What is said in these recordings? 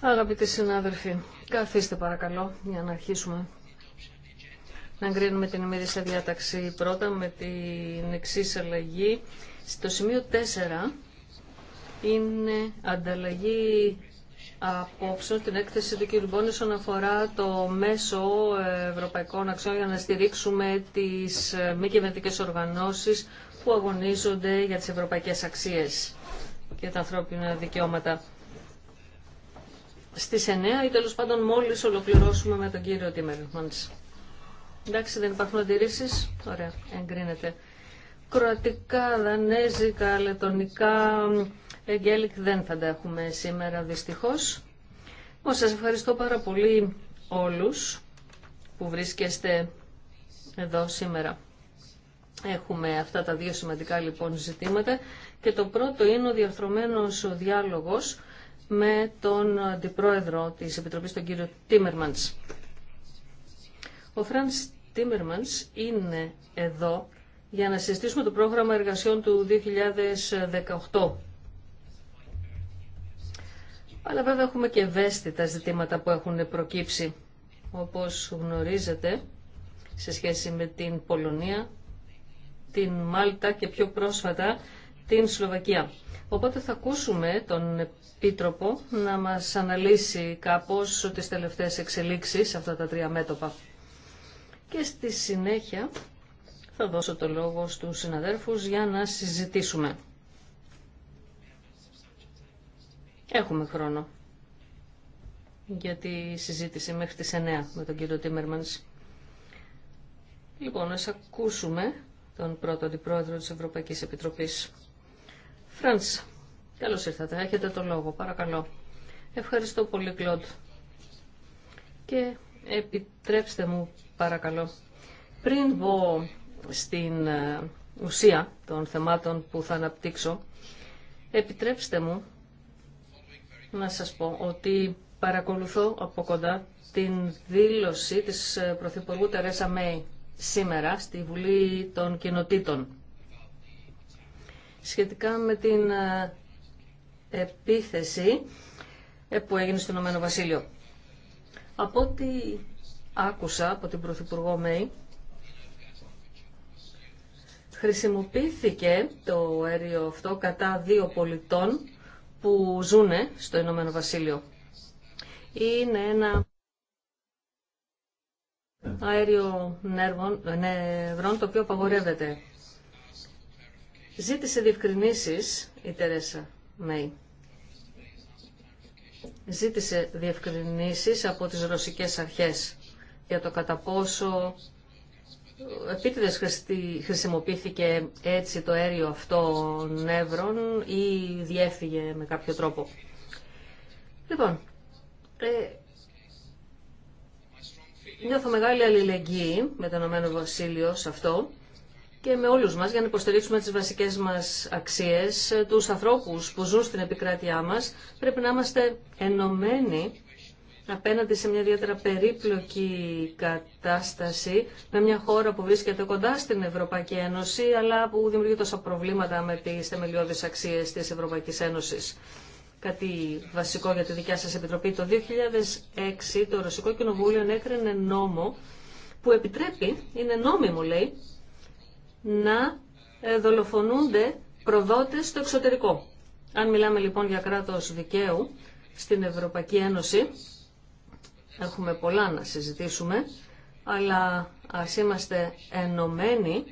Αγαπητοί συνάδελφοι, καθίστε παρακαλώ για να αρχίσουμε. Να εγκρίνουμε την ημερήσια διάταξη πρώτα με την εξή αλλαγή. Στο σημείο 4 είναι ανταλλαγή απόψεων την έκθεση του κ. Μπόνη αφορά το μέσο ευρωπαϊκών αξιών για να στηρίξουμε τις μη κυβερνητικές οργανώσεις που αγωνίζονται για τις ευρωπαϊκές αξίες για τα ανθρώπινα δικαιώματα. Στις 9 ή τέλο πάντων μόλις ολοκληρώσουμε με τον κύριο Τίμερμαντς. Εντάξει, δεν υπάρχουν αντιρρήσει. Ωραία, εγκρίνεται. Κροατικά, δανέζικα, λετονικά, εγγέλικ δεν θα τα έχουμε σήμερα δυστυχώ. Μα ευχαριστώ πάρα πολύ όλους που βρίσκεστε εδώ σήμερα. Έχουμε αυτά τα δύο σημαντικά λοιπόν ζητήματα και το πρώτο είναι ο διαρθρωμένος διάλογος με τον αντιπρόεδρο της Επιτροπής, τον κύριο Τίμερμαντς. Ο Φρανς Τίμερμαντς είναι εδώ για να συζητήσουμε το πρόγραμμα εργασιών του 2018. Αλλά βέβαια έχουμε και ευαίσθητα ζητήματα που έχουν προκύψει. Όπως γνωρίζετε, σε σχέση με την Πολωνία, την Μάλτα και πιο πρόσφατα την Σλοβακία. Οπότε θα ακούσουμε τον Επίτροπο να μας αναλύσει κάπως τις τελευταίες εξελίξεις σε αυτά τα τρία μέτωπα. Και στη συνέχεια θα δώσω το λόγο στους συναδέρφους για να συζητήσουμε. Έχουμε χρόνο για τη συζήτηση μέχρι τις 9 με τον κύριο Τίμερμανς. Λοιπόν, ας ακούσουμε τον πρώτο αντιπρόεδρο της Ευρωπαϊκής Επιτροπής. Φρανς, καλώς ήρθατε. Έχετε το λόγο, παρακαλώ. Ευχαριστώ πολύ, Κλοντ. Και επιτρέψτε μου, παρακαλώ, πριν μπω στην ε, ουσία των θεμάτων που θα αναπτύξω, επιτρέψτε μου να σας πω ότι παρακολουθώ από κοντά την δήλωση της ε, Πρωθυπουργού Τερέσα Μέη σήμερα στη Βουλή των Κοινοτήτων σχετικά με την ε, επίθεση ε, που έγινε στο Ηνωμένο Βασίλειο. Από ό,τι άκουσα από την Πρωθυπουργό Μέη, χρησιμοποιήθηκε το αέριο αυτό κατά δύο πολιτών που ζουνε στο Ηνωμένο Βασίλειο. Είναι ένα αέριο ε, νευρών το οποίο απαγορεύεται Ζήτησε διευκρινήσεις η Τερέσα Μέη. Ζήτησε διευκρινήσεις από τις ρωσικές αρχές για το κατά πόσο επίτηδες χρησιμοποιήθηκε έτσι το αέριο αυτό νεύρων ή διέφυγε με κάποιο τρόπο. Λοιπόν, ε, νιώθω μεγάλη αλληλεγγύη με το Ηνωμένο Βασίλειο σε αυτό και με όλους μας για να υποστηρίξουμε τις βασικές μας αξίες, ε, τους ανθρώπους που ζουν στην επικράτειά μας, πρέπει να είμαστε ενωμένοι απέναντι σε μια ιδιαίτερα περίπλοκη κατάσταση με μια χώρα που βρίσκεται κοντά στην Ευρωπαϊκή Ένωση αλλά που δημιουργεί τόσα προβλήματα με τις θεμελιώδεις αξίες της Ευρωπαϊκής Ένωσης. Κάτι βασικό για τη δικιά σας Επιτροπή. Το 2006 το Ρωσικό Κοινοβούλιο ενέκρινε νόμο που επιτρέπει, είναι νόμιμο λέει, να ε, δολοφονούνται προδότες στο εξωτερικό. Αν μιλάμε λοιπόν για κράτος δικαίου στην Ευρωπαϊκή Ένωση, έχουμε πολλά να συζητήσουμε, αλλά ας είμαστε ενωμένοι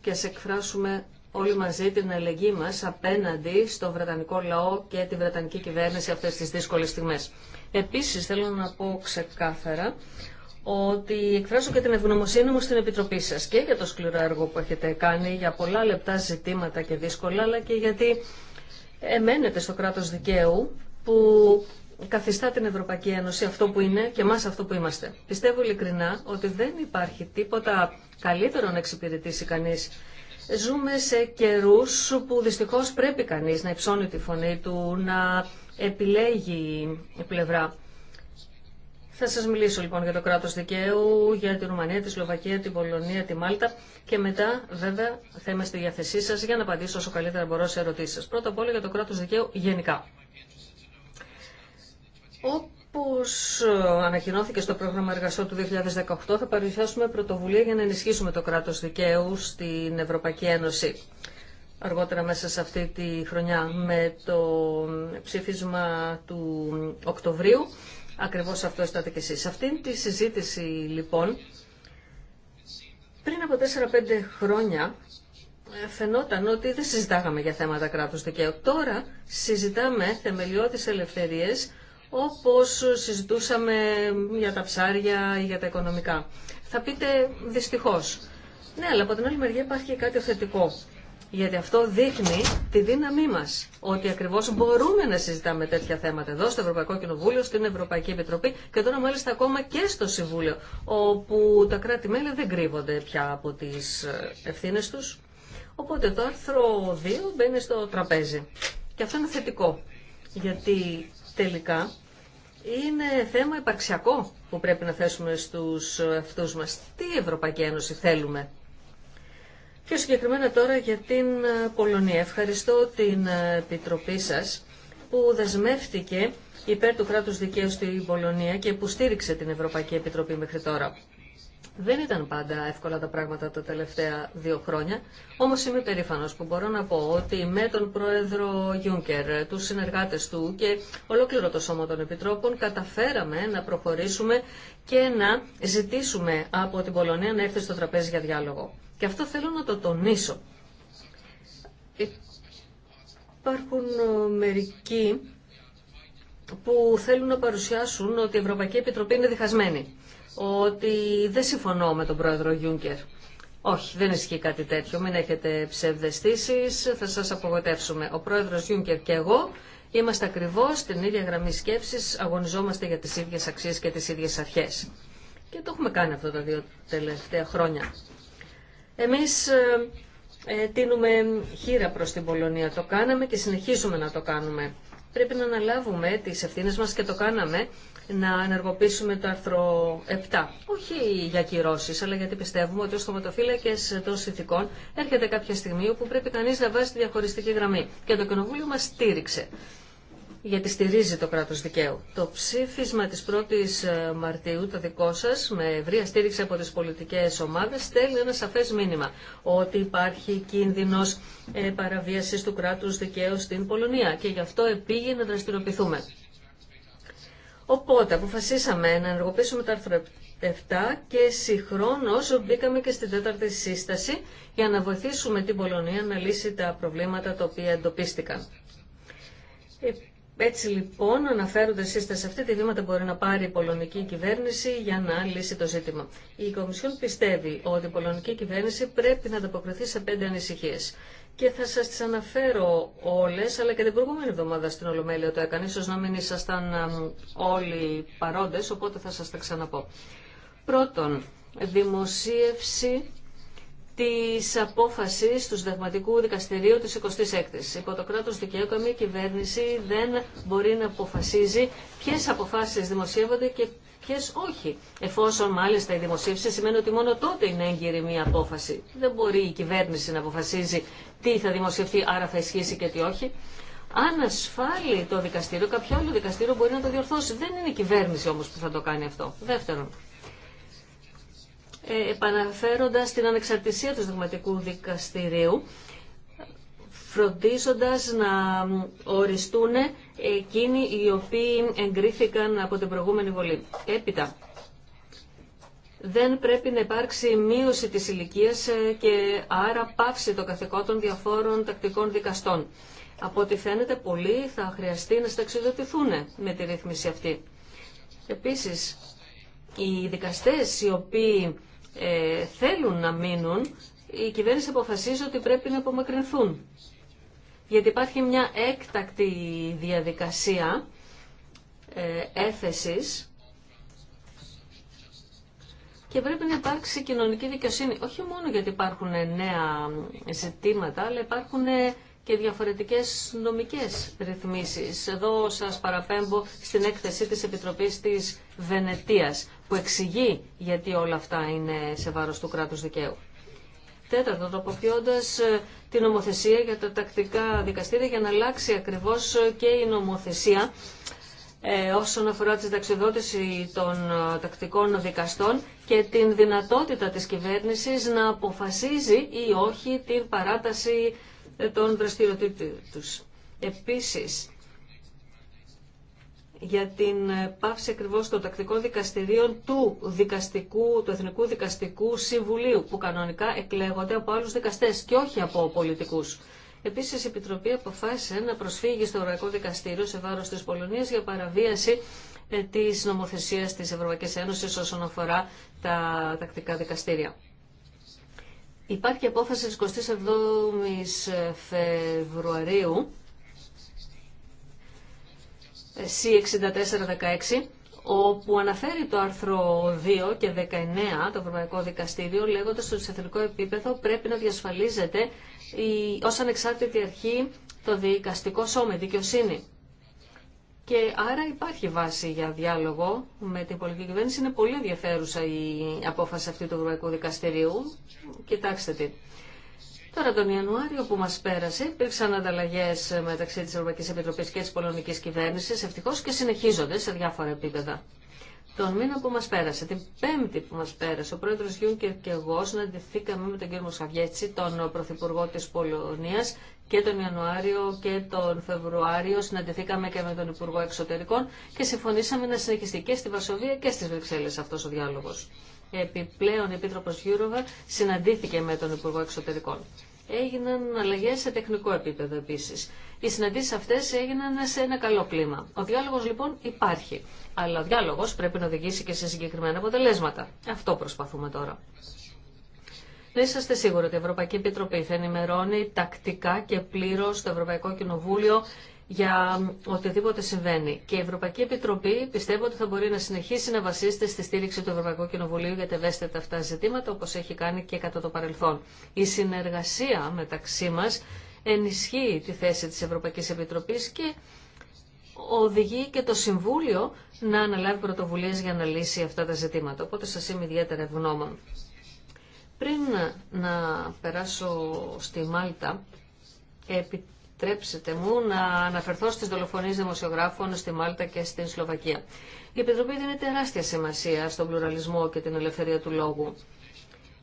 και ας εκφράσουμε όλοι μαζί την αλληλεγγύη μας απέναντι στο Βρετανικό λαό και τη Βρετανική κυβέρνηση αυτές τις δύσκολες στιγμές. Επίσης θέλω να πω ξεκάθαρα ότι εκφράζω και την ευγνωμοσύνη μου στην Επιτροπή σας και για το σκληρό έργο που έχετε κάνει, για πολλά λεπτά ζητήματα και δύσκολα, αλλά και γιατί εμένετε στο κράτος δικαίου που καθιστά την Ευρωπαϊκή Ένωση αυτό που είναι και μας αυτό που είμαστε. Πιστεύω ειλικρινά ότι δεν υπάρχει τίποτα καλύτερο να εξυπηρετήσει κανείς. Ζούμε σε καιρούς που δυστυχώς πρέπει κανείς να υψώνει τη φωνή του, να επιλέγει η πλευρά. Θα σας μιλήσω λοιπόν για το κράτος δικαίου, για την Ρουμανία, τη Σλοβακία, την Πολωνία, τη Μάλτα και μετά βέβαια θα είμαι στη διάθεσή σας για να απαντήσω όσο καλύτερα μπορώ σε ερωτήσεις σας. Πρώτα απ' όλα για το κράτος δικαίου γενικά. Όπως ε, ανακοινώθηκε στο πρόγραμμα εργασιών του 2018 θα παρουσιάσουμε πρωτοβουλία για να ενισχύσουμε το κράτος δικαίου στην Ευρωπαϊκή Ένωση αργότερα μέσα σε αυτή τη χρονιά με το ψήφισμα του Οκτωβρίου Ακριβώ αυτό είστε και εσεί. Σε αυτήν τη συζήτηση λοιπόν, πριν από 4-5 χρόνια ε, φαινόταν ότι δεν συζητάγαμε για θέματα κράτους δικαίου. Τώρα συζητάμε θεμελιώδεις ελευθερίες όπως συζητούσαμε για τα ψάρια ή για τα οικονομικά. Θα πείτε δυστυχώ. Ναι, αλλά από την άλλη μεριά υπάρχει κάτι θετικό γιατί αυτό δείχνει τη δύναμή μας, ότι ακριβώ μπορούμε να συζητάμε τέτοια θέματα εδώ στο Ευρωπαϊκό Κοινοβούλιο, στην Ευρωπαϊκή Επιτροπή και τώρα μάλιστα ακόμα και στο Συμβούλιο, όπου τα κράτη-μέλη δεν κρύβονται πια από τις ε, ευθύνε τους. Οπότε το άρθρο 2 μπαίνει στο τραπέζι. Και αυτό είναι θετικό, γιατί τελικά είναι θέμα υπαρξιακό που πρέπει να θέσουμε στους αυτούς μας. Τι Ευρωπαϊκή Ένωση θέλουμε Πιο συγκεκριμένα τώρα για την ε, Πολωνία. Ευχαριστώ την ε, Επιτροπή σας που δεσμεύτηκε υπέρ του κράτους δικαίου στην Πολωνία και που στήριξε την Ευρωπαϊκή Επιτροπή μέχρι τώρα. Δεν ήταν πάντα εύκολα τα πράγματα τα τελευταία δύο χρόνια, όμως είμαι περήφανος που μπορώ να πω ότι με τον πρόεδρο Γιούνκερ, τους συνεργάτες του και ολόκληρο το Σώμα των Επιτρόπων καταφέραμε να προχωρήσουμε και να ζητήσουμε από την Πολωνία να έρθει στο τραπέζι για διάλογο. Και αυτό θέλω να το τονίσω. Υπάρχουν ε, μερικοί που θέλουν να παρουσιάσουν ότι η Ευρωπαϊκή Επιτροπή είναι διχασμένη. Ότι δεν συμφωνώ με τον πρόεδρο Γιούγκερ. Όχι, δεν ισχύει κάτι τέτοιο. Μην έχετε ψευδεστήσει. θα σας απογοτεύσουμε. Ο πρόεδρος Γιούγκερ και εγώ είμαστε ακριβώ στην ίδια γραμμή σκέψη. αγωνιζόμαστε για τι ίδιε αξίε και τι ίδιε αρχέ. Και το έχουμε κάνει αυτό τα δύο τελευταία χρόνια. Εμείς ε, ε, τίνουμε χείρα προς την Πολωνία. Το κάναμε και συνεχίζουμε να το κάνουμε. Πρέπει να αναλάβουμε τις ευθύνες μας και το κάναμε να ενεργοποιήσουμε το άρθρο 7. Όχι για κυρώσει, αλλά γιατί πιστεύουμε ότι ως στοματοφύλακε των συνθηκών έρχεται κάποια στιγμή όπου πρέπει κανεί να βάζει τη διαχωριστική γραμμή. Και το Κοινοβούλιο μα στήριξε γιατί στηρίζει το κράτο δικαίου. Το ψήφισμα τη 1 η Μαρτίου, το δικό σα, με ευρία στήριξη από τι πολιτικέ ομάδε, στέλνει ένα σαφέ μήνυμα ότι υπάρχει κίνδυνος ε, παραβίαση του κράτου δικαίου στην Πολωνία και γι' αυτό επήγε να δραστηριοποιηθούμε. Οπότε αποφασίσαμε να ενεργοποιήσουμε τα άρθρα 7 και συγχρόνως μπήκαμε και στην τέταρτη σύσταση για να βοηθήσουμε την Πολωνία να λύσει τα προβλήματα τα οποία εντοπίστηκαν. Έτσι λοιπόν αναφέρονται σύσταση, σε αυτή τη βήματα μπορεί να πάρει η πολωνική κυβέρνηση για να λύσει το ζήτημα. Η Κομισιόν πιστεύει ότι η πολωνική κυβέρνηση πρέπει να ανταποκριθεί σε πέντε ανησυχίες. Και θα σας τις αναφέρω όλες, αλλά και την προηγούμενη εβδομάδα στην Ολομέλεια το έκανε. σω να μην ήσασταν όλοι παρόντες, οπότε θα σας τα ξαναπώ. Πρώτον, δημοσίευση της απόφασης του Συνταγματικού Δικαστηρίου της 26ης. Υπό το κράτος δικαίου καμία κυβέρνηση δεν μπορεί να αποφασίζει ποιες αποφάσεις δημοσιεύονται και ποιες όχι. Εφόσον μάλιστα η δημοσίευση σημαίνει ότι μόνο τότε είναι έγκυρη μία απόφαση. Δεν μπορεί η κυβέρνηση να αποφασίζει τι θα δημοσιευτεί, άρα θα ισχύσει και τι όχι. Αν ασφάλει το δικαστήριο, κάποιο άλλο δικαστήριο μπορεί να το διορθώσει. Δεν είναι η κυβέρνηση όμως που θα το κάνει αυτό. Δεύτερον, ε, επαναφέροντας την ανεξαρτησία του Συνταγματικού Δικαστηρίου, φροντίζοντας να οριστούν εκείνοι οι οποίοι εγκρίθηκαν από την προηγούμενη βολή. Έπειτα, δεν πρέπει να υπάρξει μείωση της ηλικία ε, και άρα πάυση το καθηκό των διαφόρων τακτικών δικαστών. Από ό,τι φαίνεται, πολλοί θα χρειαστεί να σταξιδοτηθούν με τη ρύθμιση αυτή. Επίσης, οι δικαστές οι οποίοι ε, θέλουν να μείνουν, η κυβέρνηση αποφασίζει ότι πρέπει να απομακρυνθούν. Γιατί υπάρχει μια έκτακτη διαδικασία ε, έθεσης και πρέπει να υπάρξει κοινωνική δικαιοσύνη. Όχι μόνο γιατί υπάρχουν νέα ζητήματα, αλλά υπάρχουν ε, και διαφορετικές νομικές ρυθμίσεις. Εδώ σας παραπέμπω στην έκθεσή της Επιτροπής της Βενετίας που εξηγεί γιατί όλα αυτά είναι σε βάρος του κράτους δικαίου. Τέταρτο, τροποποιώντα ε, την νομοθεσία για τα τακτικά δικαστήρια για να αλλάξει ακριβώ ε, και η νομοθεσία ε, όσον αφορά τη συνταξιδότηση των ε, τακτικών δικαστών και την δυνατότητα της κυβέρνησης να αποφασίζει ή όχι την παράταση ε, των δραστηριοτήτων τους. Επίσης, για την ε, πάυση ακριβώ των τακτικών δικαστηρίων του, δικαστικού, του Εθνικού Δικαστικού Συμβουλίου, που κανονικά εκλέγονται από άλλους δικαστές και όχι από πολιτικούς. Επίσης, η Επιτροπή αποφάσισε να προσφύγει στο Ευρωπαϊκό Δικαστήριο σε βάρος της Πολωνίας για παραβίαση ε, της νομοθεσίας της Ευρωπαϊκής Ένωσης όσον αφορά τα τακτικά δικαστήρια. Υπάρχει απόφαση της 27ης Φεβρουαρίου C6416 όπου αναφέρει το άρθρο 2 και 19 το Ευρωπαϊκό Δικαστήριο λέγοντας ότι σε εθνικό επίπεδο πρέπει να διασφαλίζεται η, ως ανεξάρτητη αρχή το δικαστικό σώμα, η δικαιοσύνη. Και άρα υπάρχει βάση για διάλογο με την πολιτική κυβέρνηση. Είναι πολύ ενδιαφέρουσα η απόφαση αυτή του Ευρωπαϊκού Δικαστηρίου. Κοιτάξτε τι. Τώρα τον Ιανουάριο που μας πέρασε υπήρξαν ανταλλαγέ μεταξύ της Ευρωπαϊκής Επιτροπής και της Πολωνικής Κυβέρνησης ευτυχώς και συνεχίζονται σε διάφορα επίπεδα τον μήνα που μας πέρασε, την πέμπτη που μας πέρασε, ο πρόεδρος Γιούνκερ και εγώ συναντηθήκαμε με τον κύριο Μοσχαβιέτσι, τον πρωθυπουργό της Πολωνίας και τον Ιανουάριο και τον Φεβρουάριο συναντηθήκαμε και με τον Υπουργό Εξωτερικών και συμφωνήσαμε να συνεχιστεί και στη Βασοβία και στις Βρυξέλλες αυτός ο διάλογος. Επιπλέον, η Επίτροπος Γιούροβα συναντήθηκε με τον Υπουργό Εξωτερικών έγιναν αλλαγέ σε τεχνικό επίπεδο επίση. Οι συναντήσει αυτές έγιναν σε ένα καλό κλίμα. Ο διάλογος λοιπόν υπάρχει, αλλά ο διάλογος πρέπει να οδηγήσει και σε συγκεκριμένα αποτελέσματα. Αυτό προσπαθούμε τώρα. Να είσαστε σίγουροι ότι η Ευρωπαϊκή Επιτροπή θα ενημερώνει τακτικά και πλήρω το Ευρωπαϊκό Κοινοβούλιο για οτιδήποτε συμβαίνει. Και η Ευρωπαϊκή Επιτροπή πιστεύω ότι θα μπορεί να συνεχίσει να βασίζεται στη στήριξη του Ευρωπαϊκού Κοινοβουλίου για τα αυτά ζητήματα, όπω έχει κάνει και κατά το παρελθόν. Η συνεργασία μεταξύ μα ενισχύει τη θέση τη Ευρωπαϊκή Επιτροπή και οδηγεί και το Συμβούλιο να αναλάβει πρωτοβουλίε για να λύσει αυτά τα ζητήματα. Οπότε σα είμαι ιδιαίτερα ευγνώμων. Πριν να περάσω στη Μάλτα, επιτρέψετε μου να αναφερθώ στις δολοφονίες δημοσιογράφων στη Μάλτα και στην Σλοβακία. Η Επιτροπή δίνει τεράστια σημασία στον πλουραλισμό και την ελευθερία του λόγου.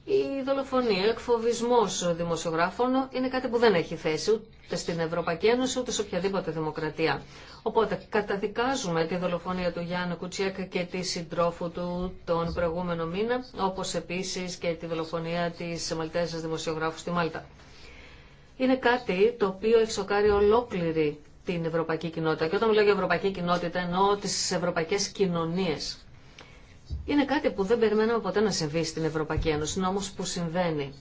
Η δολοφονία, ο εκφοβισμό δημοσιογράφων είναι κάτι που δεν έχει θέση ούτε στην Ευρωπαϊκή Ένωση ούτε σε οποιαδήποτε δημοκρατία. Οπότε καταδικάζουμε τη δολοφονία του Γιάννη Κουτσιακ και τη συντρόφου του τον προηγούμενο μήνα, όπω επίση και τη δολοφονία τη Μαλτέζα δημοσιογράφου στη Μάλτα είναι κάτι το οποίο έχει σοκάρει ολόκληρη την ευρωπαϊκή κοινότητα. Και όταν μιλάω για ευρωπαϊκή κοινότητα εννοώ τις ευρωπαϊκές κοινωνίε. Είναι κάτι που δεν περιμέναμε ποτέ να συμβεί στην Ευρωπαϊκή Ένωση, είναι όμως που συμβαίνει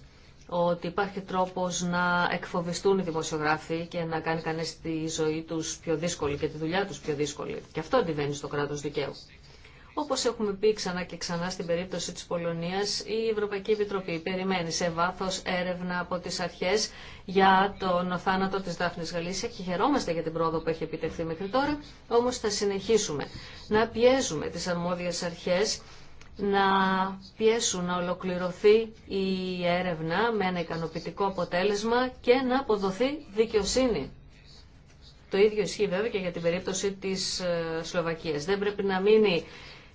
ότι υπάρχει τρόπος να εκφοβιστούν οι δημοσιογράφοι και να κάνει κανείς τη ζωή τους πιο δύσκολη και τη δουλειά του πιο δύσκολη. Και αυτό αντιβαίνει στο κράτο δικαίου. Όπω έχουμε πει ξανά και ξανά στην περίπτωση τη Πολωνία η Ευρωπαϊκή Επιτροπή περιμένει σε βάθο έρευνα από τι αρχέ για τον θάνατο τη δάφνη Γαλλίσια και χαιρόμαστε για την πρόοδο που έχει επιτευχθεί μέχρι τώρα, Όμω θα συνεχίσουμε να πιέζουμε τι αρμόδιε αρχέ να πιέσουν να ολοκληρωθεί η έρευνα με ένα ικανοποιητικό αποτέλεσμα και να αποδοθεί δικαιοσύνη. Το ίδιο ισχύει βέβαια και για την περίπτωση της ε, Σλοβακίας. Δεν πρέπει να μείνει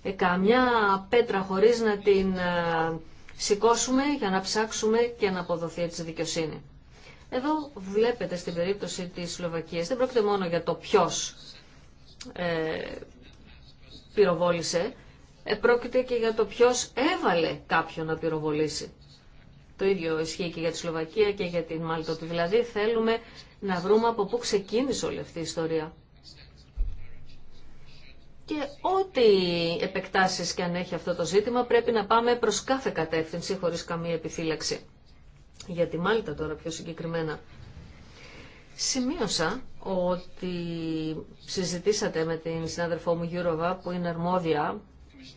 ε, καμιά πέτρα χωρίς να την ε, σηκώσουμε για να ψάξουμε και να αποδοθεί έτσι δικαιοσύνη. Εδώ βλέπετε στην περίπτωση της Σλοβακίας, δεν πρόκειται μόνο για το ποιος ε, πυροβόλησε, ε, πρόκειται και για το ποιος έβαλε κάποιον να πυροβολήσει. Το ίδιο ισχύει και για τη Σλοβακία και για την Μάλτα, δηλαδή θέλουμε να βρούμε από πού ξεκίνησε όλη αυτή η ιστορία. Και ό,τι επεκτάσεις και αν έχει αυτό το ζήτημα πρέπει να πάμε προς κάθε κατεύθυνση χωρίς καμία επιφύλαξη. Για τη Μάλτα τώρα πιο συγκεκριμένα. Σημείωσα ότι συζητήσατε με την συνάδελφό μου Γιούροβα που είναι αρμόδια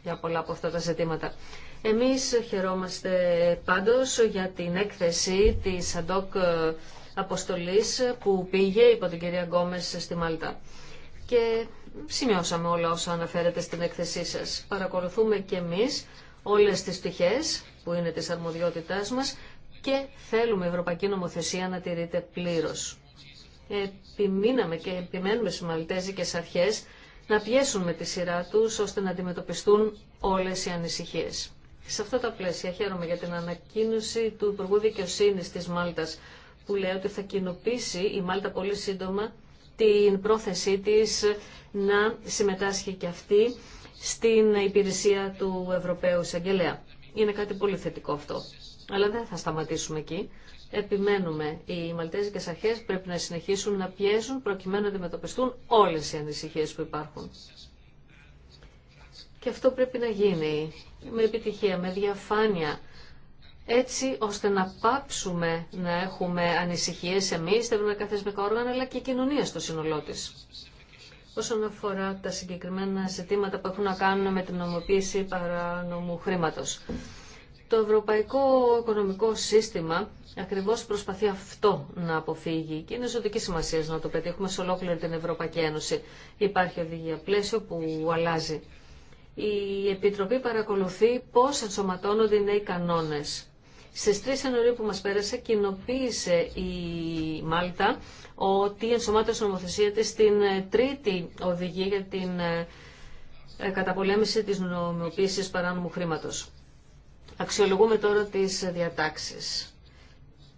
για πολλά από αυτά τα ζητήματα. Εμείς χαιρόμαστε πάντως για την έκθεση της Αντόκ ε, Αποστολής που πήγε υπό την κυρία Γκόμες στη Μάλτα. Και σημειώσαμε όλα όσα αναφέρετε στην έκθεσή σας. Παρακολουθούμε και εμείς όλες τις πτυχές που είναι της αρμοδιότητάς μας και θέλουμε η Ευρωπαϊκή Νομοθεσία να τηρείται πλήρως. Επιμείναμε και επιμένουμε στι Μαλτέζικες αρχές να πιέσουν με τη σειρά τους ώστε να αντιμετωπιστούν όλες οι ανησυχίες. Σε αυτά τα πλαίσια χαίρομαι για την ανακοίνωση του Υπουργού Δικαιοσύνη της Μάλτας που λέει ότι θα κοινοποιήσει η Μάλτα πολύ σύντομα την πρόθεσή της να συμμετάσχει και αυτή στην υπηρεσία του Ευρωπαίου Εισαγγελέα. Είναι κάτι πολύ θετικό αυτό. Αλλά δεν θα σταματήσουμε εκεί. Επιμένουμε. Οι Μαλτέζικε Αρχέ πρέπει να συνεχίσουν να πιέζουν προκειμένου να αντιμετωπιστούν όλε οι ανησυχίε που υπάρχουν. Και αυτό πρέπει να γίνει με επιτυχία, με διαφάνεια, έτσι ώστε να πάψουμε να έχουμε ανησυχίες εμείς, τα ευρωπαϊκά θεσμικά όργανα, αλλά και η κοινωνία στο σύνολό της. Όσον αφορά τα συγκεκριμένα ζητήματα που έχουν να κάνουν με την νομοποίηση παρανομού χρήματος. Το ευρωπαϊκό οικονομικό σύστημα ακριβώς προσπαθεί αυτό να αποφύγει και είναι ζωτική σημασία να το πετύχουμε σε ολόκληρη την Ευρωπαϊκή Ένωση. Υπάρχει οδηγία πλαίσιο που αλλάζει. Η Επιτροπή παρακολουθεί πώς ενσωματώνονται οι νέοι κανόνες Στι 3 Ιανουαρίου που μας πέρασε κοινοποίησε η Μάλτα ότι ενσωμάτωση νομοθεσία της στην ε, τρίτη οδηγία για την ε, ε, καταπολέμηση της νομιμοποίηση παράνομου χρήματο. Αξιολογούμε τώρα τις διατάξεις.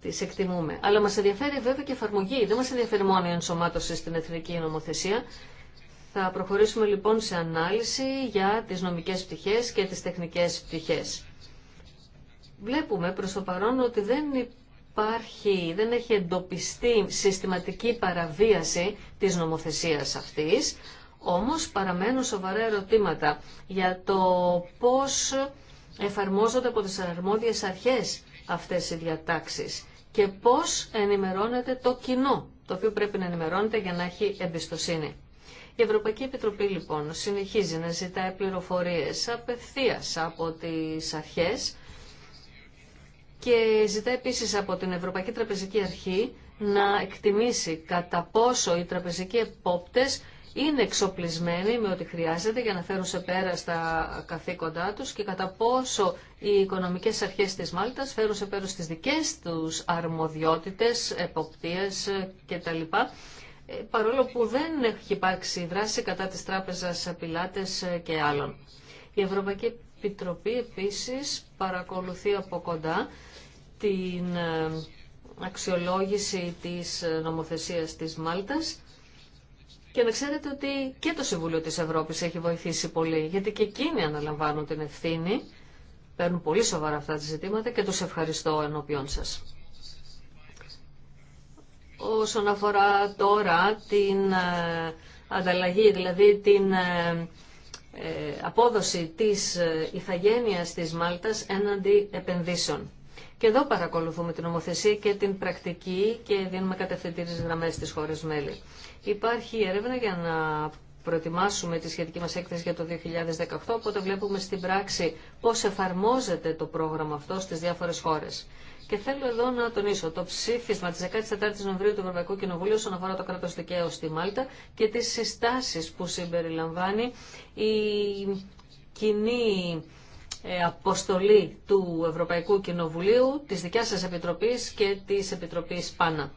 Τις εκτιμούμε. Αλλά μας ενδιαφέρει βέβαια και εφαρμογή. Δεν μας ενδιαφέρει μόνο η ενσωμάτωση στην εθνική νομοθεσία. Θα προχωρήσουμε λοιπόν σε ανάλυση για τις νομικές πτυχές και τις τεχνικές πτυχές βλέπουμε προς το παρόν ότι δεν υπάρχει, δεν έχει εντοπιστεί συστηματική παραβίαση της νομοθεσίας αυτής, όμως παραμένουν σοβαρά ερωτήματα για το πώς εφαρμόζονται από τις αρμόδιες αρχές αυτές οι διατάξεις και πώς ενημερώνεται το κοινό, το οποίο πρέπει να ενημερώνεται για να έχει εμπιστοσύνη. Η Ευρωπαϊκή Επιτροπή λοιπόν συνεχίζει να ζητάει πληροφορίες απευθείας από τις αρχές και ζητά επίσης από την Ευρωπαϊκή Τραπεζική Αρχή να εκτιμήσει κατά πόσο οι τραπεζικοί επόπτες είναι εξοπλισμένοι με ό,τι χρειάζεται για να φέρουν σε πέρα στα καθήκοντά τους και κατά πόσο οι οικονομικές αρχές της Μάλτας φέρουν σε πέρα στις δικές τους αρμοδιότητες, εποπτείες κτλ. Ε, παρόλο που δεν έχει υπάρξει δράση κατά της τράπεζας πιλάτες και άλλων. Η Ευρωπαϊκή Επιτροπή επίσης παρακολουθεί από κοντά την ε, αξιολόγηση της ε, νομοθεσίας της Μάλτας και να ξέρετε ότι και το Συμβούλιο της Ευρώπης έχει βοηθήσει πολύ, γιατί και εκείνοι αναλαμβάνουν την ευθύνη, παίρνουν πολύ σοβαρά αυτά τα ζητήματα και τους ευχαριστώ ενώπιόν σας. Όσον αφορά τώρα την ε, ανταλλαγή, δηλαδή την απόδοση της ηθαγένειας της Μάλτας έναντι επενδύσεων. Και εδώ παρακολουθούμε την νομοθεσία και την πρακτική και δίνουμε κατευθυντήριες γραμμέ στις χώρε μέλη. Υπάρχει έρευνα για να προετοιμάσουμε τη σχετική μας έκθεση για το 2018, οπότε βλέπουμε στην πράξη πώς εφαρμόζεται το πρόγραμμα αυτό στις διάφορες χώρες. Και θέλω εδώ να τονίσω το ψήφισμα της 14 ης Νοεμβρίου του Ευρωπαϊκού Κοινοβουλίου όσον αφορά το κράτο δικαίου στη Μάλτα και τις συστάσεις που συμπεριλαμβάνει η κοινή ε, αποστολή του Ευρωπαϊκού Κοινοβουλίου, της δικιάς σας Επιτροπής και της Επιτροπής ΠΑΝΑ.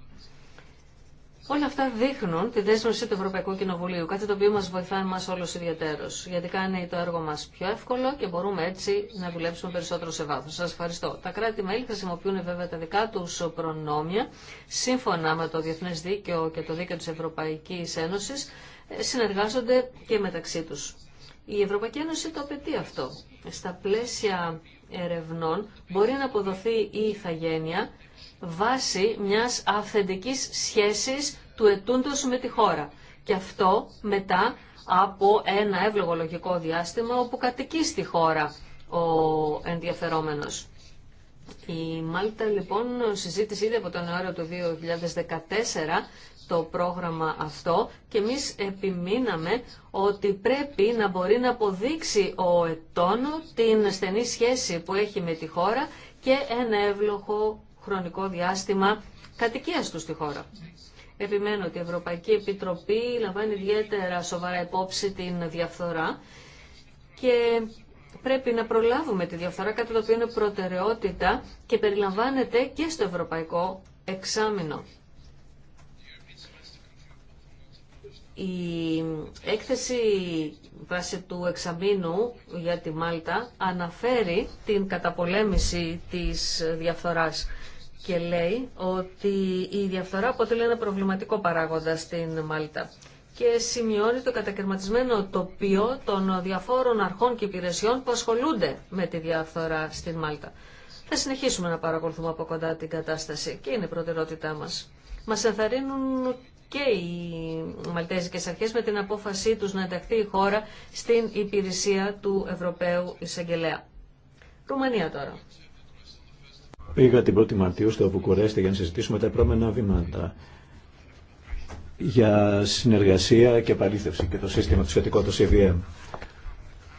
Όλα αυτά δείχνουν τη δέσμευση του Ευρωπαϊκού Κοινοβουλίου, κάτι το οποίο μας βοηθάει εμάς όλους ιδιαίτερος, γιατί κάνει το έργο μας πιο εύκολο και μπορούμε έτσι να δουλέψουμε περισσότερο σε βάθος. Σας ευχαριστώ. Τα κράτη-μέλη χρησιμοποιούν βέβαια τα δικά τους προνόμια, σύμφωνα με το Διεθνές Δίκαιο και το Δίκαιο της Ευρωπαϊκής Ένωσης, ε, συνεργάζονται και μεταξύ τους. Η Ευρωπαϊκή Ένωση το απαιτεί αυτό. Στα πλαίσια ερευνών μπορεί να αποδοθεί η ηθαγένεια βάσει μιας αυθεντικής σχέσης του ετούντος με τη χώρα. Και αυτό μετά από ένα εύλογο διάστημα όπου κατοικεί στη χώρα ο ενδιαφερόμενος. Η Μάλτα λοιπόν συζήτησε ήδη από τον Ιανουάριο του 2014 το πρόγραμμα αυτό και εμείς επιμείναμε ότι πρέπει να μπορεί να αποδείξει ο ετόνο την στενή σχέση που έχει με τη χώρα και ένα εύλογο χρονικό διάστημα κατοικίας του στη χώρα. Επιμένω ότι η Ευρωπαϊκή Επιτροπή λαμβάνει ιδιαίτερα σοβαρά υπόψη την διαφθορά και πρέπει να προλάβουμε τη διαφθορά, κάτι το οποίο είναι προτεραιότητα και περιλαμβάνεται και στο Ευρωπαϊκό Εξάμεινο. Η έκθεση βάσει του εξαμήνου για τη Μάλτα αναφέρει την καταπολέμηση της διαφθοράς και λέει ότι η διαφθορά αποτελεί ένα προβληματικό παράγοντα στην Μάλτα και σημειώνει το κατακαιρματισμένο τοπίο των διαφόρων αρχών και υπηρεσιών που ασχολούνται με τη διαφθορά στην Μάλτα. Θα συνεχίσουμε να παρακολουθούμε από κοντά την κατάσταση και είναι η προτεραιότητά μας. Μας ενθαρρύνουν και οι Μαλτέζικε αρχέ με την απόφασή του να ενταχθεί η χώρα στην υπηρεσία του Ευρωπαίου Εισαγγελέα. Ρουμανία τώρα. Πήγα την 1η Μαρτίου στο Βουκουρέστι για να συζητήσουμε τα επόμενα βήματα για συνεργασία και παρήθευση και το σύστημα του σχετικό του CVM.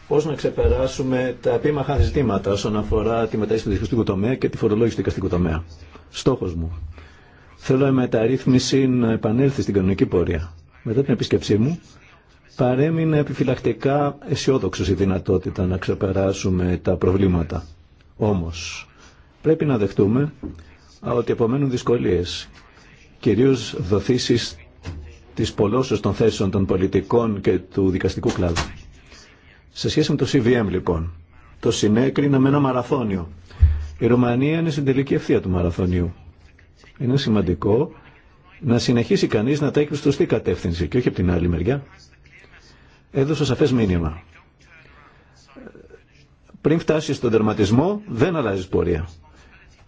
Πώ να ξεπεράσουμε τα επίμαχα ζητήματα όσον αφορά τη μεταρρύθμιση του δικαστικού τομέα και τη φορολόγηση του δικαστικού τομέα. Στόχο μου Θέλω η μεταρρύθμιση να επανέλθει στην κανονική πορεία. Μετά την επίσκεψή μου, παρέμεινε επιφυλακτικά αισιόδοξο η δυνατότητα να ξεπεράσουμε τα προβλήματα. Όμω, πρέπει να δεχτούμε ότι απομένουν δυσκολίες, κυρίω δοθήσει της πολλώσεως των θέσεων των πολιτικών και του δικαστικού κλάδου. Σε σχέση με το CVM, λοιπόν, το συνέκρινα με ένα μαραθώνιο. Η Ρουμανία είναι στην τελική ευθεία του μαραθωνίου είναι σημαντικό να συνεχίσει κανείς να τα έχει σωστή κατεύθυνση και όχι από την άλλη μεριά. Έδωσε σαφές μήνυμα. Πριν φτάσεις στον τερματισμό δεν αλλάζεις πορεία.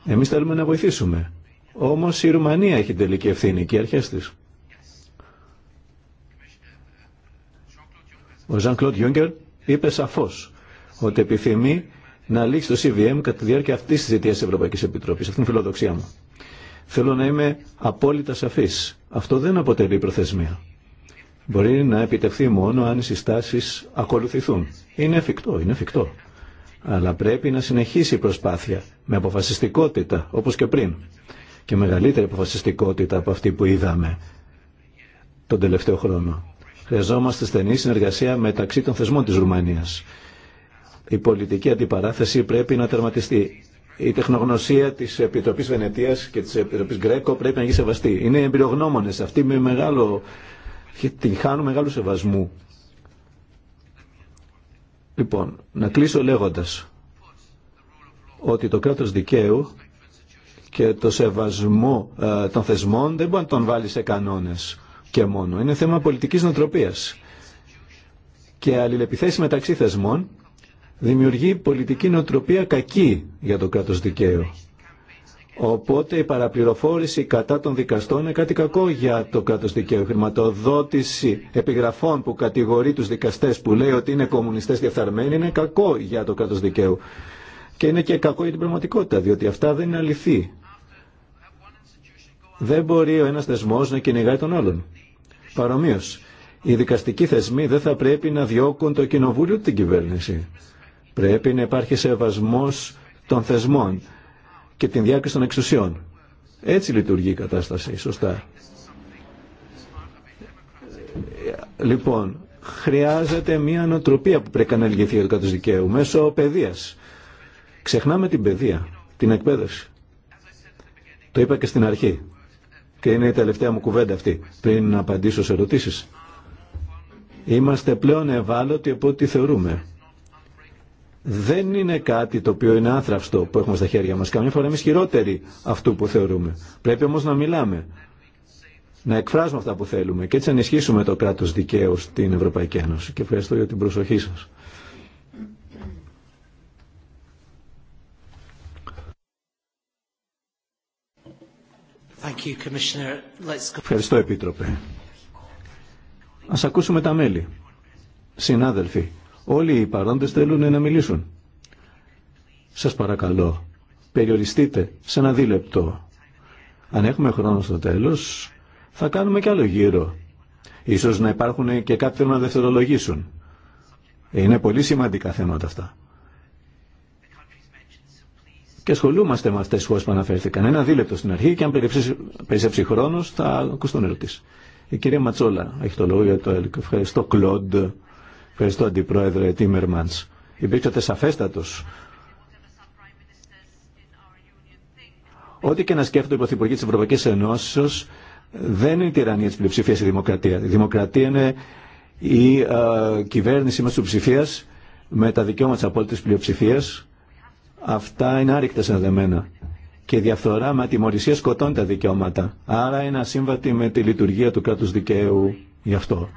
Εμείς θέλουμε να βοηθήσουμε. Όμως η Ρουμανία έχει τελική ευθύνη και οι αρχές της. Ο Ζαν Κλοντ Γιούγκερ είπε σαφώς ότι επιθυμεί να λήξει το CVM κατά τη διάρκεια αυτής της ζητίας της Ευρωπαϊκής Επιτροπής. Αυτή είναι η φιλοδοξία μου. Θέλω να είμαι απόλυτα σαφής. Αυτό δεν αποτελεί προθεσμία. Μπορεί να επιτευχθεί μόνο αν οι συστάσεις ακολουθηθούν. Είναι εφικτό, είναι εφικτό. Αλλά πρέπει να συνεχίσει η προσπάθεια με αποφασιστικότητα, όπως και πριν. Και μεγαλύτερη αποφασιστικότητα από αυτή που είδαμε τον τελευταίο χρόνο. Χρειαζόμαστε στενή συνεργασία μεταξύ των θεσμών της Ρουμανίας. Η πολιτική αντιπαράθεση πρέπει να τερματιστεί η τεχνογνωσία τη Επιτροπή Βενετία και τη Επιτροπή Γκρέκο πρέπει να γίνει σεβαστή. Είναι εμπειρογνώμονε αυτοί με μεγάλο. την χάνουν μεγάλου σεβασμού. Λοιπόν, να κλείσω λέγοντα ότι το κράτο δικαίου και το σεβασμό ε, των θεσμών δεν μπορεί να τον βάλει σε κανόνες και μόνο. Είναι θέμα πολιτική νοοτροπία. και αλληλεπιθέσει μεταξύ θεσμών δημιουργεί πολιτική νοοτροπία κακή για το κράτος δικαίου. Οπότε η παραπληροφόρηση κατά των δικαστών είναι κάτι κακό για το κράτος δικαίου. χρηματοδότηση επιγραφών που κατηγορεί τους δικαστές που λέει ότι είναι κομμουνιστές διαφθαρμένοι είναι κακό για το κράτος δικαίου. Και είναι και κακό για την πραγματικότητα, διότι αυτά δεν είναι αληθή. Δεν μπορεί ο ένας θεσμός να κυνηγάει τον άλλον. Παρομοίως, οι δικαστικοί θεσμοί δεν θα πρέπει να διώκουν το κοινοβούλιο την κυβέρνηση. Πρέπει να υπάρχει σεβασμός των θεσμών και την διάκριση των εξουσιών. Έτσι λειτουργεί η κατάσταση, σωστά. Λοιπόν, χρειάζεται μια ανατροπή που πρέπει να λυγηθεί για το δικαίου μέσω παιδείας. Ξεχνάμε την παιδεία, την εκπαίδευση. Το είπα και στην αρχή. Και είναι η τελευταία μου κουβέντα αυτή, πριν να απαντήσω σε ερωτήσεις. Είμαστε πλέον ευάλωτοι από ό,τι θεωρούμε δεν είναι κάτι το οποίο είναι άθραυστο που έχουμε στα χέρια μας. Καμιά φορά εμείς χειρότεροι αυτού που θεωρούμε. Πρέπει όμως να μιλάμε, να εκφράζουμε αυτά που θέλουμε και έτσι να ενισχύσουμε το κράτος δικαίου στην Ευρωπαϊκή Ένωση. Και ευχαριστώ για την προσοχή σας. Ευχαριστώ, Επίτροπε. Ας ακούσουμε τα μέλη. Συνάδελφοι, Όλοι οι παρόντες θέλουν να μιλήσουν. Σας παρακαλώ, περιοριστείτε σε ένα δίλεπτο. Αν έχουμε χρόνο στο τέλος, θα κάνουμε κι άλλο γύρο. Ίσως να υπάρχουν και κάποιοι θέλουν να δευτερολογήσουν. Είναι πολύ σημαντικά θέματα αυτά. Και ασχολούμαστε με αυτές τις χώρες που αναφέρθηκαν. Ένα δίλεπτο στην αρχή και αν περισσέψει χρόνος θα ακούσουν ερωτήσει. Η κυρία Ματσόλα έχει το λόγο για το έλεγχο. Ευχαριστώ, Κλοντ. Ευχαριστώ, Αντιπρόεδρε Τίμερμαντ. Υπήρξατε σαφέστατος. Ό,τι και να σκέφτονται οι πρωθυπουργοί της Ευρωπαϊκής Ενώσεως δεν είναι η τυραννία της πλειοψηφίας η δημοκρατία. Η δημοκρατία είναι η κυβέρνηση κυβέρνηση μας ψηφία με τα δικαιώματα της απόλυτης πλειοψηφίας. Αυτά είναι άρρηκτα συνδεμένα. Και η διαφθορά με ατιμορρησία σκοτώνει τα δικαιώματα. Άρα είναι ασύμβατη με τη λειτουργία του κράτου δικαίου γι' αυτό.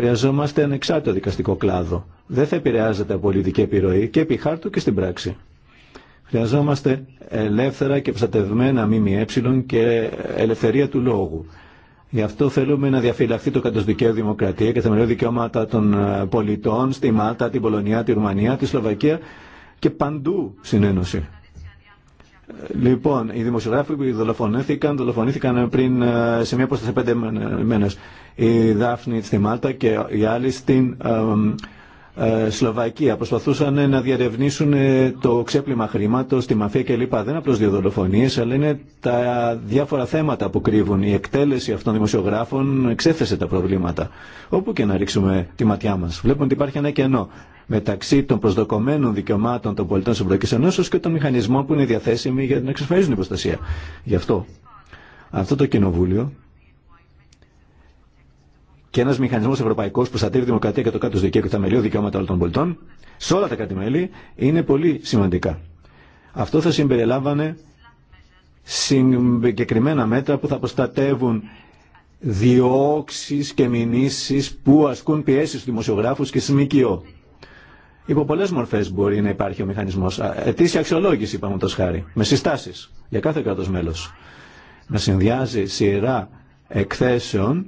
Χρειαζόμαστε ανεξάρτητο δικαστικό κλάδο. Δεν θα επηρεάζεται από πολιτική επιρροή και επί χάρτου και στην πράξη. Χρειαζόμαστε ελεύθερα και προστατευμένα ΜΜΕ και ελευθερία του λόγου. Γι' αυτό θέλουμε να διαφυλαχθεί το κατοσδικαίο δημοκρατία και τα δικαιώματα των ε, πολιτών στη Μάλτα, την Πολωνία, τη Ρουμανία, τη Σλοβακία και παντού στην Ένωση. Λοιπόν, οι δημοσιογράφοι που δολοφονήθηκαν, δολοφονήθηκαν πριν ε, σε μια απόσταση πέντε μέρες. Η Δάφνη στη Μάλτα και οι άλλοι στην ε, ε, Σλοβακία προσπαθούσαν να διαρευνήσουν ε, το ξέπλυμα χρήματο, τη μαφία κλπ. Δεν είναι απλώ δύο δολοφονίες, αλλά είναι τα διάφορα θέματα που κρύβουν. Η εκτέλεση αυτών των δημοσιογράφων εξέθεσε τα προβλήματα. Όπου και να ρίξουμε τη ματιά μα, βλέπουμε ότι υπάρχει ένα κενό μεταξύ των προσδοκομένων δικαιωμάτων των πολιτών τη Ευρωπαϊκή Ενώσεω και των μηχανισμών που είναι διαθέσιμοι για να εξασφαλίζουν την προστασία. Γι' αυτό αυτό το κοινοβούλιο και ένα μηχανισμό ευρωπαϊκό που προστατεύει τη δημοκρατία και το κάτω δικαίου και τα μελιώδη δικαιώματα όλων των πολιτών σε όλα τα κράτη-μέλη είναι πολύ σημαντικά. Αυτό θα συμπεριλάμβανε συγκεκριμένα μέτρα που θα προστατεύουν διώξει και μηνύσει που ασκούν πιέσει στου δημοσιογράφου και στι ΜΚΟ. Υπό πολλέ μορφέ μπορεί να υπάρχει ο μηχανισμό. Ετήσια αξιολόγηση, είπαμε το χάρη, με συστάσει για κάθε κράτο μέλο. Να συνδυάζει σειρά εκθέσεων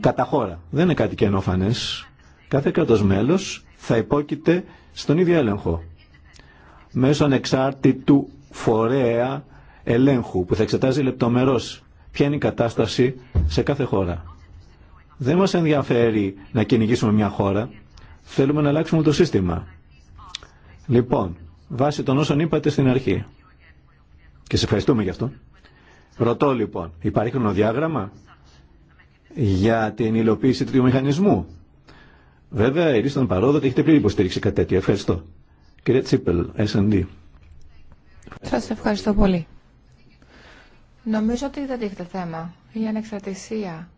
κατά χώρα. Δεν είναι κάτι καινόφανε. Κάθε κράτο μέλο θα υπόκειται στον ίδιο έλεγχο. Μέσω ανεξάρτητου φορέα ελέγχου που θα εξετάζει λεπτομερώς ποια είναι η κατάσταση σε κάθε χώρα. Δεν μας ενδιαφέρει να κυνηγήσουμε μια χώρα, Θέλουμε να αλλάξουμε το σύστημα. Λοιπόν, βάσει των όσων είπατε στην αρχή, και σε ευχαριστούμε γι' αυτό, ρωτώ λοιπόν, υπάρχει χρονοδιάγραμμα για την υλοποίηση του μηχανισμού. Βέβαια, στον παρόδοτε, έχετε πλήρη υποστήριξη κάτι τέτοιο. Ευχαριστώ. Κύριε Τσίπελ, S&D. Σα ευχαριστώ πολύ. Νομίζω ότι δεν δείχνει θέμα. Η ανεξαρτησία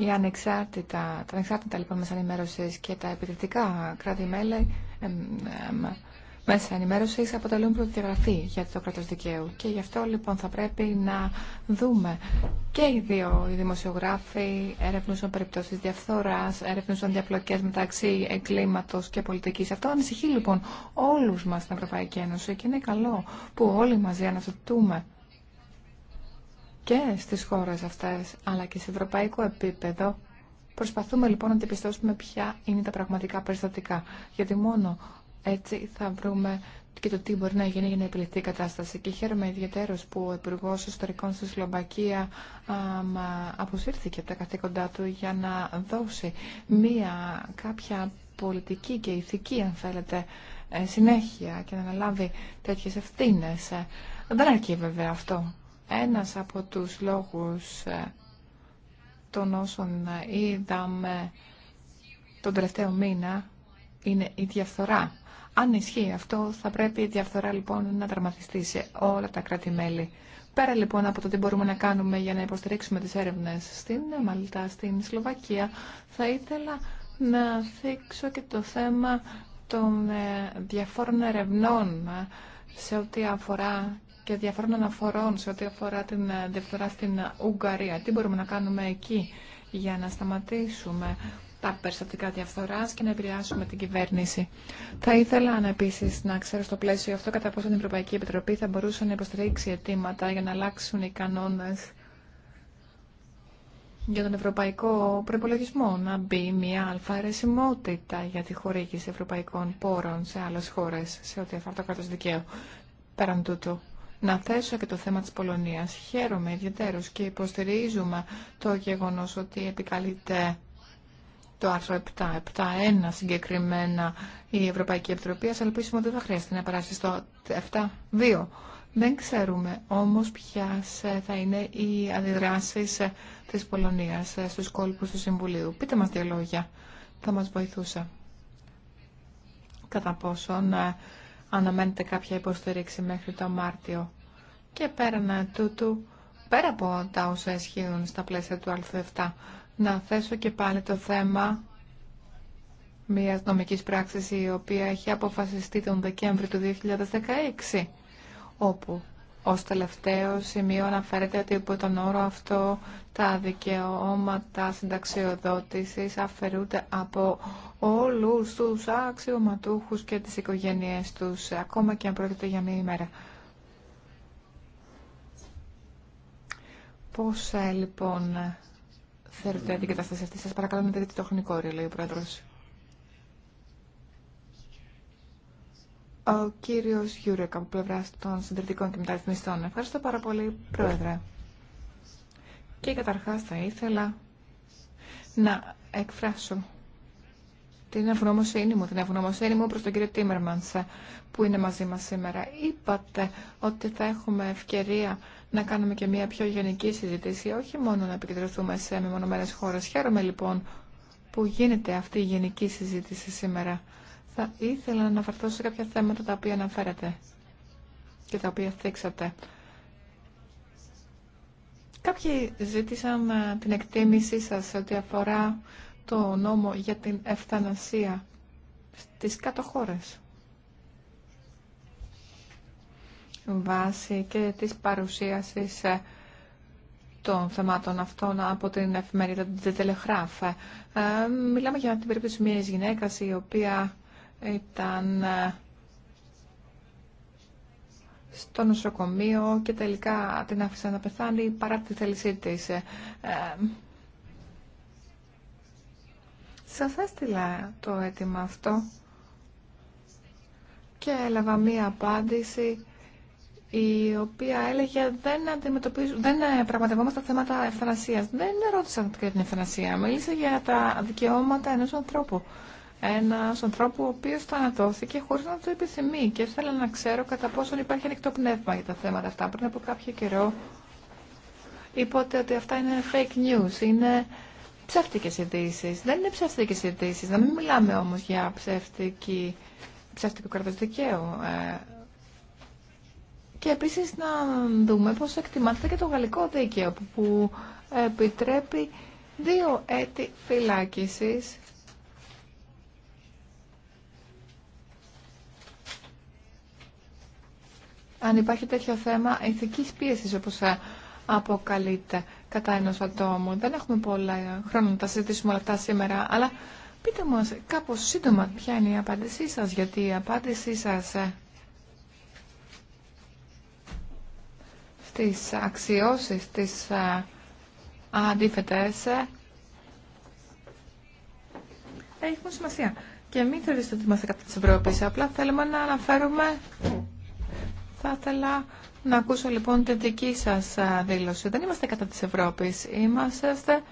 η ανεξάρτητα, τα ανεξάρτητα λοιπόν μέσα ενημέρωση και τα επιδευτικά κράτη-μέλη μέσα ενημέρωση αποτελούν προδιαγραφή για το κράτο δικαίου. Και γι' αυτό λοιπόν θα πρέπει να δούμε και οι δύο οι δημοσιογράφοι ερευνούσαν περιπτώσει διαφθορά, ερευνούσαν διαπλοκέ μεταξύ εγκλήματο και πολιτική. Αυτό ανησυχεί λοιπόν όλου μα στην Ευρωπαϊκή Ένωση και είναι καλό που όλοι μαζί αναζητούμε και στις χώρες αυτές, αλλά και σε ευρωπαϊκό επίπεδο, προσπαθούμε λοιπόν να αντιπιστώσουμε ποια είναι τα πραγματικά περιστατικά. Γιατί μόνο έτσι θα βρούμε και το τι μπορεί να γίνει για να επιληθεί η κατάσταση. Και χαίρομαι ιδιαίτερω που ο Υπουργό Ιστορικών στη Σλοβακία αποσύρθηκε από τα καθήκοντά του για να δώσει μία κάποια πολιτική και ηθική, αν θέλετε, ε, συνέχεια και να αναλάβει τέτοιε ευθύνε. Ε, δεν αρκεί βέβαια αυτό ένας από τους λόγους ε, των όσων ε, είδαμε τον τελευταίο μήνα είναι η διαφθορά. Αν ισχύει αυτό, θα πρέπει η διαφθορά λοιπόν να δραματιστεί σε όλα τα κράτη-μέλη. Πέρα λοιπόν από το τι μπορούμε να κάνουμε για να υποστηρίξουμε τις έρευνες στην ε, Μαλτά, στην Σλοβακία, θα ήθελα να θίξω και το θέμα των διαφόρων ερευνών σε ό,τι αφορά και διαφορών αναφορών σε ό,τι αφορά την ε, διαφθορά στην ε, Ουγγαρία. Τι μπορούμε να κάνουμε εκεί για να σταματήσουμε τα περιστατικά διαφθοράς και να επηρεάσουμε την κυβέρνηση. Θα ήθελα να επίση να ξέρω στο πλαίσιο αυτό κατά πόσο την Ευρωπαϊκή Επιτροπή θα μπορούσε να υποστηρίξει αιτήματα για να αλλάξουν οι κανόνε για τον ευρωπαϊκό προπολογισμό να μπει μια αλφαρεσιμότητα για τη χορήγηση ευρωπαϊκών πόρων σε άλλες χώρες σε ό,τι αφορά το κράτος δικαίου. Πέραν τούτου, να θέσω και το θέμα της Πολωνίας. Χαίρομαι ιδιαίτερω και υποστηρίζουμε το γεγονός ότι επικαλείται το άρθρο 7, 7.1 συγκεκριμένα η Ευρωπαϊκή Επιτροπή. Ας ελπίσουμε ότι δεν θα χρειαστεί να περάσει στο 7.2. Δεν ξέρουμε όμως ποια θα είναι οι αντιδράσεις της Πολωνίας στους κόλπους του Συμβουλίου. Πείτε μας δύο λόγια. Θα μας βοηθούσε. Κατά πόσον ε, αναμένεται κάποια υποστήριξη μέχρι το Μάρτιο. Και πέραν τούτου, πέρα από τα όσα ισχύουν στα πλαίσια του Α7, να θέσω και πάλι το θέμα μιας νομικής πράξης η οποία έχει αποφασιστεί τον Δεκέμβρη του 2016, όπου Ω τελευταίο σημείο αναφέρεται ότι υπό τον όρο αυτό τα δικαιώματα συνταξιοδότησης αφαιρούνται από όλους τους αξιωματούχους και τις οικογένειές τους, ακόμα και αν πρόκειται για μία ημέρα. Πώς ε, λοιπόν θέλετε την κατάσταση αυτή, σας παρακαλώ να δείτε το χρονικό όριο, λέει ο Πρόεδρος. Ο κύριος Γιούρεκ από πλευρά των συντηρητικών και μεταρρυθμιστών. Ευχαριστώ πάρα πολύ, Πρόεδρε. Και καταρχάς θα ήθελα να εκφράσω την ευγνωμοσύνη μου, την ευγνωμοσύνη μου προς τον κύριο Τίμερμανς που είναι μαζί μας σήμερα. Είπατε ότι θα έχουμε ευκαιρία να κάνουμε και μια πιο γενική συζήτηση, όχι μόνο να επικεντρωθούμε σε μεμονωμένες χώρες. Χαίρομαι λοιπόν που γίνεται αυτή η γενική συζήτηση σήμερα θα ήθελα να αναφερθώ σε κάποια θέματα τα οποία αναφέρατε και τα οποία θίξατε. Κάποιοι ζήτησαν ε, την εκτίμησή σας ό,τι αφορά το νόμο για την ευθανασία στις κάτω χώρες. Βάσει και της παρουσίασης ε, των θεμάτων αυτών από την εφημερίδα του ε, Μιλάμε για την περίπτωση μιας γυναίκας η οποία ήταν ε, στο νοσοκομείο και τελικά την άφησαν να πεθάνει παρά τη θέλησή της. Ε, ε, σας έστειλα το αίτημα αυτό και έλαβα μία απάντηση η οποία έλεγε δεν αντιμετωπίζουν, δεν ε, πραγματευόμαστε θέματα ευθανασίας. Δεν ρώτησα για την ευθανασία, μίλησα για τα δικαιώματα ενός ανθρώπου. Ένα ανθρώπου ο οποίος θανατώθηκε χωρίς να το επιθυμεί και ήθελα να ξέρω κατά πόσον υπάρχει ανοιχτό πνεύμα για τα θέματα αυτά. Πριν από κάποιο καιρό είπατε ότι αυτά είναι fake news, είναι ψεύτικες ειδήσει. Δεν είναι ψεύτικες ειδήσει. Να μην μιλάμε όμως για ψεύτικη, ψεύτικο κράτο δικαίου. Ε, και επίση να δούμε πώ εκτιμάται και το γαλλικό δίκαιο που επιτρέπει δύο έτη φυλάκισης αν υπάρχει τέτοιο θέμα ηθικής πίεσης όπως αποκαλείται κατά ενός ατόμου. Δεν έχουμε πολλά χρόνια να τα συζητήσουμε όλα αυτά σήμερα, αλλά πείτε μου κάπως σύντομα ποια είναι η απάντησή σας, γιατί η απάντησή σας ε, στις αξιώσεις, στις ε, αντίθετες ε, έχουν σημασία. Και μην θεωρήσετε ότι είμαστε κατά της Ευρώπης. Απλά θέλουμε να αναφέρουμε θα ήθελα να ακούσω λοιπόν την δική σας δήλωση. Δεν είμαστε κατά της Ευρώπης, είμαστε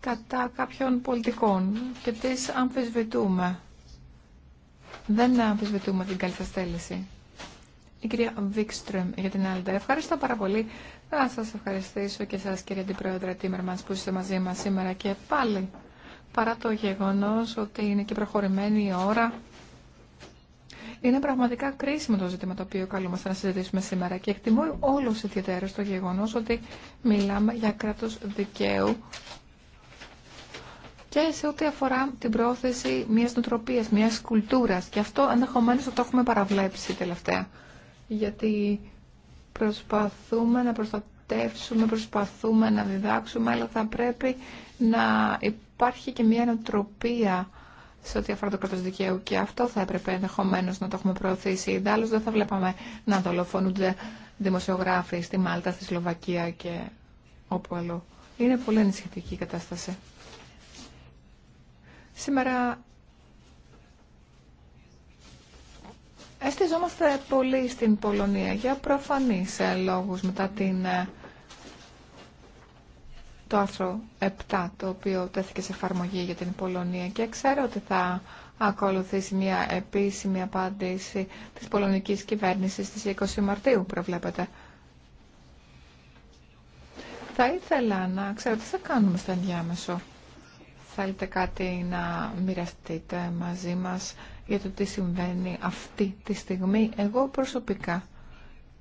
κατά κάποιων πολιτικών και τις αμφισβητούμε. Δεν αμφισβητούμε την καλή σας θέληση. Η κυρία Βίξτρεμ για την άλλη. Ευχαριστώ πάρα πολύ. Θα σας ευχαριστήσω και σας κύριε Αντιπρόεδρε Τίμερμαν, που είστε μαζί μα σήμερα και πάλι. Παρά το γεγονό ότι είναι και προχωρημένη η ώρα, είναι πραγματικά κρίσιμο το ζήτημα το οποίο καλούμαστε να συζητήσουμε σήμερα και εκτιμώ όλου ιδιαίτερω το γεγονό ότι μιλάμε για κράτο δικαίου και σε ό,τι αφορά την πρόθεση μια νοοτροπία, μια κουλτούρα. Και αυτό ενδεχομένω το έχουμε παραβλέψει τελευταία. Γιατί προσπαθούμε να προστατεύσουμε, προσπαθούμε να διδάξουμε, αλλά θα πρέπει να υπάρχει και μια νοοτροπία σε ό,τι αφορά το κράτο δικαίου και αυτό θα έπρεπε ενδεχομένω να το έχουμε προωθήσει. Ιδάλω δεν θα βλέπαμε να δολοφονούνται δημοσιογράφοι στη Μάλτα, στη Σλοβακία και όπου αλλού. Είναι πολύ ανησυχητική η κατάσταση. Σήμερα εστιζόμαστε πολύ στην Πολωνία για προφανείς ε, λόγους μετά την ε, το άρθρο 7 το οποίο τέθηκε σε εφαρμογή για την Πολωνία και ξέρω ότι θα ακολουθήσει μια επίσημη απάντηση της πολωνικής κυβέρνησης στις 20 Μαρτίου προβλέπετε. Θα ήθελα να ξέρω τι θα κάνουμε στο ενδιάμεσο. Θέλετε κάτι να μοιραστείτε μαζί μας για το τι συμβαίνει αυτή τη στιγμή. Εγώ προσωπικά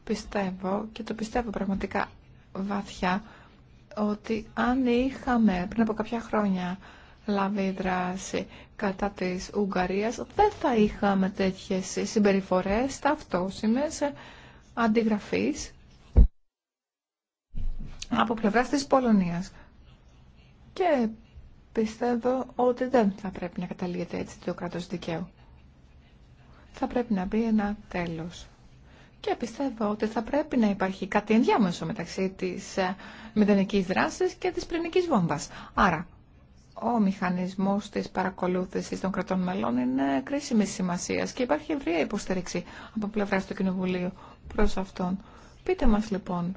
πιστεύω και το πιστεύω πραγματικά βαθιά ότι αν είχαμε πριν από κάποια χρόνια λάβει δράση κατά της Ουγγαρίας, δεν θα είχαμε τέτοιες συμπεριφορές ταυτόσιμες αντιγραφείς από πλευράς της Πολωνίας. Και πιστεύω ότι δεν θα πρέπει να καταλήγεται έτσι το κράτος δικαίου. Θα πρέπει να μπει ένα τέλος και πιστεύω ότι θα πρέπει να υπάρχει κάτι ενδιάμεσο μεταξύ της ε, μηδενικής δράσης και της πυρηνικής βόμβας. Άρα, ο μηχανισμός της παρακολούθησης των κρατών μελών είναι κρίσιμη σημασία και υπάρχει ευρία υποστήριξη από πλευρά του Κοινοβουλίου προς αυτόν. Πείτε μας λοιπόν,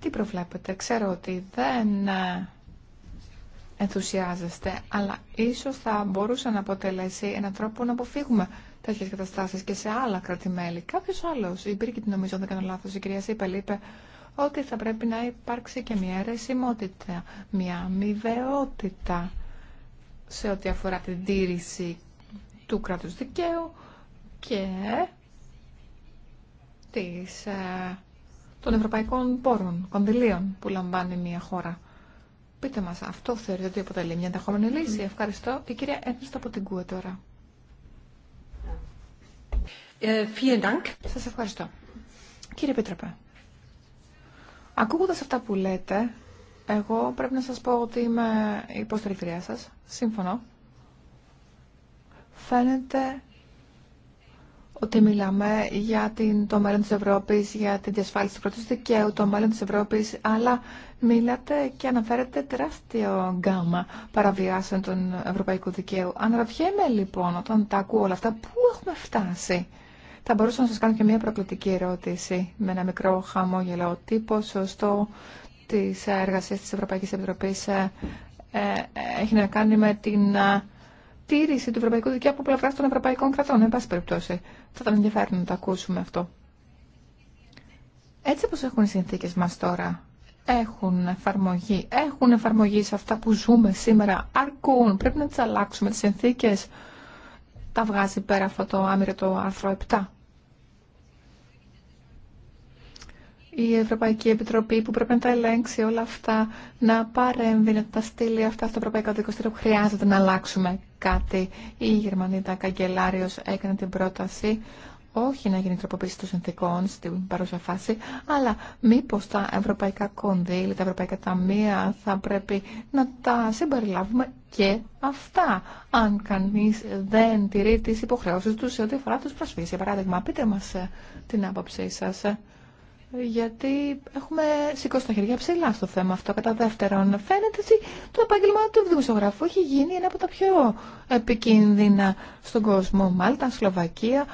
τι προβλέπετε. Ξέρω ότι δεν ε, ενθουσιάζεστε, αλλά ίσως θα μπορούσε να αποτελέσει έναν τρόπο να αποφύγουμε τέτοιε καταστάσει και σε άλλα κράτη-μέλη. Κάποιο άλλο, υπήρχε την νομίζω, δεν κάνω λάθο, η κυρία Σίπελ, είπε ότι θα πρέπει να υπάρξει και μια αιρεσιμότητα, μια αμοιβαιότητα σε ό,τι αφορά την τήρηση του κράτους δικαίου και της, ε, των ευρωπαϊκών πόρων, κονδυλίων που λαμβάνει μια χώρα. Πείτε μας, αυτό θεωρείτε ότι αποτελεί μια ενταχόμενη λύση. Ευχαριστώ. Η κυρία Ένστα από την ΚΟΕ τώρα. Ε, σας ευχαριστώ. Κύριε Πίτροπε, ακούγοντας αυτά που λέτε, εγώ πρέπει να σας πω ότι είμαι υποστηρικτριά σας. Σύμφωνο. Φαίνεται ότι μιλάμε για την, το μέλλον της Ευρώπης, για την διασφάλιση του πρώτου δικαίου, το μέλλον της Ευρώπης, αλλά μιλάτε και αναφέρετε τεράστιο γκάμα παραβιάσεων των ευρωπαϊκού δικαίου. Αναρωτιέμαι λοιπόν όταν τα ακούω όλα αυτά, πού έχουμε φτάσει. Θα μπορούσα να σας κάνω και μια προκλητική ερώτηση με ένα μικρό χαμόγελο. Τι ποσοστό της εργασίας της Ευρωπαϊκής Επιτροπής ε, ε, έχει να κάνει με την ε, τήρηση του ευρωπαϊκού δικαίου από πλευρά των ευρωπαϊκών κρατών. Εν πάση περιπτώσει, θα ήταν ενδιαφέρον να το ακούσουμε αυτό. Έτσι όπω έχουν οι συνθήκε μα τώρα, έχουν εφαρμογή, έχουν εφαρμογή σε αυτά που ζούμε σήμερα, αρκούν, πρέπει να τι αλλάξουμε Τι συνθήκε. Τα βγάζει πέρα αυτό το άμυρο το άρθρο 7. η Ευρωπαϊκή Επιτροπή που πρέπει να τα ελέγξει όλα αυτά, να παρέμβει, να τα στείλει αυτά στο Ευρωπαϊκό Δικαστήριο που χρειάζεται να αλλάξουμε κάτι. Η Γερμανίδα καγκελάριο έκανε την πρόταση όχι να γίνει τροποποίηση των συνθήκων στην παρούσα φάση, αλλά μήπως τα ευρωπαϊκά κονδύλια, τα ευρωπαϊκά ταμεία θα πρέπει να τα συμπεριλάβουμε και αυτά, αν κανείς δεν τηρεί τις υποχρεώσεις του σε ό,τι αφορά τους προσφύγει. Για παράδειγμα, πείτε μας ε, την άποψή σας. Ε, γιατί έχουμε σηκώσει τα χέρια ψηλά στο θέμα αυτό. Κατά δεύτερον, φαίνεται ότι το επάγγελμα του δημοσιογράφου έχει γίνει ένα από τα πιο επικίνδυνα στον κόσμο. Μάλτα, Σλοβακία,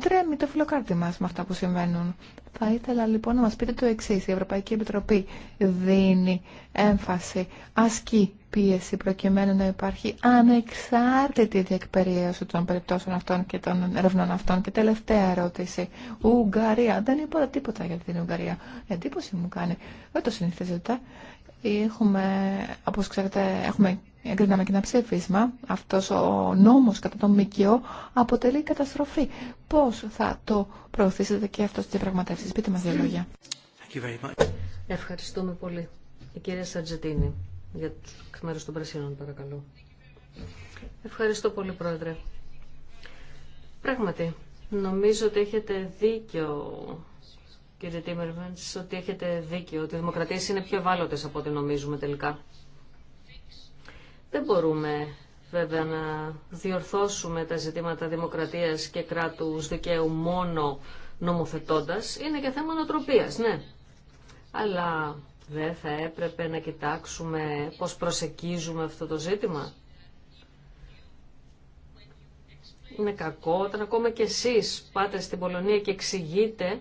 τρέμει το φιλοκάρτη μας με αυτά που συμβαίνουν. Θα ήθελα λοιπόν να μας πείτε το εξής. Η Ευρωπαϊκή Επιτροπή δίνει έμφαση, ασκεί πίεση προκειμένου να υπάρχει ανεξάρτητη διεκπεριέωση των περιπτώσεων αυτών και των ερευνών αυτών. Και τελευταία ερώτηση. Ουγγαρία. Δεν είπα τίποτα για την Ουγγαρία. Εντύπωση μου κάνει. Δεν το συνηθίζεται. Έχουμε, όπως ξέρετε, έχουμε εγκρίναμε και ένα ψήφισμα, αυτός ο νόμος κατά τον ΜΚΟ αποτελεί καταστροφή. Πώς θα το προωθήσετε και αυτό στις διαπραγματεύσει. Πείτε μας δύο λόγια. Ευχαριστούμε πολύ. Η κυρία Σαρτζετίνη για το των Πρασίνων, παρακαλώ. Ευχαριστώ πολύ, Πρόεδρε. Πράγματι, νομίζω ότι έχετε δίκιο, κύριε Τίμερμαντς, ότι έχετε δίκιο, ότι οι δημοκρατίες είναι πιο ευάλωτες από ό,τι νομίζουμε τελικά. Δεν μπορούμε βέβαια να διορθώσουμε τα ζητήματα δημοκρατίας και κράτους δικαίου μόνο νομοθετώντας. Είναι και θέμα νοοτροπία, ναι. Αλλά δεν θα έπρεπε να κοιτάξουμε πώς προσεκίζουμε αυτό το ζήτημα. Είναι κακό όταν ακόμα και εσείς πάτε στην Πολωνία και εξηγείτε,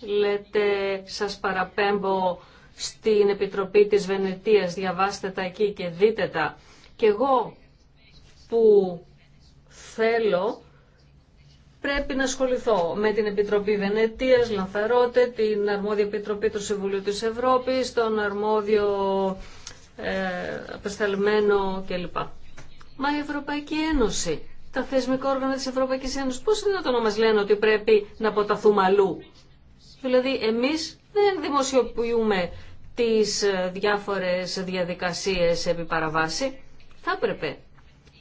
λέτε σας παραπέμπω στην Επιτροπή της Βενετίας, διαβάστε τα εκεί και δείτε τα. Και εγώ που θέλω πρέπει να ασχοληθώ με την Επιτροπή Βενετίας, Λανθαρότε, την Αρμόδια Επιτροπή του Συμβουλίου της Ευρώπης, τον Αρμόδιο ε, Απεσταλμένο κλπ. Μα η Ευρωπαϊκή Ένωση, τα θεσμικά όργανα της Ευρωπαϊκής Ένωσης, πώς είναι να το μας λένε ότι πρέπει να αποταθούμε αλλού. Δηλαδή εμείς δεν δημοσιοποιούμε τις ε, διάφορες διαδικασίες επί παραβάση. Θα έπρεπε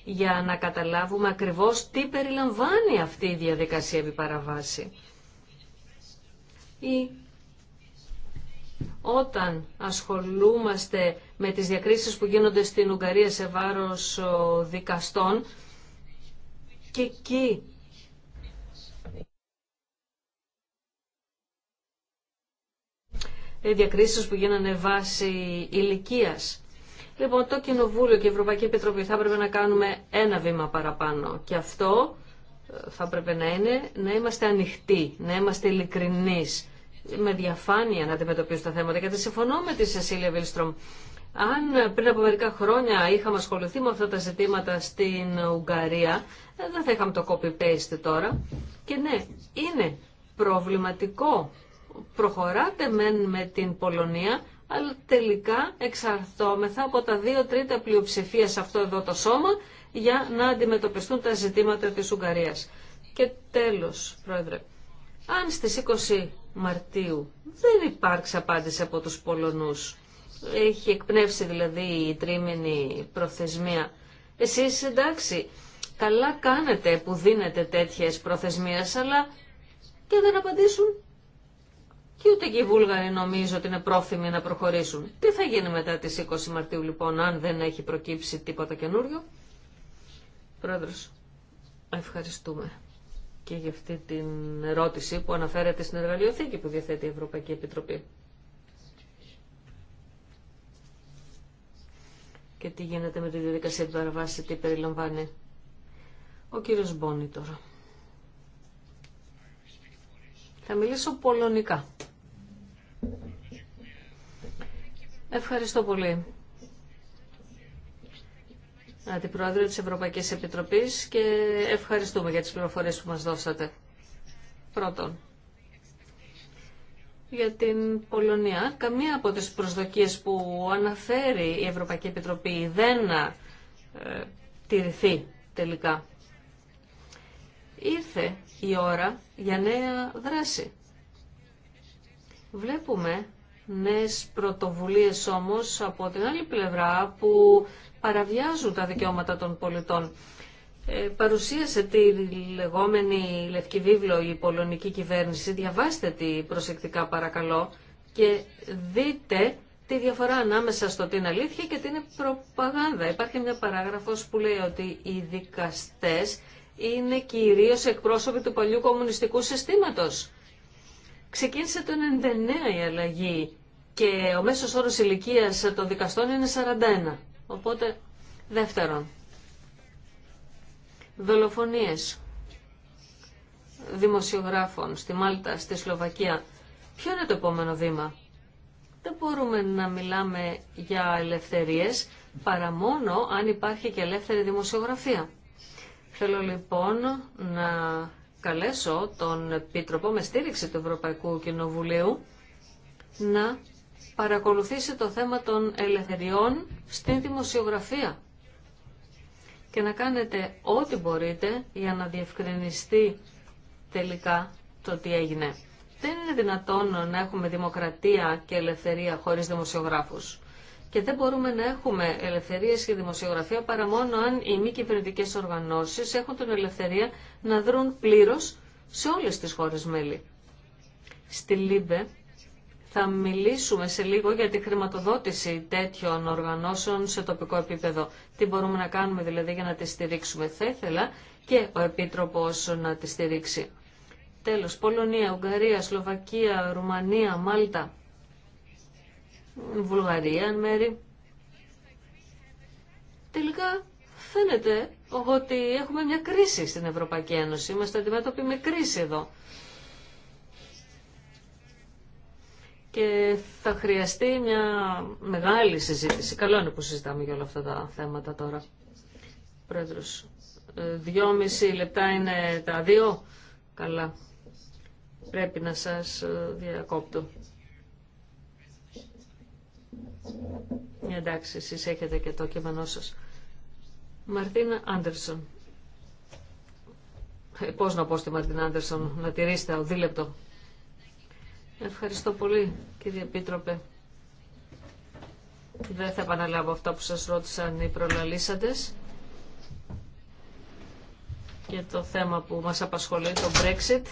για να καταλάβουμε ακριβώς τι περιλαμβάνει αυτή η διαδικασία επιπαραβάση. Ή όταν ασχολούμαστε με τις διακρίσεις που γίνονται στην Ουγγαρία σε βάρος δικαστών και εκεί διακρίσεις που γίνανε βάση ηλικίας. Λοιπόν, το Κοινοβούλιο και η Ευρωπαϊκή Επιτροπή θα έπρεπε να κάνουμε ένα βήμα παραπάνω. Και αυτό ε, θα έπρεπε να είναι να είμαστε ανοιχτοί, να είμαστε ειλικρινεί, με διαφάνεια να αντιμετωπίσουμε τα θέματα. Γιατί συμφωνώ με τη Σεσίλια Βίλστρομ. Αν πριν από μερικά χρόνια είχαμε ασχοληθεί με αυτά τα ζητήματα στην Ουγγαρία, ε, δεν θα είχαμε το copy-paste τώρα. Και ναι, είναι προβληματικό. Προχωράτε μεν με την Πολωνία, αλλά τελικά εξαρτώμεθα από τα δύο τρίτα πλειοψηφία σε αυτό εδώ το σώμα για να αντιμετωπιστούν τα ζητήματα της Ουγγαρίας. Και τέλος, Πρόεδρε, αν στις 20 Μαρτίου δεν υπάρξει απάντηση από τους Πολωνούς, έχει εκπνεύσει δηλαδή η τρίμηνη προθεσμία, εσείς εντάξει, καλά κάνετε που δίνετε τέτοιες προθεσμίες, αλλά και δεν απαντήσουν και ούτε και οι Βούλγαροι νομίζω ότι είναι πρόθυμοι να προχωρήσουν. Τι θα γίνει μετά τις 20 Μαρτίου λοιπόν, αν δεν έχει προκύψει τίποτα καινούριο. Πρόεδρος, ευχαριστούμε και για αυτή την ερώτηση που αναφέρεται στην εργαλειοθήκη που διαθέτει η Ευρωπαϊκή Επιτροπή. Και τι γίνεται με τη διαδικασία του παραβάση, τι περιλαμβάνει. Ο κύριος Μπόνι τώρα. Θα μιλήσω πολωνικά. Ευχαριστώ πολύ. Αντιπρόεδρε της Ευρωπαϊκής Επιτροπής και ευχαριστούμε για τις πληροφορίες που μας δώσατε. Πρώτον, για την Πολωνία, καμία από τις προσδοκίες που αναφέρει η Ευρωπαϊκή Επιτροπή δεν ε, τηρηθεί τελικά. Ήρθε η ώρα για νέα δράση. Βλέπουμε νέες πρωτοβουλίες όμως από την άλλη πλευρά που παραβιάζουν τα δικαιώματα των πολιτών. Ε, παρουσίασε τη λεγόμενη Λευκή Βίβλο η πολωνική κυβέρνηση. Διαβάστε τη προσεκτικά παρακαλώ και δείτε τη διαφορά ανάμεσα στο τι είναι αλήθεια και τι είναι προπαγάνδα. Υπάρχει μια παράγραφος που λέει ότι οι δικαστές είναι κυρίως εκπρόσωποι του παλιού κομμουνιστικού συστήματος. Ξεκίνησε το 99 η αλλαγή και ο μέσος όρος ηλικίας των δικαστών είναι 41. Οπότε, δεύτερον, δολοφονίες δημοσιογράφων στη Μάλτα, στη Σλοβακία. Ποιο είναι το επόμενο βήμα. Δεν μπορούμε να μιλάμε για ελευθερίες παρά μόνο αν υπάρχει και ελεύθερη δημοσιογραφία. Θέλω λοιπόν να καλέσω τον Επίτροπο με στήριξη του Ευρωπαϊκού Κοινοβουλίου να παρακολουθήσει το θέμα των ελευθεριών στην δημοσιογραφία και να κάνετε ό,τι μπορείτε για να διευκρινιστεί τελικά το τι έγινε. Δεν είναι δυνατόν να έχουμε δημοκρατία και ελευθερία χωρίς δημοσιογράφους και δεν μπορούμε να έχουμε ελευθερίες και δημοσιογραφία παρά μόνο αν οι μη κυβερνητικέ οργανώσεις έχουν την ελευθερία να δρουν πλήρως σε όλες τις χώρες μέλη. Στη ΛΥΜΠΕ θα μιλήσουμε σε λίγο για τη χρηματοδότηση τέτοιων οργανώσεων σε τοπικό επίπεδο. Τι μπορούμε να κάνουμε δηλαδή για να τη στηρίξουμε. Θα ήθελα και ο Επίτροπος να τη στηρίξει. Τέλος, Πολωνία, Ουγγαρία, Σλοβακία, Ρουμανία, Μάλτα. Βουλγαρία εν μέρη. Τελικά φαίνεται ότι έχουμε μια κρίση στην Ευρωπαϊκή Ένωση. Είμαστε αντιμέτωποι με κρίση εδώ. Και θα χρειαστεί μια μεγάλη συζήτηση. Καλό είναι που συζητάμε για όλα αυτά τα θέματα τώρα. Πρόεδρος, ε, δυόμιση λεπτά είναι τα δύο. Καλά. Πρέπει να σας ε, διακόπτω. Εντάξει, εσείς έχετε και το κείμενό σας. Μαρτίνα Άντερσον. Ε, πώς να πω στη Μαρτίνα Άντερσον, να τηρήσετε οδήλεπτο. Ευχαριστώ πολύ, κύριε Επίτροπε. Δεν θα επαναλάβω αυτά που σας ρώτησαν οι προλαλήσαντες για το θέμα που μας απασχολεί, το Brexit.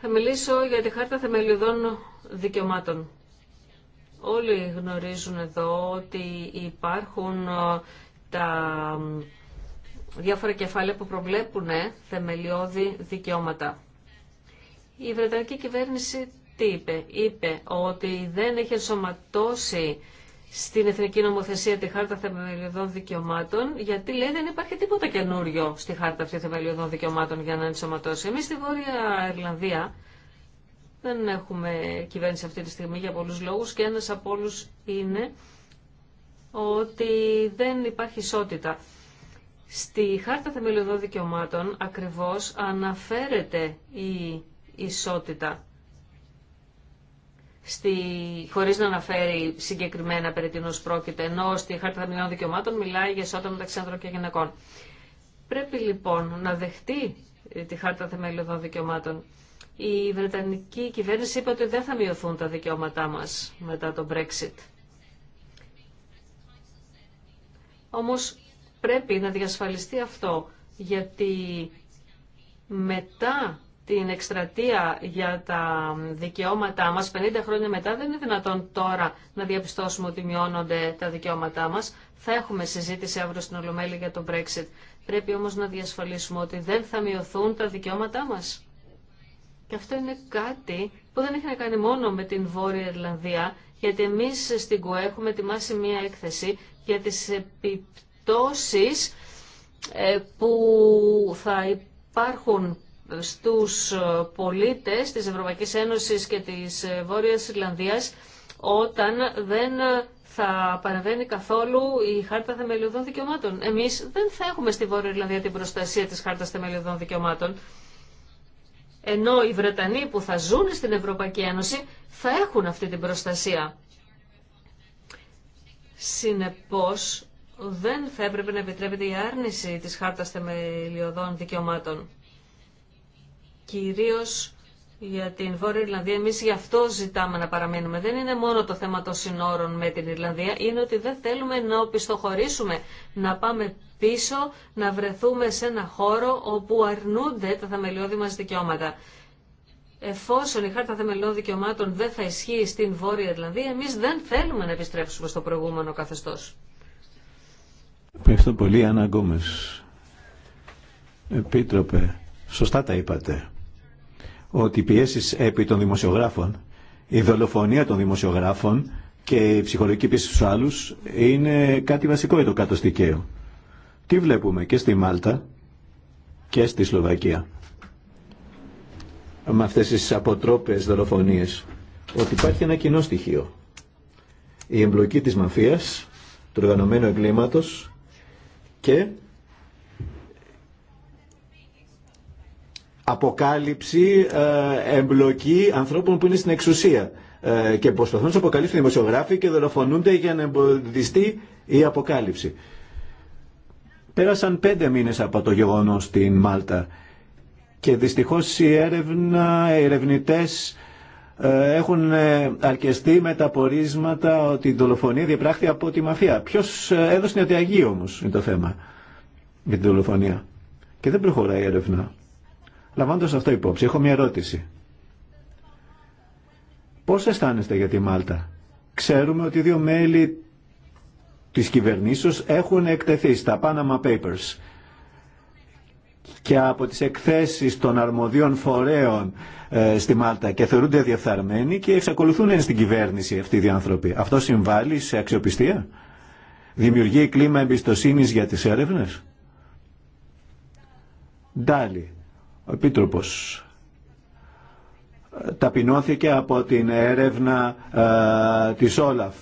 Θα μιλήσω για τη Χάρτα Θεμελιωδών Δικαιωμάτων. Όλοι γνωρίζουν εδώ ότι υπάρχουν ε, τα διάφορα κεφάλαια που προβλέπουν ε, θεμελιώδη δικαιώματα. Η Βρετανική κυβέρνηση τι είπε. Είπε ότι δεν έχει ενσωματώσει στην Εθνική Νομοθεσία τη Χάρτα Θεμελιωδών Δικαιωμάτων, γιατί λέει δεν υπάρχει τίποτα καινούριο στη Χάρτα αυτή Θεμελιωδών Δικαιωμάτων για να ενσωματώσει. Εμείς στη Βόρεια Ιρλανδία δεν έχουμε κυβέρνηση αυτή τη στιγμή για πολλούς λόγους και ένας από όλους είναι ότι δεν υπάρχει ισότητα. Στη Χάρτα Θεμελιωδών Δικαιωμάτων ακριβώς αναφέρεται η ισότητα στη, χωρίς να αναφέρει συγκεκριμένα περί τίνος πρόκειται, ενώ στη Χάρτα Θεμελιωδών Δικαιωμάτων μιλάει για ισότητα μεταξύ ανδρών και γυναικών. Πρέπει λοιπόν να δεχτεί τη Χάρτα Θεμελιωδών Δικαιωμάτων. Η Βρετανική κυβέρνηση είπε ότι δεν θα μειωθούν τα δικαιώματά μας μετά το Brexit. Όμως πρέπει να διασφαλιστεί αυτό, γιατί μετά την εκστρατεία για τα δικαιώματά μας, 50 χρόνια μετά δεν είναι δυνατόν τώρα να διαπιστώσουμε ότι μειώνονται τα δικαιώματά μας. Θα έχουμε συζήτηση αύριο στην Ολομέλη για το Brexit. Πρέπει όμως να διασφαλίσουμε ότι δεν θα μειωθούν τα δικαιώματά μας. Και αυτό είναι κάτι που δεν έχει να κάνει μόνο με την Βόρεια Ιρλανδία, γιατί εμείς στην ΚΟΕ έχουμε ετοιμάσει μία έκθεση για τις επιπτώσεις ε, που θα υπάρχουν στους πολίτες της Ευρωπαϊκής Ένωσης και της ε, Βόρειας Ιρλανδίας όταν δεν θα παρεμβαίνει καθόλου η Χάρτα Θεμελιωδών Δικαιωμάτων. Εμείς δεν θα έχουμε στη Βόρεια Ιρλανδία την προστασία της Χάρτας Θεμελιωδών Δικαιωμάτων. Ενώ οι Βρετανοί που θα ζουν στην Ευρωπαϊκή Ένωση θα έχουν αυτή την προστασία. Συνεπώς, δεν θα έπρεπε να επιτρέπεται η άρνηση της χάρτας θεμελιωδών δικαιωμάτων. Κυρίως για την Βόρεια Ιρλανδία, εμείς γι' αυτό ζητάμε να παραμείνουμε. Δεν είναι μόνο το θέμα των συνόρων με την Ιρλανδία, είναι ότι δεν θέλουμε να οπισθοχωρήσουμε, να πάμε πίσω να βρεθούμε σε ένα χώρο όπου αρνούνται τα θεμελιώδη μας δικαιώματα. Εφόσον η Χάρτα Θεμελιών Δικαιωμάτων δεν θα ισχύει στην Βόρεια Ιρλανδία, εμείς δεν θέλουμε να επιστρέψουμε στο προηγούμενο καθεστώς. Ευχαριστώ πολύ, Άννα Γκόμες. Επίτροπε, σωστά τα είπατε, ότι οι πιέσεις επί των δημοσιογράφων, η δολοφονία των δημοσιογράφων και η ψυχολογική πίεση στους άλλους είναι κάτι βασικό για το κάτω στικαίο. Τι βλέπουμε και στη Μάλτα και στη Σλοβακία με αυτές τις αποτρόπες δολοφονίες ότι υπάρχει ένα κοινό στοιχείο. Η εμπλοκή της μαφίας, του οργανωμένου εγκλήματος και αποκάλυψη, ε, εμπλοκή ανθρώπων που είναι στην εξουσία ε, και προσπαθούν να αποκαλύψουν δημοσιογράφοι και δολοφονούνται για να εμποδιστεί η αποκάλυψη. Πέρασαν πέντε μήνες από το γεγονός στην Μάλτα και δυστυχώς η έρευνα, οι ερευνητές ε, έχουν ε, αρκεστεί με τα πορίσματα ότι η δολοφονία διαπράχθη από τη μαφία. Ποιος ε, έδωσε την αδιαγή όμως είναι το θέμα για την δολοφονία. Και δεν προχωράει η έρευνα. Λαμβάνοντας αυτό υπόψη, έχω μια ερώτηση. Πώς αισθάνεστε για τη Μάλτα. Ξέρουμε ότι δύο μέλη της κυβερνήσεως έχουν εκτεθεί στα Panama Papers και από τις εκθέσεις των αρμοδίων φορέων ε, στη Μάλτα και θεωρούνται διεφθαρμένοι και εξακολουθούν να στην κυβέρνηση αυτοί οι άνθρωποι. Αυτό συμβάλλει σε αξιοπιστία. Δημιουργεί κλίμα εμπιστοσύνης για τις έρευνες. Ντάλι, ο Επίτροπος, ε, ταπεινώθηκε από την έρευνα ε, της Όλαφ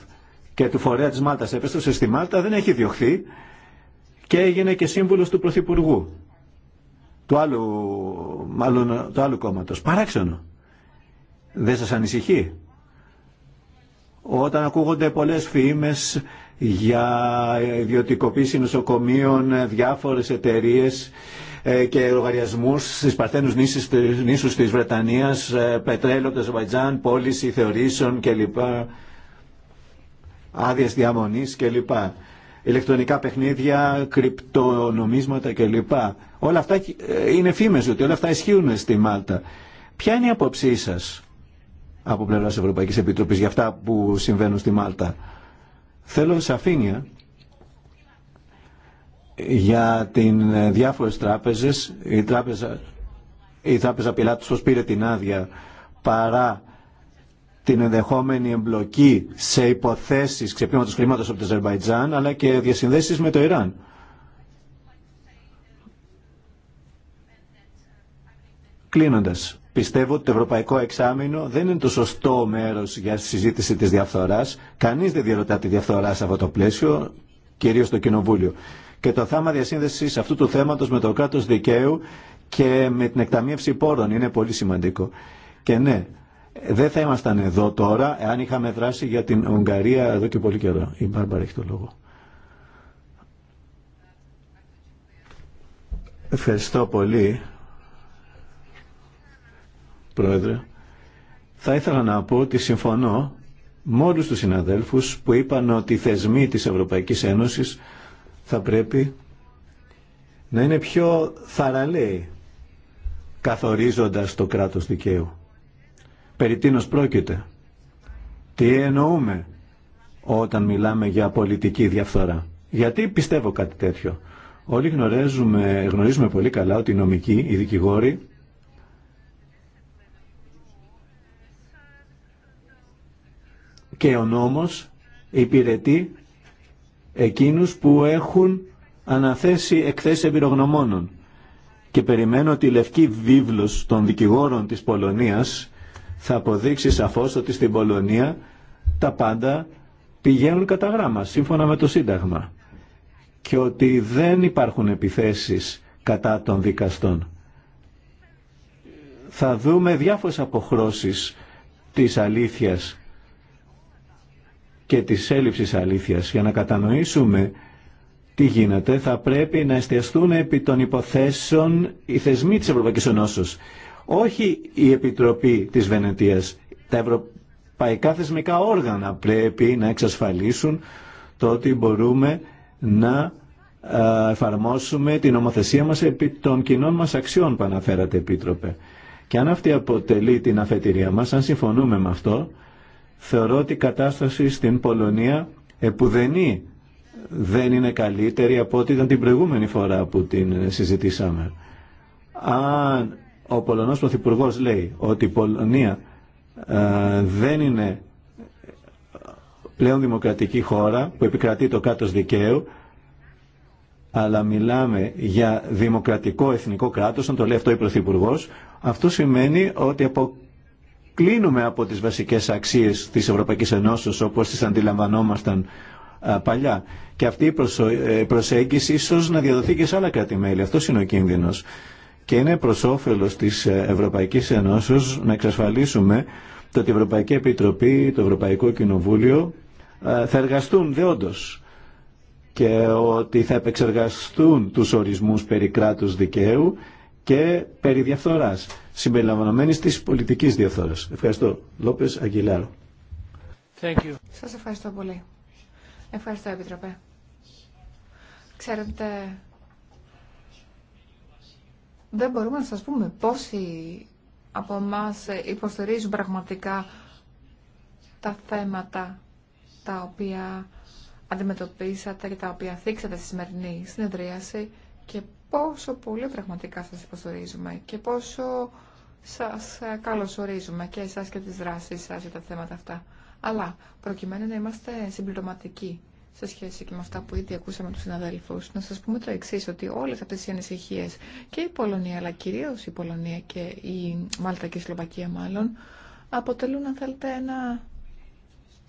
και του φορέα της Μάλτας επέστρεψε στη Μάλτα δεν έχει διωχθεί και έγινε και σύμβουλος του Πρωθυπουργού του άλλου, μάλλον, του άλλου κόμματος. Παράξενο. Δεν σας ανησυχεί. Όταν ακούγονται πολλές φήμες για ιδιωτικοποίηση νοσοκομείων, διάφορες εταιρείες ε, και λογαριασμούς στις παρθένους νήσους, της Βρετανίας, ε, πετρέλαιο, Αζερβαϊτζάν, πώληση θεωρήσεων κλπ άδειε διαμονής κλπ. Ηλεκτρονικά παιχνίδια, κρυπτονομίσματα κλπ. Όλα αυτά ε, είναι φήμε ότι όλα αυτά ισχύουν στη Μάλτα. Ποια είναι η απόψή σα από πλευρά Ευρωπαϊκής Επιτροπής για αυτά που συμβαίνουν στη Μάλτα. Θέλω σαφήνεια για την ε, διάφορες τράπεζες, η τράπεζα, η τράπεζα Πιλάτους πήρε την άδεια παρά την ενδεχόμενη εμπλοκή σε υποθέσεις ξεπλήματος χρήματος από το Αζερβαϊτζάν αλλά και διασυνδέσεις με το Ιράν. Κλείνοντας, πιστεύω ότι το Ευρωπαϊκό Εξάμεινο δεν είναι το σωστό μέρος για συζήτηση της διαφθοράς. Κανείς δεν διαρωτά τη διαφθορά σε αυτό το πλαίσιο, κυρίως το Κοινοβούλιο. Και το θέμα διασύνδεσης αυτού του θέματος με το κράτος δικαίου και με την εκταμείευση πόρων είναι πολύ σημαντικό. Και ναι, δεν θα ήμασταν εδώ τώρα, αν είχαμε δράσει για την Ουγγαρία εδώ και πολύ καιρό. Η Μπάρμπαρα έχει το λόγο. Ευχαριστώ πολύ, Πρόεδρε. Θα ήθελα να πω ότι συμφωνώ με όλους τους συναδέλφους που είπαν ότι οι θεσμοί της Ευρωπαϊκής Ένωσης θα πρέπει να είναι πιο θαραλέοι καθορίζοντας το κράτος δικαίου περί τίνος πρόκειται. Τι εννοούμε όταν μιλάμε για πολιτική διαφθορά. Γιατί πιστεύω κάτι τέτοιο. Όλοι γνωρίζουμε, γνωρίζουμε πολύ καλά ότι οι νομικοί, οι δικηγόροι, και ο νόμος υπηρετεί εκείνους που έχουν αναθέσει εκθέσεις εμπειρογνωμόνων. Και περιμένω τη λευκή βίβλος των δικηγόρων της Πολωνίας θα αποδείξει σαφώς ότι στην Πολωνία τα πάντα πηγαίνουν κατά γράμμα, σύμφωνα με το Σύνταγμα και ότι δεν υπάρχουν επιθέσεις κατά των δικαστών. Θα δούμε διάφορες αποχρώσεις της αλήθειας και της έλλειψης αλήθειας. Για να κατανοήσουμε τι γίνεται, θα πρέπει να εστιαστούν επί των υποθέσεων οι θεσμοί της Ευρωπαϊκής Ενώσεως. Όχι η Επιτροπή της Βενετίας. Τα ευρωπαϊκά θεσμικά όργανα πρέπει να εξασφαλίσουν το ότι μπορούμε να εφαρμόσουμε την νομοθεσία μας επί των κοινών μας αξιών που αναφέρατε Επίτροπε. Και αν αυτή αποτελεί την αφετηρία μας, αν συμφωνούμε με αυτό, θεωρώ ότι η κατάσταση στην Πολωνία επουδενή δεν είναι καλύτερη από ό,τι ήταν την προηγούμενη φορά που την συζητήσαμε. Αν ο Πολωνός Πρωθυπουργό λέει ότι η Πολωνία ε, δεν είναι πλέον δημοκρατική χώρα που επικρατεί το κάτος δικαίου αλλά μιλάμε για δημοκρατικό εθνικό κράτος, αν το λέει αυτό ο Πρωθυπουργό, αυτό σημαίνει ότι αποκλίνουμε από τις βασικές αξίες της Ευρωπαϊκής Ενώσεως όπως τις αντιλαμβανόμασταν ε, παλιά. Και αυτή η ε, προσέγγιση ίσως να διαδοθεί και σε άλλα κράτη-μέλη. Αυτό είναι ο κίνδυνος και είναι προς όφελος της Ευρωπαϊκής Ενώσεως να εξασφαλίσουμε το ότι η Ευρωπαϊκή Επιτροπή, το Ευρωπαϊκό Κοινοβούλιο ε, θα εργαστούν δεόντως και ότι θα επεξεργαστούν τους ορισμούς περί κράτους δικαίου και περί διαφθοράς, συμπεριλαμβανομένης της πολιτικής διαφθοράς. Ευχαριστώ. Λόπες Αγγιλάρο. Thank you. Σας ευχαριστώ πολύ. Ευχαριστώ, Επιτροπέ. Ξέρετε δεν μπορούμε να σας πούμε πόσοι από εμά υποστηρίζουν πραγματικά τα θέματα τα οποία αντιμετωπίσατε και τα οποία θίξατε στη σημερινή συνεδρίαση και πόσο πολύ πραγματικά σας υποστηρίζουμε και πόσο σας καλωσορίζουμε και εσάς και τις δράσεις σας για τα θέματα αυτά. Αλλά προκειμένου να είμαστε συμπληρωματικοί σε σχέση και με αυτά που ήδη ακούσαμε του συναδέλφου, να σα πούμε το εξή, ότι όλε αυτέ οι ανησυχίε και η Πολωνία, αλλά κυρίω η Πολωνία και η Μάλτα και η Σλοβακία μάλλον, αποτελούν, αν θέλετε, ένα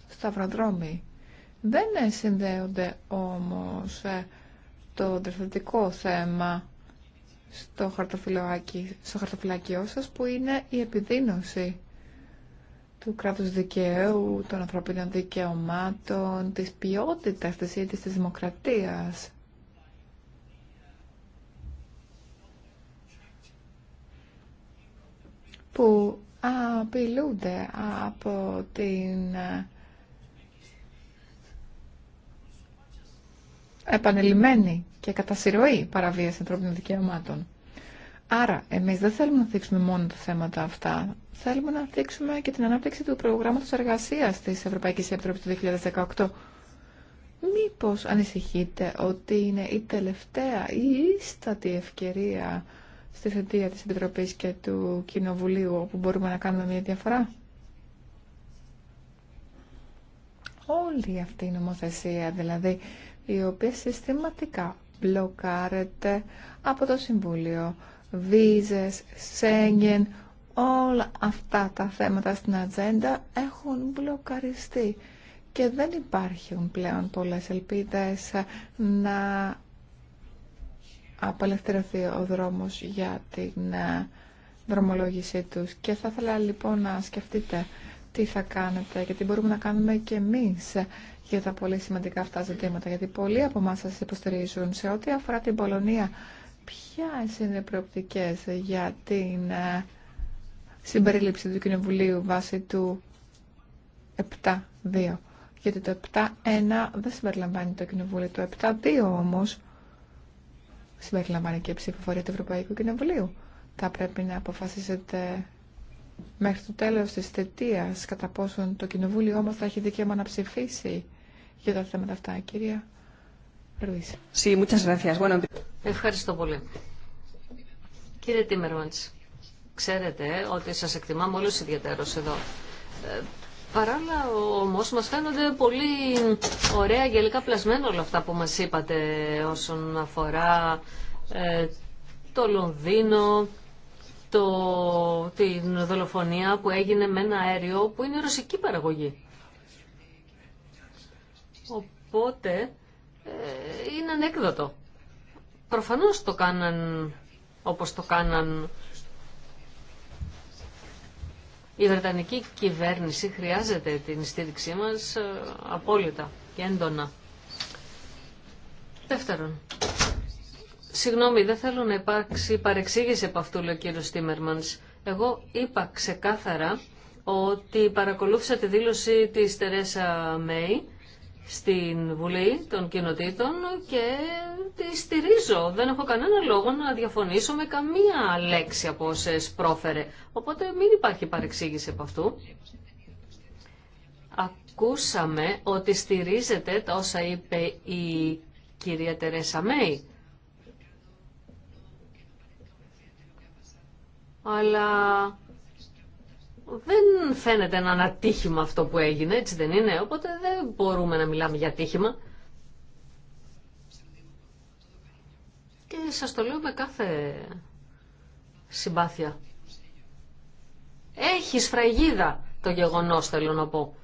σταυροδρόμι. Δεν συνδέονται όμω ε, το διευθυντικό θέμα στο χαρτοφυλάκιό σας που είναι η επιδείνωση του κράτους δικαίου, των ανθρωπίνων δικαιωμάτων, της ποιότητας της ίδιας της δημοκρατίας. που απειλούνται από την ε, επανελειμμένη και συρροή παραβίαση ανθρώπινων δικαιωμάτων. Άρα, εμείς δεν θέλουμε να δείξουμε μόνο τα θέματα αυτά θέλουμε να δείξουμε και την ανάπτυξη του προγράμματος εργασίας της Ευρωπαϊκής Επιτροπής του 2018. Μήπως ανησυχείτε ότι είναι η τελευταία ή ίστατη ευκαιρία στη θετία της Επιτροπής και του Κοινοβουλίου όπου μπορούμε να κάνουμε μια διαφορά. Όλη αυτή η νομοθεσία δηλαδή η οποία συστηματικά μπλοκάρεται από το Συμβούλιο Βίζες, Σέγγεν, όλα αυτά τα θέματα στην ατζέντα έχουν μπλοκαριστεί και δεν υπάρχουν πλέον πολλές ελπίδες να απελευθερωθεί ο δρόμος για την ε, δρομολόγησή τους. Και θα ήθελα λοιπόν να σκεφτείτε τι θα κάνετε και τι μπορούμε να κάνουμε και εμείς για τα πολύ σημαντικά αυτά ζητήματα. Γιατί πολλοί από εμάς σας υποστηρίζουν σε ό,τι αφορά την Πολωνία. Ποιε είναι οι προοπτικές για την ε, συμπερίληψη του Κοινοβουλίου βάσει του 7-2. Γιατί το 7-1 δεν συμπεριλαμβάνει το Κοινοβούλιο. Το 7-2 όμω συμπεριλαμβάνει και η ψηφοφορία του Ευρωπαϊκού Κοινοβουλίου. Θα πρέπει να αποφασίσετε μέχρι το τέλο τη θετίας κατά πόσον το Κοινοβούλιο όμω θα έχει δικαίωμα να ψηφίσει για τα θέματα αυτά. Κυρία Ρουίς. Ευχαριστώ πολύ. Κύριε Τίμερμαντς, Ξέρετε ότι σας εκτιμάμε όλους ιδιαίτερος εδώ. Ε, παράλληλα όμως μας φαίνονται πολύ ωραία γελικά πλασμένα όλα αυτά που μας είπατε όσον αφορά ε, το Λονδίνο, το, την δολοφονία που έγινε με ένα αέριο που είναι ρωσική παραγωγή. Οπότε ε, είναι ανέκδοτο. Προφανώς το κάναν όπως το κάναν η Βρετανική κυβέρνηση χρειάζεται την στήριξή μας ε, απόλυτα και έντονα. Δεύτερον, συγγνώμη, δεν θέλω να υπάρξει παρεξήγηση από αυτού, λέει ο κύριος Τίμερμανς. Εγώ είπα ξεκάθαρα ότι παρακολούθησα τη δήλωση της Τερέσα Μέη στην Βουλή των Κοινοτήτων και τη στηρίζω. Δεν έχω κανένα λόγο να διαφωνήσω με καμία λέξη από όσε πρόφερε. Οπότε μην υπάρχει παρεξήγηση από αυτού. Ακούσαμε ότι στηρίζεται τα όσα είπε η κυρία Τερέσα Μέη. Αλλά δεν φαίνεται έναν ατύχημα αυτό που έγινε, έτσι δεν είναι, οπότε δεν μπορούμε να μιλάμε για ατύχημα. Και σας το λέω με κάθε συμπάθεια. Έχει σφραγίδα το γεγονός, θέλω να πω.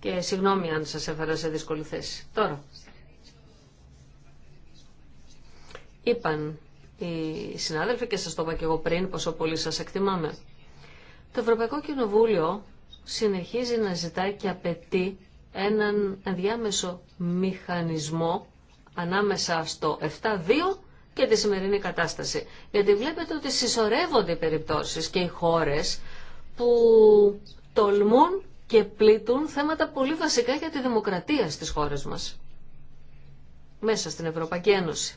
Και συγγνώμη αν σας έφερα σε δύσκολη θέση. Τώρα. Είπαν οι συνάδελφοι και σας το είπα και εγώ πριν πόσο πολύ σας εκτιμάμε. Το Ευρωπαϊκό Κοινοβούλιο συνεχίζει να ζητάει και απαιτεί έναν διάμεσο μηχανισμό ανάμεσα στο 7-2 και τη σημερινή κατάσταση. Γιατί βλέπετε ότι συσσωρεύονται οι περιπτώσεις και οι χώρες που τολμούν και πλήττουν θέματα πολύ βασικά για τη δημοκρατία στις χώρες μας. Μέσα στην Ευρωπαϊκή Ένωση.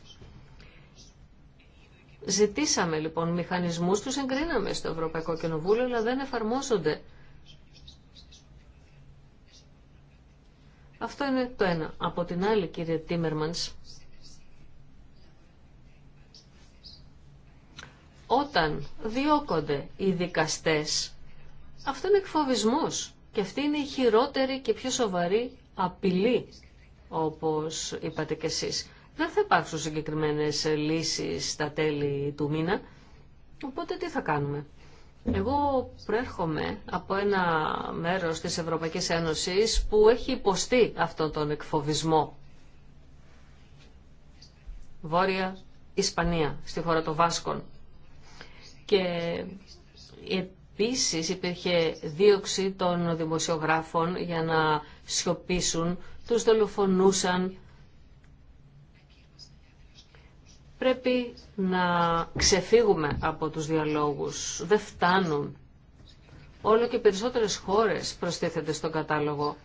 Ζητήσαμε λοιπόν μηχανισμούς, τους εγκρίναμε στο Ευρωπαϊκό Κοινοβούλιο, αλλά δεν εφαρμόζονται. Αυτό είναι το ένα. Από την άλλη, κύριε Τίμερμανς, όταν διώκονται οι δικαστές, αυτό είναι εκφοβισμός και αυτή είναι η χειρότερη και πιο σοβαρή απειλή, όπως είπατε κι εσείς. Δεν θα υπάρξουν συγκεκριμένες λύσεις στα τέλη του μήνα, οπότε τι θα κάνουμε. Εγώ προέρχομαι από ένα μέρος της Ευρωπαϊκής Ένωσης που έχει υποστεί αυτόν τον εκφοβισμό. Βόρεια Ισπανία, στη χώρα των Βάσκων. Και επίσης υπήρχε δίωξη των δημοσιογράφων για να σιωπήσουν, τους δολοφονούσαν, Πρέπει να ξεφύγουμε από τους διαλόγους. Δεν φτάνουν. Όλο και περισσότερες χώρες προστίθενται στον κατάλογο.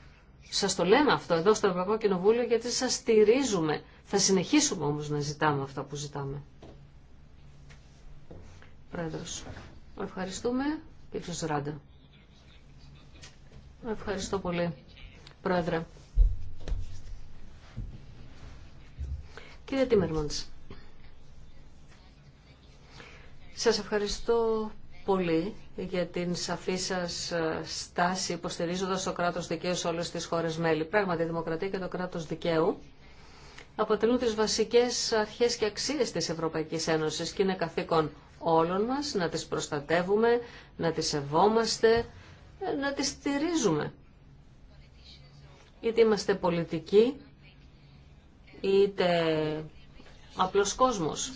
Σας το λέμε αυτό εδώ στο Ευρωπαϊκό Κοινοβούλιο γιατί σας στηρίζουμε. Θα συνεχίσουμε όμως να ζητάμε αυτά που ζητάμε. Πρόεδρος, ευχαριστούμε. Κύριος Ράντα. Ευχαριστώ πολύ, Πρόεδρε. Κύριε σας ευχαριστώ πολύ για την σαφή σας ε, στάση υποστηρίζοντας το κράτος δικαίου σε όλες τις χώρες μέλη. Πράγματι, η δημοκρατία και το κράτος δικαίου αποτελούν τις βασικές αρχές και αξίες της Ευρωπαϊκής Ένωσης και είναι καθήκον όλων μας να τις προστατεύουμε, να τις σεβόμαστε, ε, να τις στηρίζουμε. Είτε είμαστε πολιτικοί, είτε απλός κόσμος.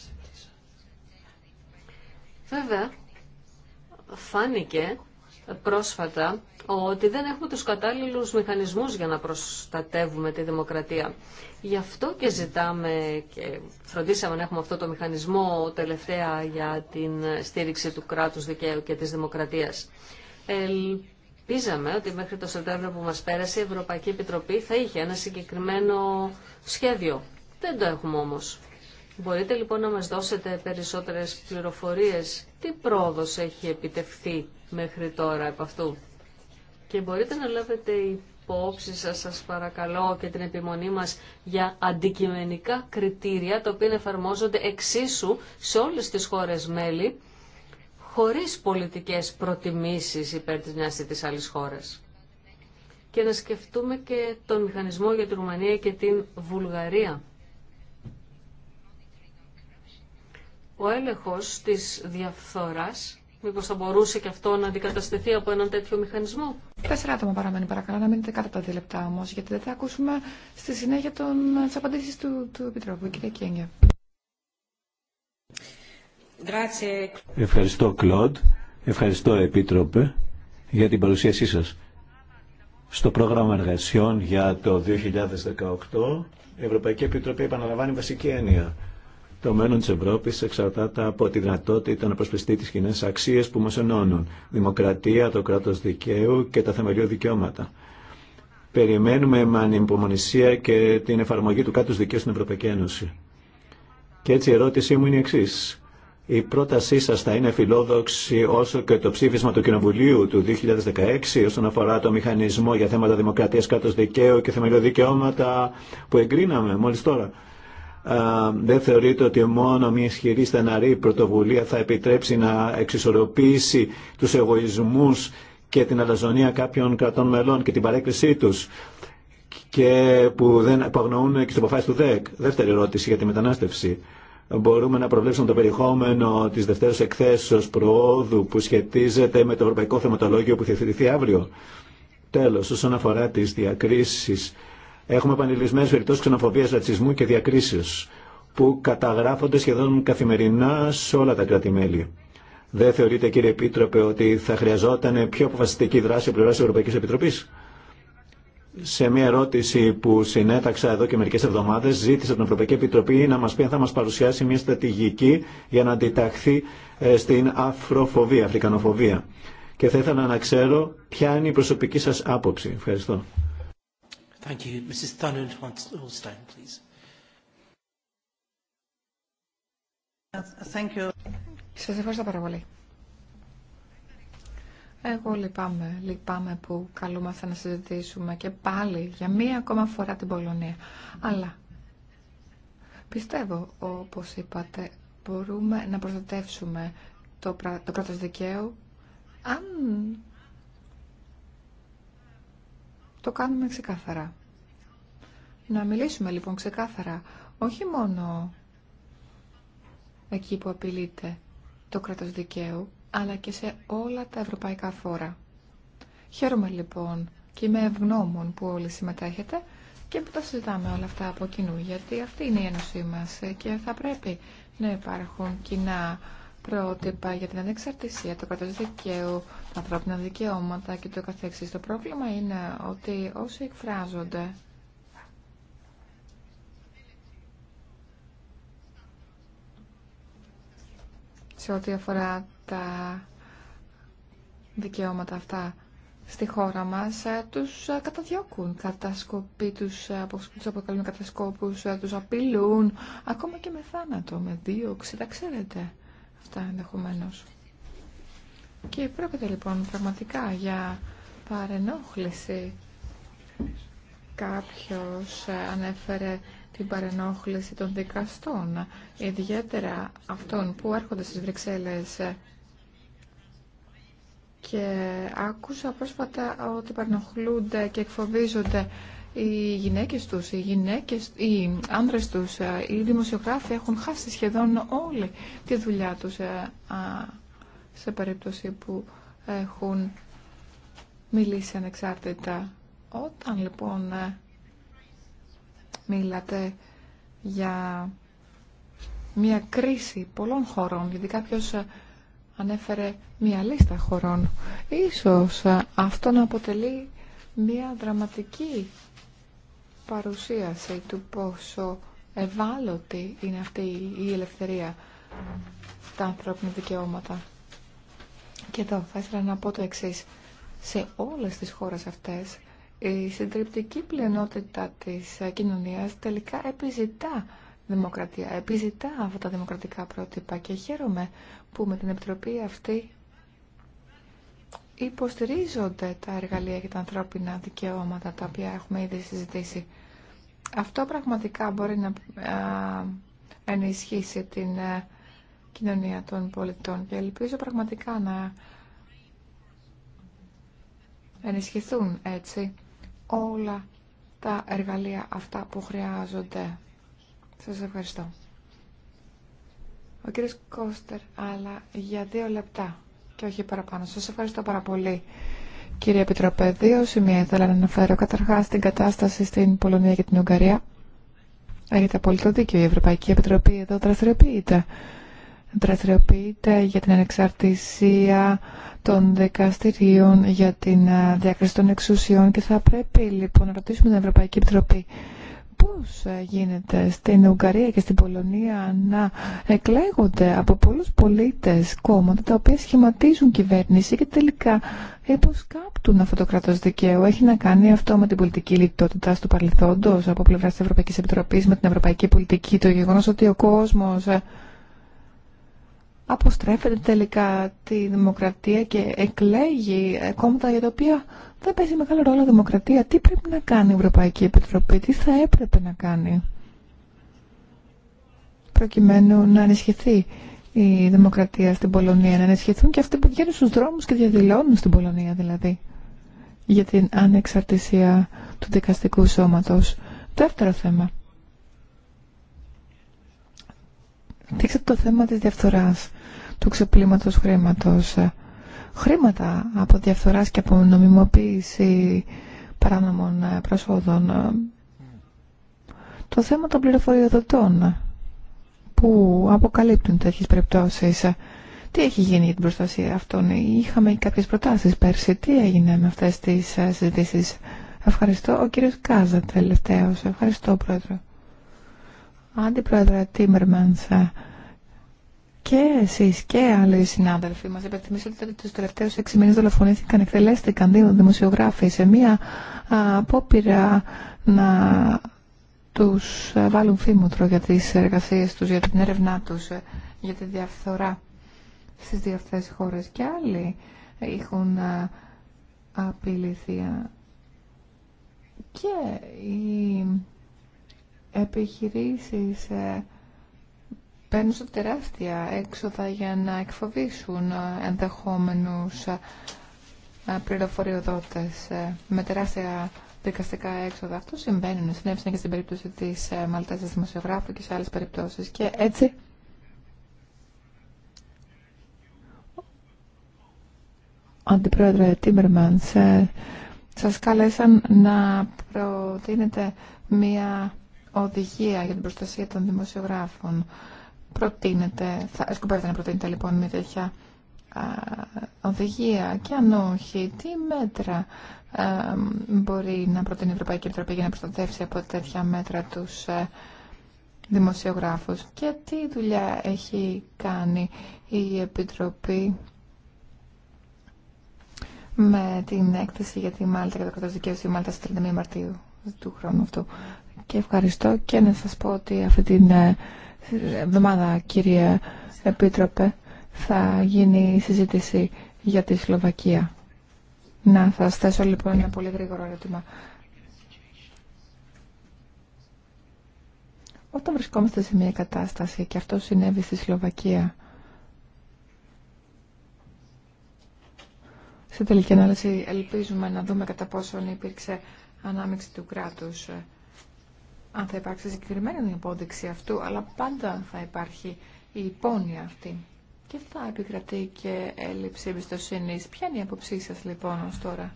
Βέβαια, φάνηκε πρόσφατα ότι δεν έχουμε τους κατάλληλους μηχανισμούς για να προστατεύουμε τη δημοκρατία. Γι' αυτό και ζητάμε και φροντίσαμε να έχουμε αυτό το μηχανισμό τελευταία για την στήριξη του κράτους δικαίου και της δημοκρατίας. Ελπίζαμε ότι μέχρι το Σεπτέμβριο που μας πέρασε η Ευρωπαϊκή Επιτροπή θα είχε ένα συγκεκριμένο σχέδιο. Δεν το έχουμε όμως. Μπορείτε λοιπόν να μας δώσετε περισσότερες πληροφορίες. Τι πρόοδος έχει επιτευχθεί μέχρι τώρα από αυτού. Και μπορείτε να λάβετε υπόψη σας, σας παρακαλώ, και την επιμονή μας για αντικειμενικά κριτήρια, τα οποία εφαρμόζονται εξίσου σε όλες τις χώρες μέλη, χωρίς πολιτικές προτιμήσεις υπέρ της μιας ή της άλλης χώρας. Και να σκεφτούμε και τον μηχανισμό για την Ρουμανία και την Βουλγαρία Ο έλεγχος της διαφθοράς, μήπως θα μπορούσε και αυτό να αντικατασταθεί από έναν τέτοιο μηχανισμό. Τέσσερα άτομα παραμένει παρακαλώ, να μείνετε κάτω από τα δύο λεπτά όμως, γιατί δεν θα ακούσουμε στη συνέχεια των, τις απαντήσεις του, του Επιτρόπου. Κύριε Ευχαριστώ Κλοντ, ευχαριστώ Επίτροπε για την παρουσίασή σας. Στο πρόγραμμα εργασιών για το 2018, η Ευρωπαϊκή Επιτροπή επαναλαμβάνει βασική έννοια το μέλλον τη Ευρώπη εξαρτάται από τη δυνατότητα να προσπιστεί τι κοινέ αξίε που μα ενώνουν. Δημοκρατία, το κράτο δικαίου και τα θεμελιώδη δικαιώματα. Περιμένουμε με ανυπομονησία και την εφαρμογή του κράτου δικαίου στην Ευρωπαϊκή Ένωση. Και έτσι η ερώτησή μου είναι η εξή. Η πρότασή σα θα είναι φιλόδοξη όσο και το ψήφισμα του Κοινοβουλίου του 2016 όσον αφορά το μηχανισμό για θέματα δημοκρατία κράτο δικαίου και θεμελιώδη δικαιώματα που εγκρίναμε μόλι τώρα. Ε, δεν θεωρείτε ότι μόνο μια ισχυρή στεναρή πρωτοβουλία θα επιτρέψει να εξισορροπήσει τους εγωισμούς και την αλαζονία κάποιων κρατών μελών και την παρέκκλησή τους και που, δεν, που αγνοούν και τις αποφάσεις του ΔΕΚ. Δεύτερη ερώτηση για τη μετανάστευση. Μπορούμε να προβλέψουμε το περιεχόμενο της δευτέρας εκθέσεως προόδου που σχετίζεται με το Ευρωπαϊκό Θεματολόγιο που θα αύριο. Τέλος, όσον αφορά τις διακρίσεις Έχουμε επανειλημμένε περιπτώσει ξενοφοβία, ρατσισμού και διακρίσεω που καταγράφονται σχεδόν καθημερινά σε όλα τα κράτη-μέλη. Δεν θεωρείτε, κύριε Επίτροπε, ότι θα χρειαζόταν πιο αποφασιστική δράση από πλευρά τη Ευρωπαϊκή Επιτροπή. Σε μια ερώτηση που συνέταξα εδώ και μερικέ εβδομάδε, ζήτησα την Ευρωπαϊκή Επιτροπή να μα πει αν θα μα παρουσιάσει μια στρατηγική για να αντιταχθεί ε, στην αφροφοβία, αφρικανοφοβία. Και θα ήθελα να ξέρω ποια είναι η προσωπική σα άποψη. Ευχαριστώ. Thank Σας ευχαριστώ πάρα πολύ. Εγώ λυπάμαι, που καλούμαστε να συζητήσουμε και πάλι για μία ακόμα φορά την Πολωνία. Αλλά πιστεύω, όπως είπατε, μπορούμε να προστατεύσουμε το, το κράτος δικαίου αν το κάνουμε ξεκάθαρα. Να μιλήσουμε λοιπόν ξεκάθαρα, όχι μόνο εκεί που απειλείται το κράτος δικαίου, αλλά και σε όλα τα ευρωπαϊκά φόρα. Χαίρομαι λοιπόν και είμαι ευγνώμων που όλοι συμμετέχετε και που τα συζητάμε όλα αυτά από κοινού, γιατί αυτή είναι η ένωσή μας και θα πρέπει να υπάρχουν κοινά πρότυπα για την ανεξαρτησία, το κράτος δικαίου, τα ανθρώπινα δικαιώματα και το καθεξής. Το πρόβλημα είναι ότι όσοι εκφράζονται σε ό,τι αφορά τα δικαιώματα αυτά στη χώρα μας ε, τους ε, καταδιώκουν, κατασκοπεί τους, ε, τους αποκαλούν κατασκόπους, τους απειλούν, ακόμα και με θάνατο, με δίωξη, τα ξέρετε αυτά ενδεχομένω. Και πρόκειται λοιπόν πραγματικά για παρενόχληση. Κάποιος ανέφερε την παρενόχληση των δικαστών, ιδιαίτερα αυτών που έρχονται στις Βρυξέλλες και άκουσα πρόσφατα ότι παρενοχλούνται και εκφοβίζονται οι γυναίκες τους, οι, γυναίκες, οι άνδρες τους, οι δημοσιογράφοι έχουν χάσει σχεδόν όλη τη δουλειά τους ε, σε περίπτωση που έχουν μιλήσει ανεξάρτητα. Όταν λοιπόν ε, Μίλατε για μια κρίση πολλών χωρών, γιατί κάποιος ε, ανέφερε μια λίστα χωρών. Ίσως ε, αυτό να αποτελεί μια δραματική παρουσίαση του πόσο ευάλωτη είναι αυτή η ελευθερία τα ανθρώπινα δικαιώματα. Και εδώ θα ήθελα να πω το εξής. Σε όλες τις χώρες αυτές η συντριπτική πλειονότητα της κοινωνίας τελικά επιζητά δημοκρατία, επιζητά αυτά τα δημοκρατικά πρότυπα και χαίρομαι που με την Επιτροπή αυτή υποστηρίζονται τα εργαλεία και τα ανθρώπινα δικαιώματα τα οποία έχουμε ήδη συζητήσει. Αυτό πραγματικά μπορεί να ενισχύσει την ε, κοινωνία των πολιτών και ελπίζω πραγματικά να ενισχυθούν έτσι όλα τα εργαλεία αυτά που χρειάζονται. Σας ευχαριστώ. Ο κύριος Κώστερ, αλλά για δύο λεπτά και όχι παραπάνω. Σας ευχαριστώ πάρα πολύ. Κύριε Επιτροπέ, δύο σημεία ήθελα να αναφέρω. Καταρχάς την κατάσταση στην Πολωνία και την Ουγγαρία. Έχετε απόλυτο δίκιο. Η Ευρωπαϊκή Επιτροπή εδώ δραστηριοποιείται δραστηριοποιείται για την ανεξαρτησία των δικαστηρίων, για την ε, διάκριση των εξουσιών και θα πρέπει λοιπόν να ρωτήσουμε την Ευρωπαϊκή Επιτροπή πώς ε, γίνεται στην Ουγγαρία και στην Πολωνία να εκλέγονται από πολλούς πολίτες κόμματα τα οποία σχηματίζουν κυβέρνηση και τελικά υποσκάπτουν αυτό το κράτος δικαίου. Έχει να κάνει αυτό με την πολιτική λιτότητα του παρελθόντος από πλευρά της Ευρωπαϊκής Επιτροπής, με την ευρωπαϊκή πολιτική, το γεγονός ότι ο κόσμος ε, αποστρέφεται τελικά τη δημοκρατία και εκλέγει κόμματα για τα οποία δεν παίζει μεγάλο ρόλο η δημοκρατία. Τι πρέπει να κάνει η Ευρωπαϊκή Επιτροπή, τι θα έπρεπε να κάνει προκειμένου να ανισχυθεί η δημοκρατία στην Πολωνία, να ανισχυθούν και αυτοί που γίνουν στους δρόμους και διαδηλώνουν στην Πολωνία δηλαδή για την ανεξαρτησία του δικαστικού σώματος. Δεύτερο θέμα. Δείξτε το θέμα της διαφθοράς, του ξεπλήματος χρήματος. Χρήματα από διαφθοράς και από νομιμοποίηση παράνομων ε, προσόδων. Το θέμα των πληροφοριοδοτών που αποκαλύπτουν τέτοιες περιπτώσεις. Τι έχει γίνει για την προστασία αυτών. Είχαμε κάποιες προτάσεις πέρσι. Τι έγινε με αυτές τις ε, συζητήσεις. Ευχαριστώ. Ο κύριος Κάζα τελευταίος. Ευχαριστώ, Πρόεδρο. Αντιπρόεδρε Τίμερμανς, ε, και εσεί και άλλοι συνάδελφοι μας υπενθυμίσατε ότι τους τελευταίους έξι μήνε δολοφονήθηκαν, εκτελέστηκαν δύο δημοσιογράφοι σε μία απόπειρα να τους βάλουν φήμουτρο για τι εργασίε του, για την έρευνά τους, για τη διαφθορά στις δύο χώρες και άλλοι έχουν απειληθεί και οι επιχειρήσεις ε, Παίρνουν σε τεράστια έξοδα για να εκφοβήσουν ε, ενδεχόμενους ε, ε, πληροφοριοδότες με τεράστια δικαστικά έξοδα. Αυτό συμβαίνει, συνέβησαν και στην περίπτωση της Μαλτέζας δημοσιογράφου και σε άλλες περιπτώσεις. Και έτσι Αντιπρόεδρε Τίμερμαν, σας κάλεσαν να προτείνετε μία οδηγία για την προστασία των δημοσιογράφων προτείνετε, θα σκοπεύετε να προτείνετε λοιπόν μια τέτοια α, οδηγία και αν όχι, τι μέτρα μπορεί να προτείνει η Ευρωπαϊκή Επιτροπή για να προστατεύσει από τέτοια μέτρα τους α, ε, δημοσιογράφους και τι δουλειά έχει κάνει η Επιτροπή με την έκθεση για τη Μάλτα και το κράτος δικαίωση Μάλτα στις 31 Μαρτίου του χρόνου αυτού και ευχαριστώ και να σας πω ότι αυτή την ε, εβδομάδα κύριε Επίτροπε θα γίνει η συζήτηση για τη Σλοβακία. Να θα θέσω λοιπόν ένα πολύ γρήγορο ερώτημα. Όταν βρισκόμαστε σε μια κατάσταση και αυτό συνέβη στη Σλοβακία, σε τελική ανάλυση ελπίζουμε να δούμε κατά πόσον υπήρξε ανάμειξη του κράτους αν θα υπάρξει συγκεκριμένη υπόδειξη αυτού, αλλά πάντα θα υπάρχει η υπόνοια αυτή και θα επικρατεί και έλλειψη εμπιστοσύνη. Ποια είναι η αποψή σα λοιπόν ω τώρα.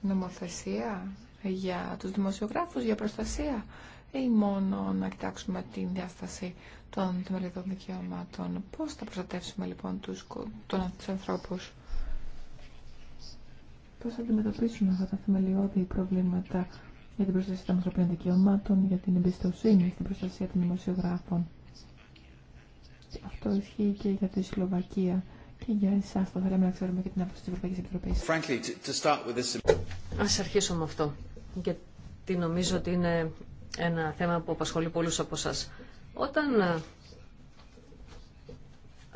Νομοθεσία για τους δημοσιογράφους, για προστασία ή μόνο να κοιτάξουμε την διάσταση των θεμελιωδών δικαιωμάτων. Πώς θα προστατεύσουμε λοιπόν τους, ανθρώπου, πώς αντιμετωπίσουν αυτά τα θεμελιώδη προβλήματα για την προστασία των ανθρωπίνων δικαιωμάτων, για την εμπιστοσύνη στην προστασία των δημοσιογράφων. Αυτό ισχύει και για τη Σλοβακία και για εσά. Θα θέλαμε να ξέρουμε και την άποψη τη Ευρωπαϊκή Επιτροπή. Α αρχίσω με αυτό, γιατί νομίζω ότι είναι ένα θέμα που απασχολεί πολλού από εσά. Όταν ε,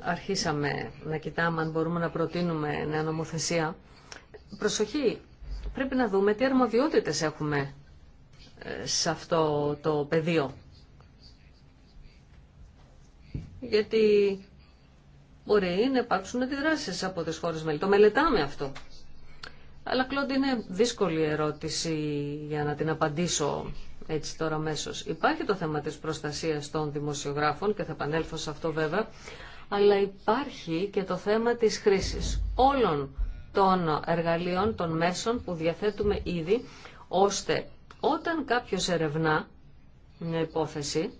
αρχίσαμε να κοιτάμε αν μπορούμε να προτείνουμε νέα νομοθεσία, προσοχή, πρέπει να δούμε τι αρμοδιότητες έχουμε ε, σε αυτό το πεδίο. Γιατί μπορεί να υπάρξουν αντιδράσεις από τις χώρες μέλη. Το μελετάμε αυτό. Αλλά Κλόντ είναι δύσκολη ερώτηση για να την απαντήσω έτσι τώρα αμέσω. Υπάρχει το θέμα της προστασίας των δημοσιογράφων και θα επανέλθω σε αυτό βέβαια, αλλά υπάρχει και το θέμα της χρήσης όλων των εργαλείων, των μέσων που διαθέτουμε ήδη, ώστε όταν κάποιος ερευνά μια υπόθεση,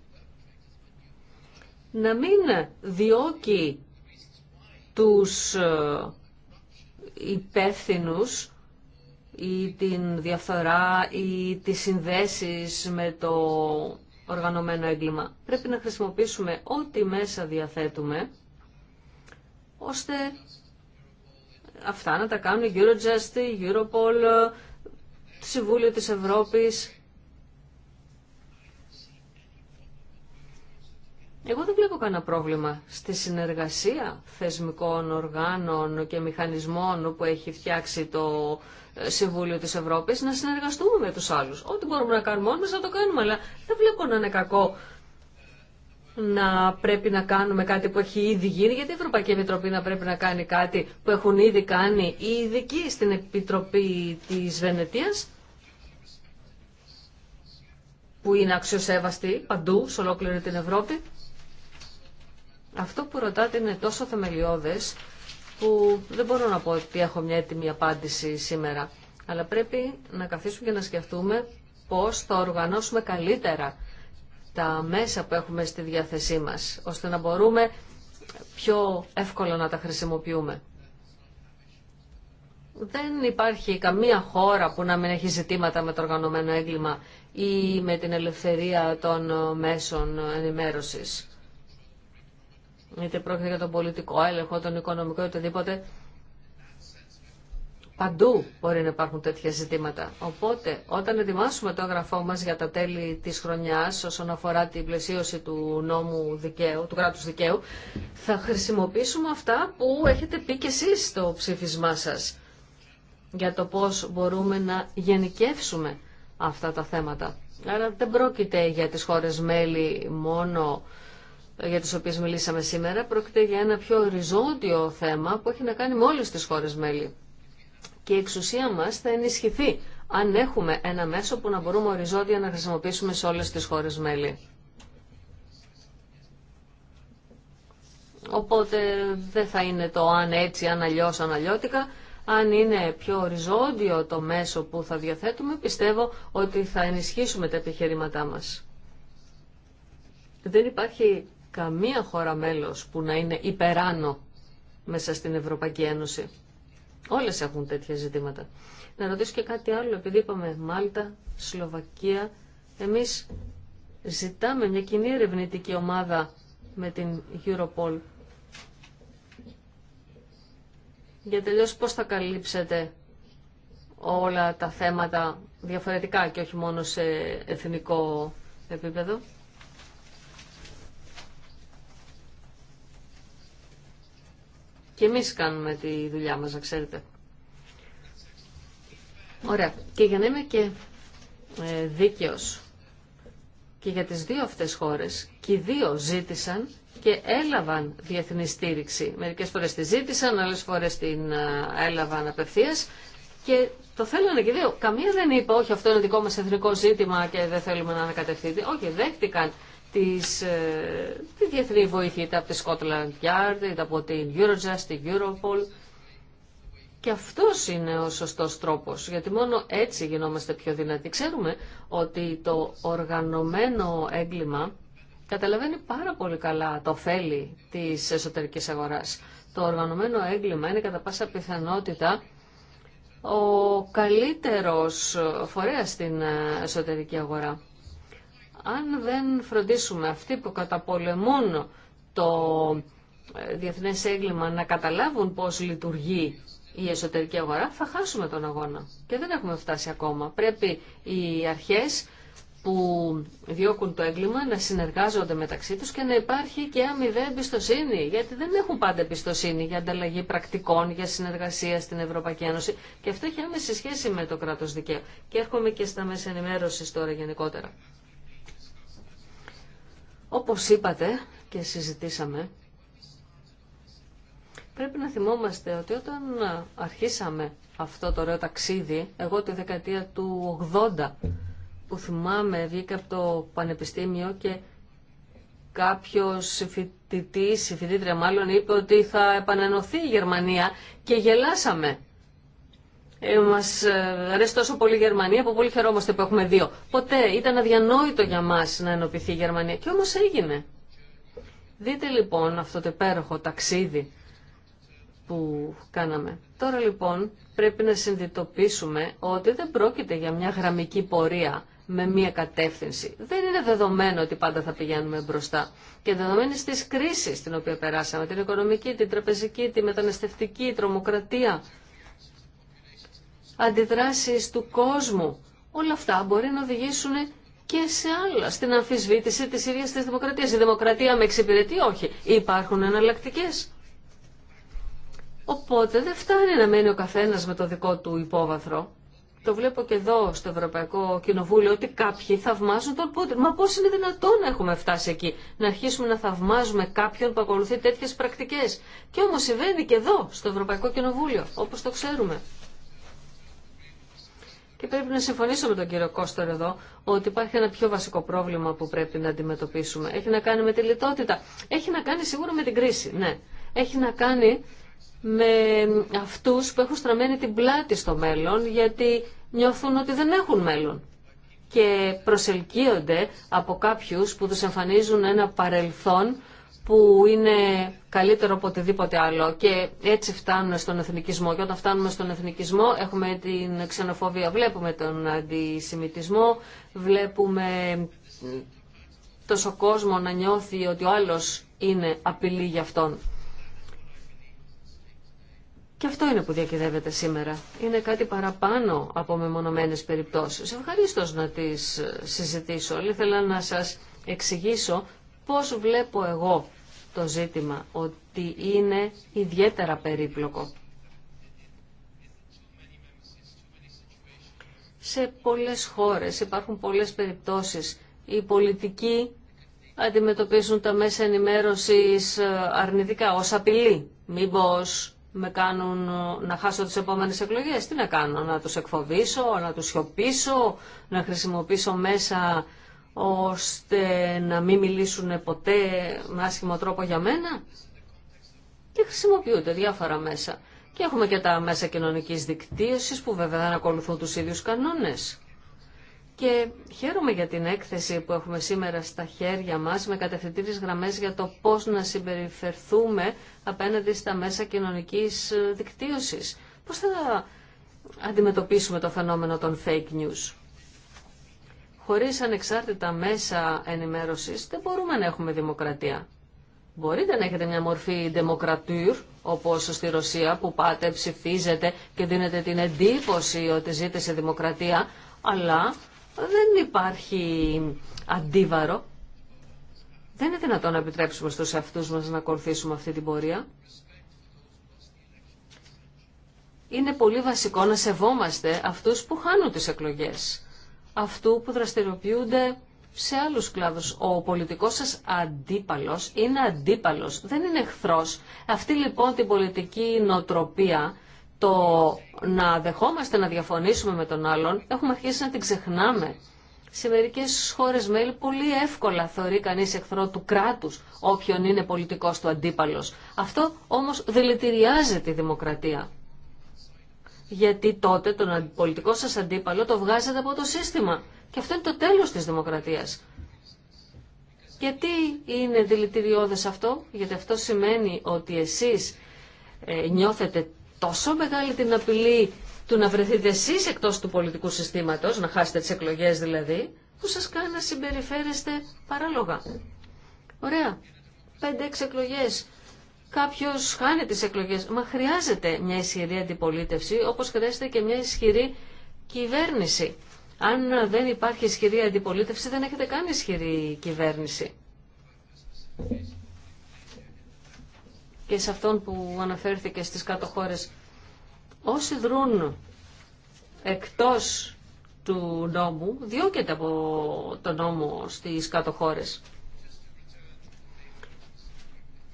να μην διώκει τους ε, υπεύθυνου ή την διαφθορά ή τις συνδέσεις με το οργανωμένο έγκλημα. Πρέπει να χρησιμοποιήσουμε ό,τι μέσα διαθέτουμε, ώστε αυτά να τα κάνουν η Eurojust, η Europol, το Συμβούλιο της Ευρώπης. Εγώ δεν βλέπω κανένα πρόβλημα στη συνεργασία θεσμικών οργάνων και μηχανισμών που έχει φτιάξει το ε, Συμβούλιο της Ευρώπης να συνεργαστούμε με τους άλλους. Ό,τι μπορούμε να κάνουμε όμως μας να το κάνουμε, αλλά δεν βλέπω να είναι κακό να πρέπει να κάνουμε κάτι που έχει ήδη γίνει, γιατί η Ευρωπαϊκή Επιτροπή να πρέπει να κάνει κάτι που έχουν ήδη κάνει οι ειδικοί στην Επιτροπή της Βενετίας, που είναι αξιοσέβαστη παντού, σε ολόκληρη την Ευρώπη. Αυτό που ρωτάτε είναι τόσο θεμελιώδες, που δεν μπορώ να πω ότι έχω μια έτοιμη απάντηση σήμερα. Αλλά πρέπει να καθίσουμε και να σκεφτούμε πώς θα οργανώσουμε καλύτερα τα μέσα που έχουμε στη διάθεσή μας, ώστε να μπορούμε πιο εύκολα να τα χρησιμοποιούμε. Δεν υπάρχει καμία χώρα που να μην έχει ζητήματα με το οργανωμένο έγκλημα ή με την ελευθερία των μέσων ενημέρωσης. Είτε πρόκειται για τον πολιτικό έλεγχο, τον οικονομικό οτιδήποτε. Παντού μπορεί να υπάρχουν τέτοια ζητήματα. Οπότε, όταν ετοιμάσουμε το έγγραφό μα για τα τέλη τη χρονιά όσον αφορά την πλαισίωση του νόμου δικαίου, του κράτου δικαίου, θα χρησιμοποιήσουμε αυτά που έχετε πει και εσεί στο ψήφισμά σα για το πώ μπορούμε να γενικεύσουμε αυτά τα θέματα. Άρα δεν πρόκειται για τις χώρες μέλη μόνο για τις οποίες μιλήσαμε σήμερα, πρόκειται για ένα πιο οριζόντιο θέμα που έχει να κάνει με όλες τις χώρες μέλη και η εξουσία μας θα ενισχυθεί αν έχουμε ένα μέσο που να μπορούμε οριζόντια να χρησιμοποιήσουμε σε όλες τις χώρες μέλη. Οπότε δεν θα είναι το αν έτσι, αν αλλιώ αν αλλιώτικα. Αν είναι πιο οριζόντιο το μέσο που θα διαθέτουμε, πιστεύω ότι θα ενισχύσουμε τα επιχειρήματά μας. Δεν υπάρχει καμία χώρα μέλος που να είναι υπεράνω μέσα στην Ευρωπαϊκή Ένωση. Όλες έχουν τέτοια ζητήματα. Να ρωτήσω και κάτι άλλο, επειδή είπαμε Μάλτα, Σλοβακία, εμείς ζητάμε μια κοινή ερευνητική ομάδα με την Europol. Για τελειώς πώς θα καλύψετε όλα τα θέματα διαφορετικά και όχι μόνο σε εθνικό επίπεδο. Και εμείς κάνουμε τη δουλειά μας, να ξέρετε. Ωραία. Και για να είμαι και ε, δίκαιος και για τις δύο αυτές χώρες, και οι δύο ζήτησαν και έλαβαν διεθνή στήριξη. Μερικές φορές τη ζήτησαν, άλλες φορές την ε, έλαβαν απευθείας και το θέλανε και δύο. Καμία δεν είπε, όχι αυτό είναι δικό μας εθνικό ζήτημα και δεν θέλουμε να ανακατευθείτε. Όχι, δέχτηκαν ε, τη διεθνή βοήθεια είτε από τη Scotland Yard, είτε από την Eurojust, την Europol. Και αυτό είναι ο σωστό τρόπο, γιατί μόνο έτσι γινόμαστε πιο δυνατοί. Ξέρουμε ότι το οργανωμένο έγκλημα καταλαβαίνει πάρα πολύ καλά το ωφέλη της εσωτερικής αγοράς. Το οργανωμένο έγκλημα είναι κατά πάσα πιθανότητα ο καλύτερος φορέας στην ε, εσωτερική αγορά αν δεν φροντίσουμε αυτοί που καταπολεμούν το ε, διεθνές έγκλημα να καταλάβουν πώς λειτουργεί η εσωτερική αγορά, θα χάσουμε τον αγώνα. Και δεν έχουμε φτάσει ακόμα. Πρέπει οι αρχές που διώκουν το έγκλημα να συνεργάζονται μεταξύ τους και να υπάρχει και αμοιβαία εμπιστοσύνη. Γιατί δεν έχουν πάντα εμπιστοσύνη για ανταλλαγή πρακτικών, για συνεργασία στην Ευρωπαϊκή Ένωση. Και αυτό έχει άμεση σχέση με το κράτος δικαίου. Και έρχομαι και στα μέσα ενημέρωση τώρα γενικότερα. Όπως είπατε και συζητήσαμε, πρέπει να θυμόμαστε ότι όταν αρχίσαμε αυτό το ωραίο ταξίδι, εγώ τη δεκαετία του 80 που θυμάμαι βγήκα από το πανεπιστήμιο και κάποιος φοιτητής, η φοιτήτρια μάλλον, είπε ότι θα επανενωθεί η Γερμανία και γελάσαμε. Ε, μα ε, αρέσει τόσο πολύ η Γερμανία που πολύ χαιρόμαστε που έχουμε δύο. Ποτέ ήταν αδιανόητο για μα να ενωπηθεί η Γερμανία και όμω έγινε. Δείτε λοιπόν αυτό το υπέροχο ταξίδι που κάναμε. Τώρα λοιπόν πρέπει να συνειδητοποιήσουμε ότι δεν πρόκειται για μια γραμμική πορεία με μία κατεύθυνση. Δεν είναι δεδομένο ότι πάντα θα πηγαίνουμε μπροστά. Και δεδομένη τη κρίση την οποία περάσαμε, την οικονομική, την τραπεζική, τη μεταναστευτική, η τρομοκρατία, αντιδράσεις του κόσμου. Όλα αυτά μπορεί να οδηγήσουν και σε άλλα, στην αμφισβήτηση της ίδιας της δημοκρατίας. Η δημοκρατία με εξυπηρετεί, όχι. Υπάρχουν εναλλακτικέ. Οπότε δεν φτάνει να μένει ο καθένας με το δικό του υπόβαθρο. Το βλέπω και εδώ στο Ευρωπαϊκό Κοινοβούλιο ότι κάποιοι θαυμάζουν τον Πούτιν. Μα πώς είναι δυνατόν να έχουμε φτάσει εκεί, να αρχίσουμε να θαυμάζουμε κάποιον που ακολουθεί τέτοιες πρακτικές. Και όμως συμβαίνει και εδώ, στο Ευρωπαϊκό Κοινοβούλιο, όπως το ξέρουμε. Και πρέπει να συμφωνήσω με τον κύριο Κώστορ εδώ ότι υπάρχει ένα πιο βασικό πρόβλημα που πρέπει να αντιμετωπίσουμε. Έχει να κάνει με τη λιτότητα. Έχει να κάνει σίγουρα με την κρίση, ναι. Έχει να κάνει με αυτούς που έχουν στραμμένη την πλάτη στο μέλλον γιατί νιώθουν ότι δεν έχουν μέλλον και προσελκύονται από κάποιους που τους εμφανίζουν ένα παρελθόν που είναι καλύτερο από οτιδήποτε άλλο και έτσι φτάνουν στον εθνικισμό και όταν φτάνουμε στον εθνικισμό έχουμε την ξενοφοβία, βλέπουμε τον αντισημιτισμό, βλέπουμε τόσο κόσμο να νιώθει ότι ο άλλος είναι απειλή για αυτόν. Και αυτό είναι που διακυδεύεται σήμερα. Είναι κάτι παραπάνω από μεμονωμένες περιπτώσεις. ευχαριστώ να τις συζητήσω. ήθελα να σας εξηγήσω Πώς βλέπω εγώ το ζήτημα ότι είναι ιδιαίτερα περίπλοκο. Σε πολλές χώρες υπάρχουν πολλές περιπτώσεις. Οι πολιτικοί αντιμετωπίζουν τα μέσα ενημέρωσης ε, αρνητικά, ως απειλή. Μήπως με κάνουν ε, να χάσω τις επόμενες εκλογές. Τι να κάνω, να τους εκφοβήσω, να τους σιωπήσω, να χρησιμοποιήσω μέσα ώστε να μην μιλήσουν ποτέ με άσχημο τρόπο για μένα. Και χρησιμοποιούνται διάφορα μέσα. Και έχουμε και τα μέσα κοινωνικής δικτύωσης που βέβαια δεν ακολουθούν τους ίδιους κανόνες. Και χαίρομαι για την έκθεση που έχουμε σήμερα στα χέρια μας με κατευθυντήριες γραμμές για το πώς να συμπεριφερθούμε απέναντι στα μέσα κοινωνικής ε, δικτύωσης. Πώς θα αντιμετωπίσουμε το φαινόμενο των fake news. Χωρίς ανεξάρτητα μέσα ενημέρωσης δεν μπορούμε να έχουμε δημοκρατία. Μπορείτε να έχετε μια μορφή δημοκρατούρ, όπως στη Ρωσία, που πάτε, ψηφίζετε και δίνετε την εντύπωση ότι ζείτε σε δημοκρατία, αλλά δεν υπάρχει αντίβαρο. Δεν είναι δυνατόν να επιτρέψουμε στους αυτούς μας να ακολουθήσουμε αυτή την πορεία. Είναι πολύ βασικό να σεβόμαστε αυτούς που χάνουν τις εκλογές αυτού που δραστηριοποιούνται σε άλλους κλάδους. Ο πολιτικός σας αντίπαλος είναι αντίπαλος, δεν είναι εχθρός. Αυτή λοιπόν την πολιτική νοτροπία, το να δεχόμαστε να διαφωνήσουμε με τον άλλον, έχουμε αρχίσει να την ξεχνάμε. Σε μερικέ χώρε μέλη πολύ εύκολα θεωρεί κανεί εχθρό του κράτου όποιον είναι πολιτικό του αντίπαλο. Αυτό όμω δηλητηριάζει τη δημοκρατία γιατί τότε τον πολιτικό σας αντίπαλο το βγάζετε από το σύστημα. Και αυτό είναι το τέλος της δημοκρατίας. Γιατί είναι δηλητηριώδες αυτό, γιατί αυτό σημαίνει ότι εσείς ε, νιώθετε τόσο μεγάλη την απειλή του να βρεθείτε εσείς εκτός του πολιτικού συστήματος, να χάσετε τις εκλογές δηλαδή, που σας κάνει να συμπεριφέρεστε παράλογα. Ωραία. Πέντε-έξι εκλογές Κάποιο χάνει τις εκλογές. Μα χρειάζεται μια ισχυρή αντιπολίτευση, όπως χρειάζεται και μια ισχυρή κυβέρνηση. Αν δεν υπάρχει ισχυρή αντιπολίτευση, δεν έχετε καν ισχυρή κυβέρνηση. Και σε αυτόν που αναφέρθηκε στις κάτω όσοι δρούν εκτός του νόμου, διώκεται από τον νόμο στις κάτω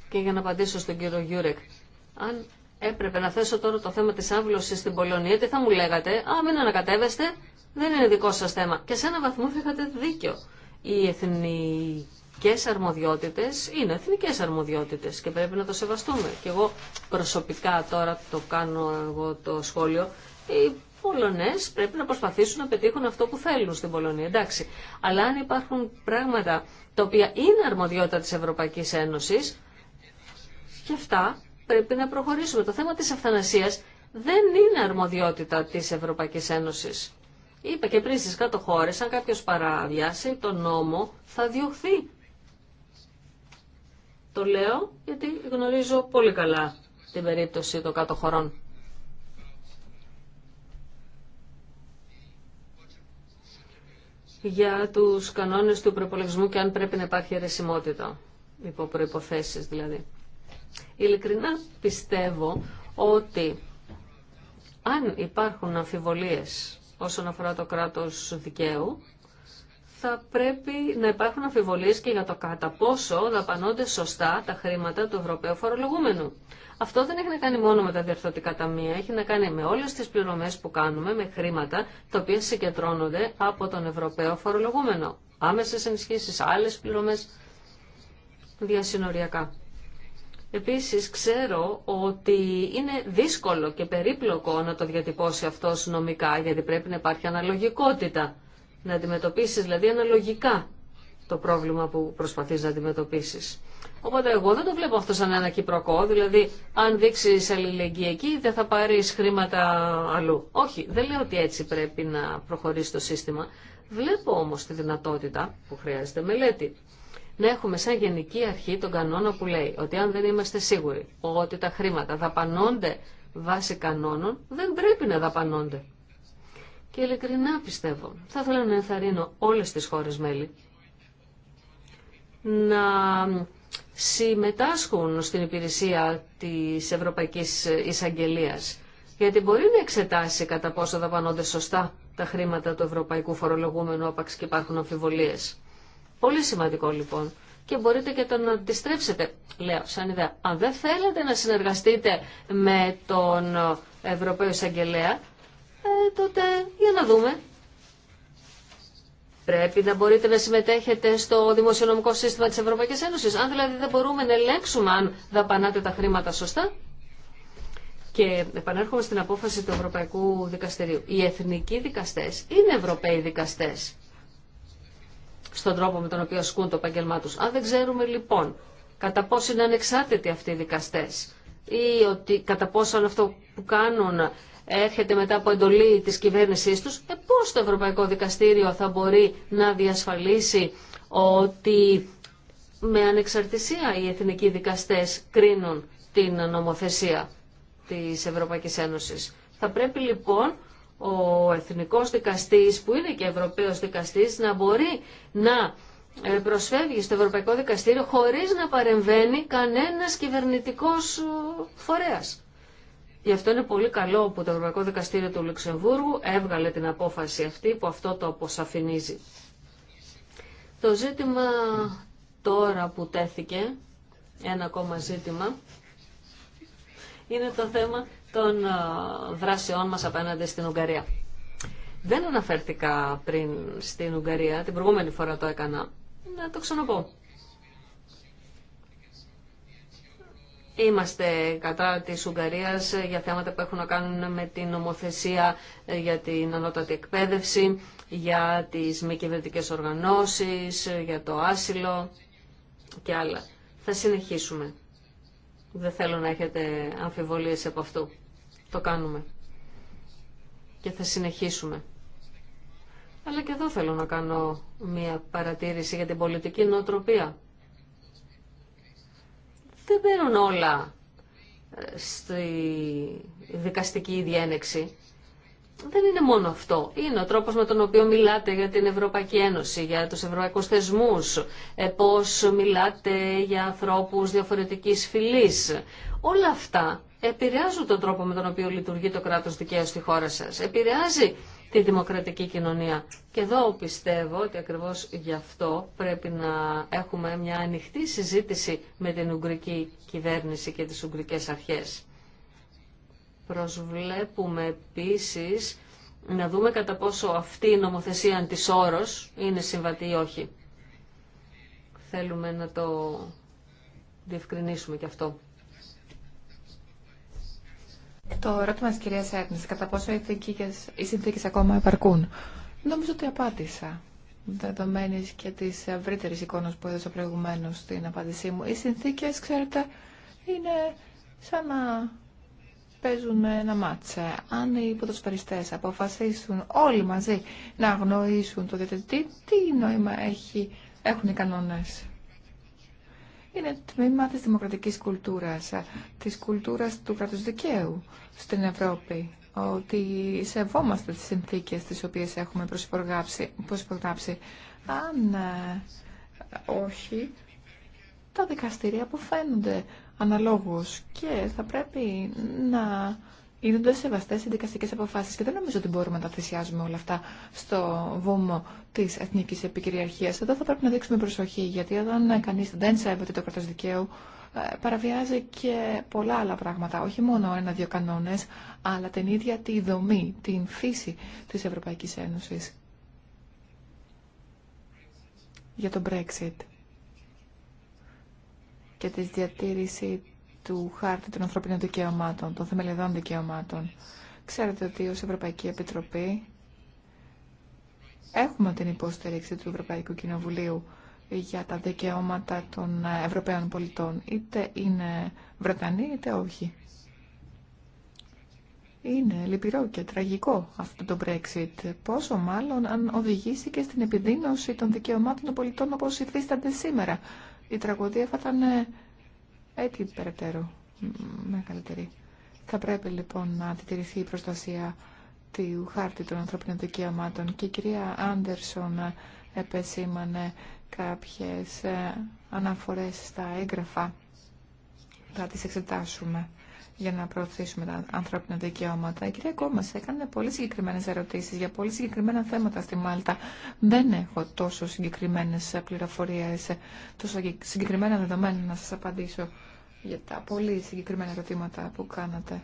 και για να απαντήσω στον κύριο Γιούρεκ, αν έπρεπε να θέσω τώρα το θέμα της άμβλωσης στην Πολωνία, τι θα μου λέγατε, α μην ανακατεύεστε, δεν είναι δικό σας θέμα. Και σε έναν βαθμό θα είχατε δίκιο. Οι εθνικές αρμοδιότητες είναι εθνικές αρμοδιότητες και πρέπει να το σεβαστούμε. Και εγώ προσωπικά τώρα το κάνω εγώ το σχόλιο, οι Πολωνές πρέπει να προσπαθήσουν να πετύχουν αυτό που θέλουν στην Πολωνία, εντάξει. Αλλά αν υπάρχουν πράγματα τα οποία είναι αρμοδιότητα της Ευρωπαϊκής Ένωσης, και αυτά πρέπει να προχωρήσουμε. Το θέμα της αυθανασίας δεν είναι αρμοδιότητα της Ευρωπαϊκής Ένωσης. Είπα και πριν στις κάτω χώρες, αν κάποιος παραβιάσει τον νόμο θα διωχθεί. Το λέω γιατί γνωρίζω πολύ καλά την περίπτωση των κάτω χωρών. για τους κανόνες του προπολογισμού και αν πρέπει να υπάρχει αιρεσιμότητα, υπό προϋποθέσεις δηλαδή. Ειλικρινά πιστεύω ότι αν υπάρχουν αμφιβολίες όσον αφορά το κράτος δικαίου, θα πρέπει να υπάρχουν αμφιβολίες και για το κατά πόσο δαπανώνται σωστά τα χρήματα του Ευρωπαίου φορολογούμενου. Αυτό δεν έχει να κάνει μόνο με τα διαρθρωτικά ταμεία, έχει να κάνει με όλες τις πληρωμές που κάνουμε, με χρήματα τα οποία συγκεντρώνονται από τον Ευρωπαίο φορολογούμενο. Άμεσες ενισχύσεις, άλλες πληρωμές διασυνοριακά. Επίσης ξέρω ότι είναι δύσκολο και περίπλοκο να το διατυπώσει αυτό νομικά, γιατί πρέπει να υπάρχει αναλογικότητα, να αντιμετωπίσεις δηλαδή αναλογικά το πρόβλημα που προσπαθείς να αντιμετωπίσεις. Οπότε εγώ δεν το βλέπω αυτό σαν ένα κυπροκό, δηλαδή αν δείξεις αλληλεγγύη εκεί δεν θα πάρεις χρήματα αλλού. Όχι, δεν λέω ότι έτσι πρέπει να προχωρήσει το σύστημα. Βλέπω όμως τη δυνατότητα που χρειάζεται μελέτη να έχουμε σαν γενική αρχή τον κανόνα που λέει ότι αν δεν είμαστε σίγουροι ότι τα χρήματα δαπανώνται βάσει κανόνων, δεν πρέπει να δαπανώνται. Και ειλικρινά πιστεύω, θα ήθελα να ενθαρρύνω όλες τις χώρες μέλη να συμμετάσχουν στην υπηρεσία της Ευρωπαϊκής εισαγγελία. γιατί μπορεί να εξετάσει κατά πόσο δαπανώνται σωστά τα χρήματα του Ευρωπαϊκού Φορολογούμενου, όπαξ και υπάρχουν αμφιβολίες. Πολύ σημαντικό λοιπόν. Και μπορείτε και τον αντιστρέψετε, λέω, σαν ιδέα. Αν δεν θέλετε να συνεργαστείτε με τον Ευρωπαίο Εισαγγελέα, ε, τότε για να δούμε. Πρέπει να μπορείτε να συμμετέχετε στο δημοσιονομικό σύστημα της Ευρωπαϊκής Ένωσης. Αν δηλαδή δεν μπορούμε να ελέγξουμε αν δαπανάτε τα χρήματα σωστά. Και επανέρχομαι στην απόφαση του Ευρωπαϊκού Δικαστηρίου. Οι εθνικοί δικαστές είναι Ευρωπαίοι δικαστές στον τρόπο με τον οποίο ασκούν το επαγγελμά του. Αν δεν ξέρουμε λοιπόν κατά πόσο είναι ανεξάρτητοι αυτοί οι δικαστές ή ότι κατά πόσο αυτό που κάνουν έρχεται μετά από εντολή της κυβέρνησής τους, ε, πώς το Ευρωπαϊκό Δικαστήριο θα μπορεί να διασφαλίσει ότι με ανεξαρτησία οι εθνικοί δικαστές κρίνουν την νομοθεσία της Ευρωπαϊκής Ένωσης. Θα πρέπει λοιπόν ο εθνικός δικαστής που είναι και ευρωπαίος δικαστής να μπορεί να ε, προσφεύγει στο Ευρωπαϊκό Δικαστήριο χωρίς να παρεμβαίνει κανένας κυβερνητικός φορέας. Γι' αυτό είναι πολύ καλό που το Ευρωπαϊκό Δικαστήριο του Λουξεμβούργου έβγαλε την απόφαση αυτή που αυτό το αποσαφηνίζει. Το ζήτημα τώρα που τέθηκε, ένα ακόμα ζήτημα, είναι το θέμα των ε, δράσεών μας απέναντι στην Ουγγαρία. Δεν αναφέρθηκα πριν στην Ουγγαρία, την προηγούμενη φορά το έκανα. Να το ξαναπώ. Είμαστε κατά της Ουγγαρίας για θέματα που έχουν να κάνουν με την νομοθεσία ε, για την ανώτατη εκπαίδευση, για τις μη κυβερνητικέ οργανώσεις, ε, για το άσυλο και άλλα. Θα συνεχίσουμε. Δεν θέλω να έχετε αμφιβολίες από αυτού. Το κάνουμε. Και θα συνεχίσουμε. Αλλά και εδώ θέλω να κάνω μία παρατήρηση για την πολιτική νοοτροπία. Δεν παίρνουν όλα ε, στη δικαστική διένεξη δεν είναι μόνο αυτό. Είναι ο τρόπος με τον οποίο μιλάτε για την Ευρωπαϊκή Ένωση, για τους ευρωπαϊκούς θεσμούς, ε, πώς μιλάτε για ανθρώπους διαφορετικής φυλής. Όλα αυτά επηρεάζουν τον τρόπο με τον οποίο λειτουργεί το κράτος δικαίου στη χώρα σας. Επηρεάζει τη δημοκρατική κοινωνία. Και εδώ πιστεύω ότι ακριβώς γι' αυτό πρέπει να έχουμε μια ανοιχτή συζήτηση με την Ουγγρική κυβέρνηση και τις Ουγγρικές αρχές. Προσβλέπουμε επίσης να δούμε κατά πόσο αυτή η νομοθεσία της όρος είναι συμβατή ή όχι. Θέλουμε να το διευκρινίσουμε και αυτό. Το ερώτημα της κυρίας Έρνης, κατά πόσο οι συνθήκες, οι συνθήκες ακόμα επαρκούν. Νομίζω ότι απάντησα, δεδομένη και της ευρύτερη εικόνα που έδωσα προηγουμένως στην απάντησή μου. Οι συνθήκες, ξέρετε, είναι σαν να παίζουν ένα μάτσα. Αν οι ποδοσφαιριστές αποφασίσουν όλοι μαζί να αγνοήσουν το διευθυντή, τι νόημα έχει, έχουν οι κανόνες. Είναι τμήμα της δημοκρατικής κουλτούρας, της κουλτούρας του κράτους δικαίου στην Ευρώπη ότι σεβόμαστε τις συνθήκες τις οποίες έχουμε προσυπογράψει. Αν ε, όχι, τα δικαστήρια που φαίνονται αναλόγως και θα πρέπει να γίνονται σεβαστές οι δικαστικές αποφάσεις και δεν νομίζω ότι μπορούμε να τα θυσιάζουμε όλα αυτά στο βόμο της εθνικής επικυριαρχίας. Εδώ θα πρέπει να δείξουμε προσοχή γιατί όταν κανείς δεν σέβεται το κράτος δικαίου ε, παραβιάζει και πολλά άλλα πράγματα, όχι μόνο ένα-δύο κανόνες, αλλά την ίδια τη δομή, την φύση της Ευρωπαϊκής Ένωσης για το Brexit και τη διατήρηση του χάρτη των ανθρώπινων δικαιωμάτων, των θεμελιδών δικαιωμάτων. Ξέρετε ότι ως Ευρωπαϊκή Επιτροπή έχουμε την υποστήριξη του Ευρωπαϊκού Κοινοβουλίου για τα δικαιώματα των Ευρωπαίων πολιτών, είτε είναι Βρετανοί είτε όχι. Είναι λυπηρό και τραγικό αυτό το Brexit. Πόσο μάλλον αν οδηγήσει και στην επιδείνωση των δικαιωμάτων των πολιτών όπως υφίστανται σήμερα η τραγωδία θα ήταν ε, έτσι περαιτέρω μεγαλύτερη. Θα πρέπει λοιπόν να αντιτηρηθεί η προστασία του χάρτη των ανθρώπινων δικαιωμάτων και η κυρία Άντερσον ε, επεσήμανε κάποιες ε, αναφορές στα έγγραφα. Θα τις εξετάσουμε για να προωθήσουμε τα ανθρώπινα δικαιώματα. Η κυρία Κόμμα έκανε πολύ συγκεκριμένε ερωτήσει για πολύ συγκεκριμένα θέματα στη Μάλτα. Δεν έχω τόσο συγκεκριμένε πληροφορίε, τόσο συγκεκριμένα δεδομένα να σα απαντήσω για τα πολύ συγκεκριμένα ερωτήματα που κάνατε.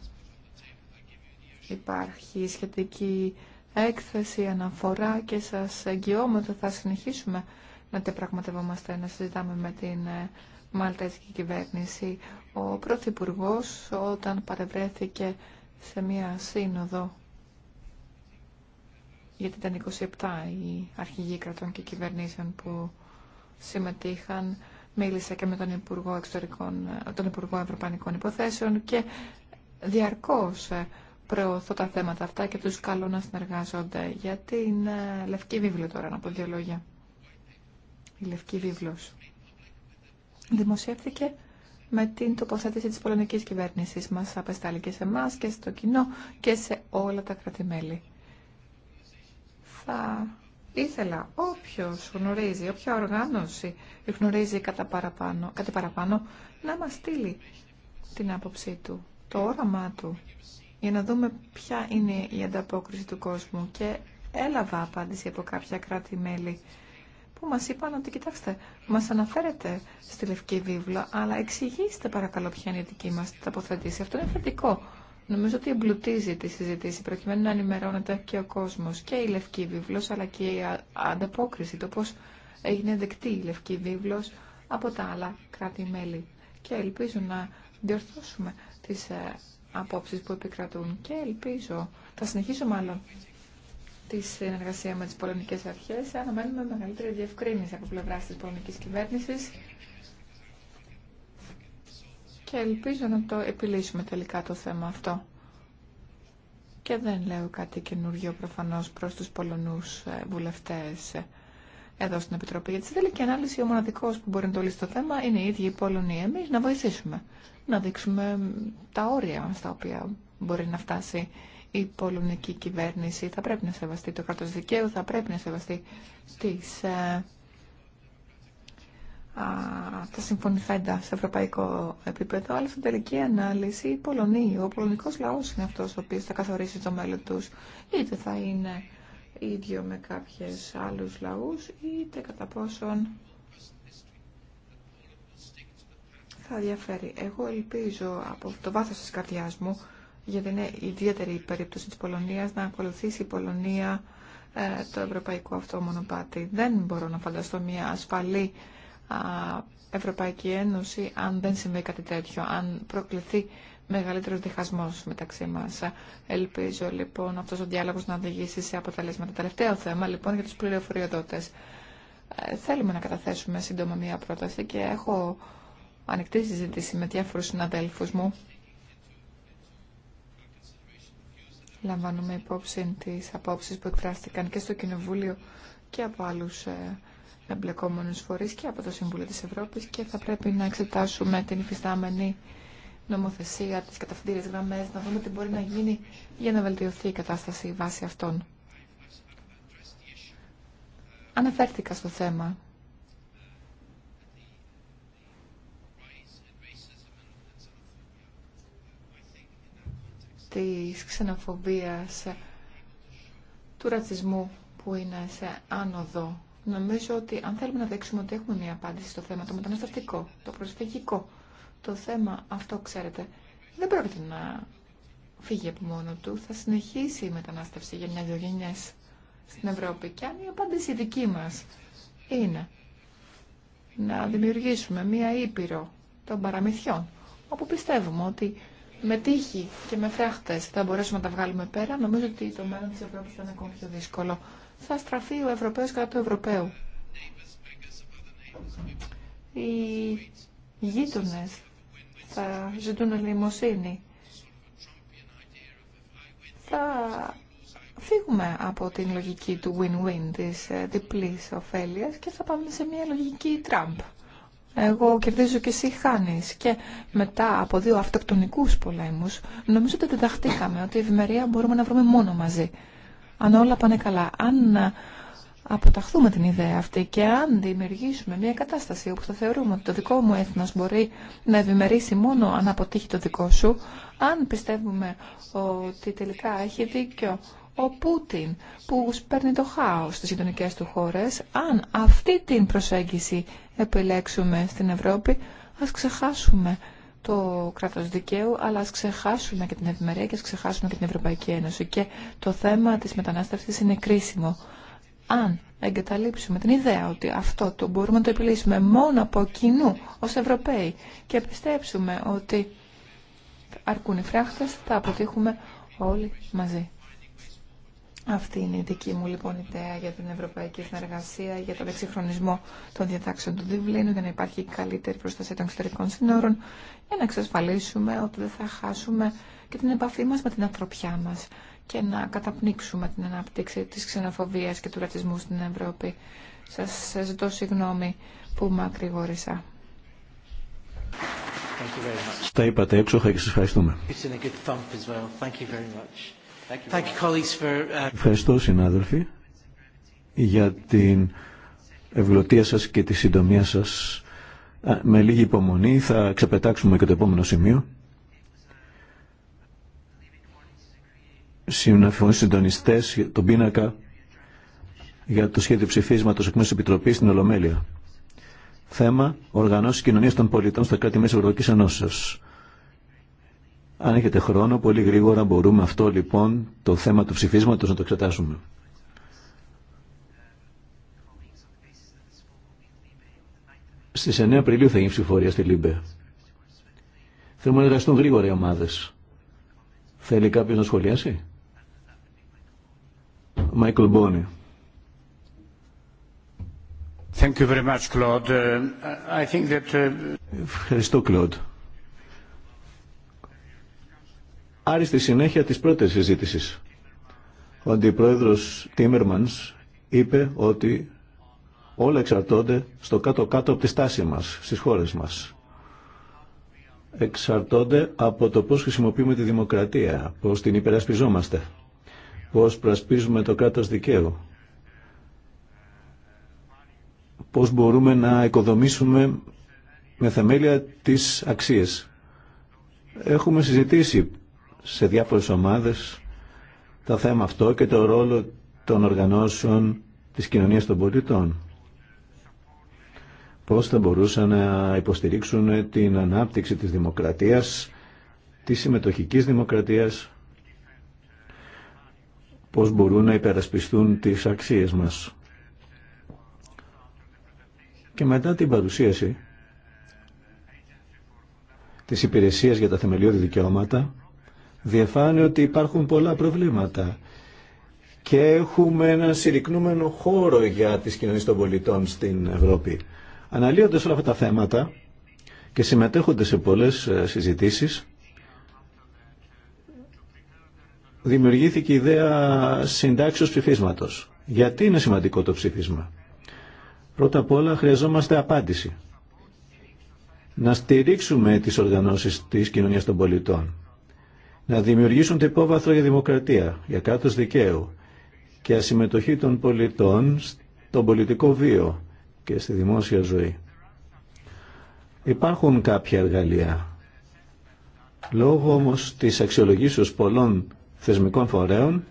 Υπάρχει σχετική έκθεση, αναφορά και σας εγγυώμαι ότι θα συνεχίσουμε να διαπραγματευόμαστε, να συζητάμε με την ε, Μαλτέζικη κυβέρνηση ο Πρωθυπουργό όταν παρευρέθηκε σε μία σύνοδο γιατί ήταν 27 οι αρχηγοί κρατών και κυβερνήσεων που συμμετείχαν. Μίλησε και με τον Υπουργό, Εξωτερικών, τον Υπουργό Ευρωπαϊκών Υποθέσεων και διαρκώς προωθώ τα θέματα αυτά και τους καλώ να συνεργάζονται για την ε, Λευκή Βίβλο τώρα, να πω δύο λόγια. Η Λευκή Βίβλος. Δημοσιεύτηκε με την τοποθέτηση της πολωνικής κυβέρνησης μας απεστάλλει και σε εμά και στο κοινό και σε όλα τα κρατημέλη. Θα ήθελα όποιος γνωρίζει, όποια οργάνωση γνωρίζει κατά παραπάνω, κάτι παραπάνω, να μας στείλει την άποψή του, το όραμά του, για να δούμε ποια είναι η ανταπόκριση του κόσμου. Και έλαβα απάντηση από κάποια κράτη-μέλη που μας είπαν ότι κοιτάξτε, μας αναφέρετε στη Λευκή Βίβλο, αλλά εξηγήστε παρακαλώ ποια είναι η δική μας τοποθέτηση. Αυτό είναι θετικό. Νομίζω ότι εμπλουτίζει τη συζήτηση προκειμένου να ενημερώνεται και ο κόσμος και η Λευκή Βίβλος αλλά και η ανταπόκριση, το πώς έγινε δεκτή η Λευκή Βίβλος από τα άλλα κράτη-μέλη. Και ελπίζω να διορθώσουμε τις ε, απόψεις που επικρατούν και ελπίζω, θα συνεχίσω μάλλον τη συνεργασία με τι πολωνικέ αρχέ. Αναμένουμε μεγαλύτερη διευκρίνηση από πλευρά τη πολωνική κυβέρνηση και ελπίζω να το επιλύσουμε τελικά το θέμα αυτό. Και δεν λέω κάτι καινούργιο προφανώ προ του Πολωνού ε, βουλευτέ ε, εδώ στην Επιτροπή. Γιατί στην τελική ανάλυση ο μοναδικό που μπορεί να το λύσει το θέμα είναι οι ίδιοι οι Πολωνοί. Εμεί να βοηθήσουμε, να δείξουμε τα όρια στα οποία μπορεί να φτάσει η πολωνική κυβέρνηση θα πρέπει να σεβαστεί το κράτος δικαίου, θα πρέπει να σεβαστεί ε, τα συμφωνηθέντα σε ευρωπαϊκό επίπεδο, αλλά στην τελική ανάλυση η Πολωνία, ο πολωνικός λαός είναι αυτός ο οποίος θα καθορίσει το μέλλον τους, είτε θα είναι ίδιο με κάποιες άλλους λαούς, είτε κατά πόσον θα διαφέρει. Εγώ ελπίζω από το βάθος της καρδιάς μου γιατί είναι ιδιαίτερη η περίπτωση της Πολωνίας, να ακολουθήσει η Πολωνία ε, το ευρωπαϊκό αυτό μονοπάτι. Δεν μπορώ να φανταστώ μια ασφαλή Ευρωπαϊκή Ένωση αν δεν συμβεί κάτι τέτοιο, αν προκληθεί μεγαλύτερος διχασμός μεταξύ μας. Ελπίζω λοιπόν αυτός ο διάλογος να οδηγήσει σε αποτελέσματα. Τελευταίο θέμα λοιπόν για τους πληροφοριοδότες. Ε, θέλουμε να καταθέσουμε σύντομα μία πρόταση και έχω ανοιχτή συζήτηση με διάφορους συναδέλφους μου λαμβάνουμε υπόψη τις απόψεις που εκφράστηκαν και στο Κοινοβούλιο και από άλλους ε, εμπλεκόμενους φορείς και από το Συμβούλιο της Ευρώπης και θα πρέπει να εξετάσουμε την υφιστάμενη νομοθεσία, τις καταφυντήριες γραμμές, να δούμε τι μπορεί να γίνει για να βελτιωθεί η κατάσταση βάσει αυτών. Αναφέρθηκα στο θέμα της ξενοφοβίας, ε, του ρατσισμού που είναι σε άνοδο. Νομίζω ότι αν θέλουμε να δείξουμε ότι έχουμε μια απάντηση στο θέμα, το μεταναστευτικό, το προσφυγικό, το θέμα αυτό, ξέρετε, δεν πρόκειται να φύγει από μόνο του. Θα συνεχίσει η μετανάστευση για μια-δυο γενιές στην Ευρώπη. Και αν η απάντηση δική μας είναι να δημιουργήσουμε μια ήπειρο των παραμυθιών, όπου πιστεύουμε ότι με τύχη και με φράχτε θα μπορέσουμε να τα βγάλουμε πέρα, νομίζω ότι το μέλλον τη Ευρώπη θα είναι ακόμα πιο δύσκολο. Θα στραφεί ο Ευρωπαίο κατά του Ευρωπαίου. Οι γείτονε θα ζητούν ελεημοσύνη. Θα φύγουμε από την λογική του win-win της ε, διπλής ωφέλειας και θα πάμε σε μια λογική Τραμπ εγώ κερδίζω και εσύ χάνει. Και μετά από δύο αυτοκτονικούς πολέμου, νομίζω ότι διδαχτήκαμε ότι η ευημερία μπορούμε να βρούμε μόνο μαζί. Αν όλα πάνε καλά, αν ε, αποταχθούμε την ιδέα αυτή και αν δημιουργήσουμε μια κατάσταση όπου θα θεωρούμε ότι το δικό μου έθνος μπορεί να ευημερήσει μόνο αν αποτύχει το δικό σου, αν πιστεύουμε ότι τελικά έχει δίκιο ο Πούτιν που παίρνει το χάος στις γειτονικέ του χώρε, αν αυτή την προσέγγιση επιλέξουμε στην Ευρώπη, ας ξεχάσουμε το κράτος δικαίου, αλλά ας ξεχάσουμε και την ευημερία και ας ξεχάσουμε και την Ευρωπαϊκή Ένωση. Και το θέμα της μετανάστευσης είναι κρίσιμο. Αν εγκαταλείψουμε την ιδέα ότι αυτό το μπορούμε να το επιλύσουμε μόνο από κοινού ως Ευρωπαίοι και πιστέψουμε ότι αρκούν οι φράχτες, θα αποτύχουμε όλοι μαζί. Αυτή είναι η δική μου λοιπόν ιδέα για την ευρωπαϊκή συνεργασία, για τον εξυγχρονισμό των διατάξεων του Διβλίνου, για να υπάρχει καλύτερη προστασία των εξωτερικών συνόρων, για να εξασφαλίσουμε ότι δεν θα χάσουμε και την επαφή μας με την ανθρωπιά μας και να καταπνίξουμε την ανάπτυξη της ξενοφοβίας και του ρατσισμού στην Ευρώπη. Σας ζητώ συγγνώμη που με ακρηγόρησα. είπατε σας ευχαριστούμε. Uh, Ευχαριστώ συνάδελφοι για την ευγλωτία σας και τη συντομία σας. Με λίγη υπομονή θα ξεπετάξουμε και το επόμενο σημείο. Συμφωνούν συντονιστέ τον πίνακα για το σχέδιο ψηφίσματο εκ μέρου τη Επιτροπή στην Ολομέλεια. Θέμα οργανώσει κοινωνία των πολιτών στα κράτη-μέσα Ευρωπαϊκή Ενώσεω. Αν έχετε χρόνο, πολύ γρήγορα μπορούμε αυτό λοιπόν το θέμα του ψηφίσματος να το εξετάσουμε. Στις 9 Απριλίου θα γίνει ψηφορία στη Λίμπε. Θέλουμε να εργαστούν γρήγορα οι ομάδες. Θέλει κάποιος να σχολιάσει. Μάικλ Μπόνι. Uh, that... Uh, Ευχαριστώ, Κλοντ. Άριστη συνέχεια της πρώτης συζήτησης, ο αντιπρόεδρος Τίμερμανς είπε ότι όλα εξαρτώνται στο κάτω-κάτω από τη στάση μας, στις χώρες μας. Εξαρτώνται από το πώς χρησιμοποιούμε τη δημοκρατία, πώς την υπερασπιζόμαστε, πώς πρασπίζουμε το κράτος δικαίου, πώς μπορούμε να οικοδομήσουμε με θεμέλια τις αξίες. Έχουμε συζητήσει σε διάφορες ομάδες το θέμα αυτό και το ρόλο των οργανώσεων της κοινωνίας των πολιτών. Πώς θα μπορούσαν να υποστηρίξουν την ανάπτυξη της δημοκρατίας, της συμμετοχικής δημοκρατίας, πώς μπορούν να υπερασπιστούν τις αξίες μας. Και μετά την παρουσίαση της Υπηρεσίας για τα Θεμελιώδη Δικαιώματα, Διεφάνει ότι υπάρχουν πολλά προβλήματα και έχουμε ένα συρρυκνούμενο χώρο για τις κοινωνίες των πολιτών στην Ευρώπη. Αναλύοντας όλα αυτά τα θέματα και συμμετέχοντας σε πολλές ε, συζητήσεις, δημιουργήθηκε η ιδέα συντάξεως ψηφίσματος. Γιατί είναι σημαντικό το ψηφίσμα. Πρώτα απ' όλα χρειαζόμαστε απάντηση. Να στηρίξουμε τις οργανώσεις της κοινωνίας των πολιτών να δημιουργήσουν το υπόβαθρο για δημοκρατία, για κράτος δικαίου και ασυμμετοχή των πολιτών στον πολιτικό βίο και στη δημόσια ζωή. Υπάρχουν κάποια εργαλεία. Λόγω όμως της αξιολογήσεως πολλών θεσμικών φορέων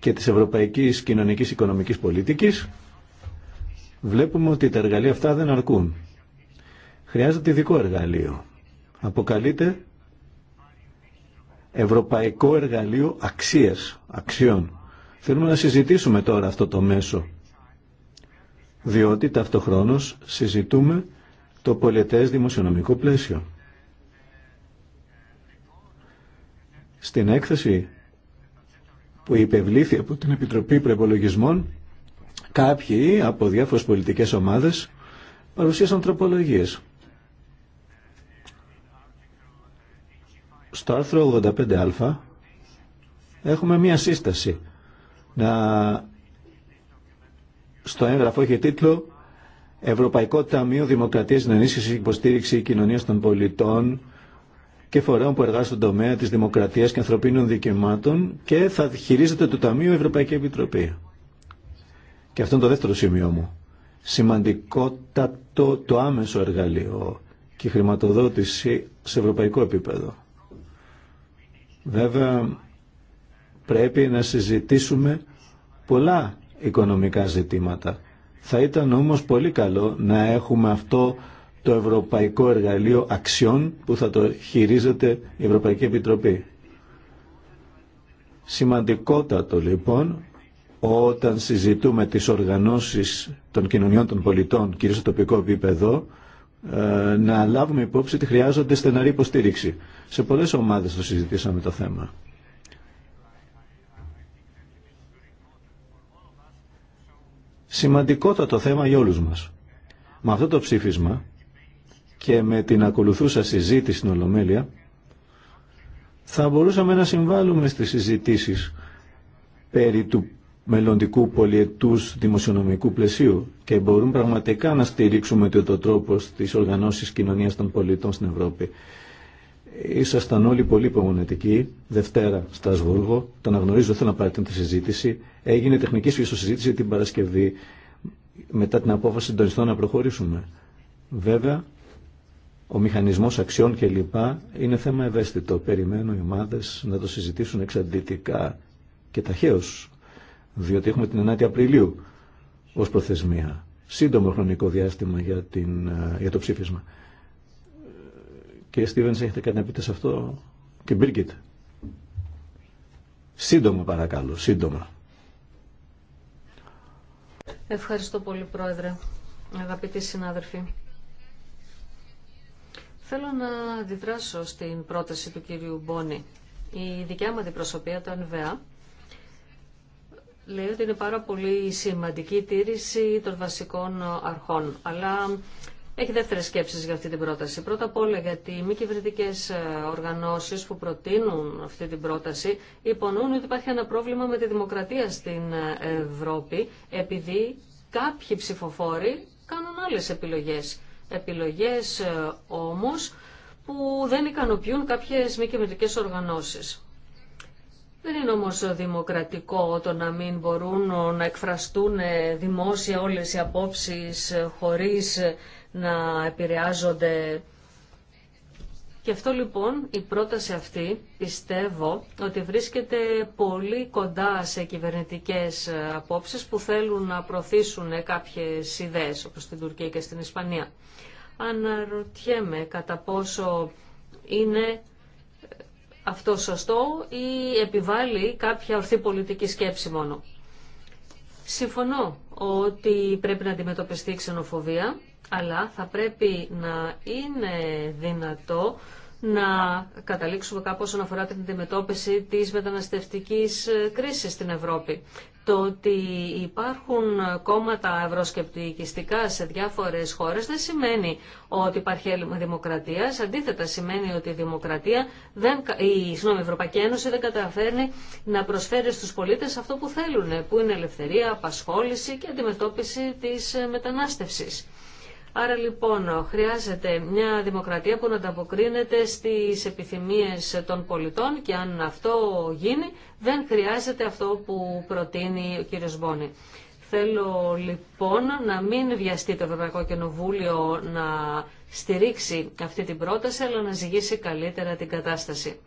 και της ευρωπαϊκής κοινωνικής οικονομικής πολιτικής, βλέπουμε ότι τα εργαλεία αυτά δεν αρκούν. Χρειάζεται ειδικό εργαλείο αποκαλείται Ευρωπαϊκό Εργαλείο Αξίες Αξιών. Θέλουμε να συζητήσουμε τώρα αυτό το μέσο, διότι ταυτοχρόνως συζητούμε το πολιτές δημοσιονομικό πλαίσιο. Στην έκθεση που υπευλήθη από την Επιτροπή Προπολογισμών, κάποιοι από διάφορες πολιτικές ομάδες παρουσίασαν τροπολογίες Στο άρθρο 85α έχουμε μία σύσταση. Να... Στο έγγραφο έχει τίτλο Ευρωπαϊκό Ταμείο Δημοκρατίας στην Ενίσχυση και Υποστήριξη Κοινωνίας των Πολιτών και φορέων που εργάζονται στον τομέα της δημοκρατίας και ανθρωπίνων δικαιωμάτων και θα χειρίζεται το Ταμείο Ευρωπαϊκή Επιτροπή. Και αυτό είναι το δεύτερο σημείο μου. Σημαντικότατο το άμεσο εργαλείο και χρηματοδότηση σε ευρωπαϊκό επίπεδο. Βέβαια, πρέπει να συζητήσουμε πολλά οικονομικά ζητήματα. Θα ήταν όμως πολύ καλό να έχουμε αυτό το Ευρωπαϊκό Εργαλείο Αξιών που θα το χειρίζεται η Ευρωπαϊκή Επιτροπή. Σημαντικότατο λοιπόν όταν συζητούμε τις οργανώσεις των κοινωνιών των πολιτών κυρίως στο τοπικό επίπεδο ε, να λάβουμε υπόψη ότι χρειάζονται στεναρή υποστήριξη. Σε πολλές ομάδες το συζητήσαμε το θέμα. Σημαντικότατο θέμα για όλους μας. Με αυτό το ψήφισμα και με την ακολουθούσα συζήτηση στην Ολομέλεια θα μπορούσαμε να συμβάλλουμε στις συζητήσεις περί του μελλοντικού πολιετούς δημοσιονομικού πλαισίου και μπορούν πραγματικά να στηρίξουμε το τρόπο τη οργανώση κοινωνία των πολιτών στην Ευρώπη. Ήσασταν όλοι πολύ υπομονετικοί. Δευτέρα, Στρασβούργο, τον αναγνωρίζω, θέλω να πάρετε τη συζήτηση. Έγινε τεχνική συζήτηση την Παρασκευή μετά την απόφαση των ιστών να προχωρήσουμε. Βέβαια, ο μηχανισμός αξιών και κλπ. είναι θέμα ευαίσθητο. Περιμένω οι ομάδες να το συζητήσουν εξαντλητικά και ταχαίως διότι έχουμε την 9η Απριλίου ως προθεσμία. Σύντομο χρονικό διάστημα για, την, ε, το ψήφισμα. Κύριε Στίβενς, έχετε κάτι να πείτε σε αυτό και Μπίρκιτ. Σύντομα παρακαλώ, σύντομα. Ευχαριστώ πολύ Πρόεδρε, αγαπητοί συνάδελφοι. Θέλω να αντιδράσω στην πρόταση του κυρίου Μπόνι. Η δικιά μου αντιπροσωπεία, το ΕΝΒΕΑ, λέει ότι είναι πάρα πολύ σημαντική η τήρηση των βασικών αρχών. Αλλά έχει δεύτερε σκέψει για αυτή την πρόταση. Πρώτα απ' όλα γιατί οι μη κυβερνητικέ ε, οργανώσεις που προτείνουν αυτή την πρόταση υπονοούν ότι υπάρχει ένα πρόβλημα με τη δημοκρατία στην ε, Ευρώπη επειδή κάποιοι ψηφοφόροι κάνουν άλλε επιλογέ. Επιλογέ ε, όμω που δεν ικανοποιούν κάποιε μη κυβερνητικέ οργανώσεις. Δεν είναι όμως δημοκρατικό το να μην μπορούν να εκφραστούν δημόσια όλες οι απόψεις χωρίς να επηρεάζονται. Και αυτό λοιπόν η πρόταση αυτή πιστεύω ότι βρίσκεται πολύ κοντά σε κυβερνητικές απόψεις που θέλουν να προωθήσουν κάποιες ιδέες όπως στην Τουρκία και στην Ισπανία. Αναρωτιέμαι κατά πόσο είναι αυτό σωστό ή επιβάλλει κάποια ορθή πολιτική σκέψη μόνο. Συμφωνώ ότι πρέπει να αντιμετωπιστεί η ξενοφοβία, αλλά θα πρέπει να είναι δυνατό να καταλήξουμε κάπως όσον αφορά την αντιμετώπιση της μεταναστευτικής κρίσης στην Ευρώπη. Το ότι υπάρχουν κόμματα ευρωσκεπτικιστικά σε διάφορες χώρες δεν σημαίνει ότι υπάρχει έλλειμμα δημοκρατίας. Αντίθετα σημαίνει ότι η, δημοκρατία δεν, η, η Ευρωπαϊκή Ένωση δεν καταφέρνει να προσφέρει στους πολίτες αυτό που θέλουν, που είναι ελευθερία, απασχόληση και αντιμετώπιση της μετανάστευσης. Άρα λοιπόν χρειάζεται μια δημοκρατία που να ανταποκρίνεται στις επιθυμίες των πολιτών και αν αυτό γίνει δεν χρειάζεται αυτό που προτείνει ο κύριος Μπόνη. Θέλω λοιπόν να μην βιαστεί το Ευρωπαϊκό Κοινοβούλιο να στηρίξει αυτή την πρόταση αλλά να ζυγίσει καλύτερα την κατάσταση.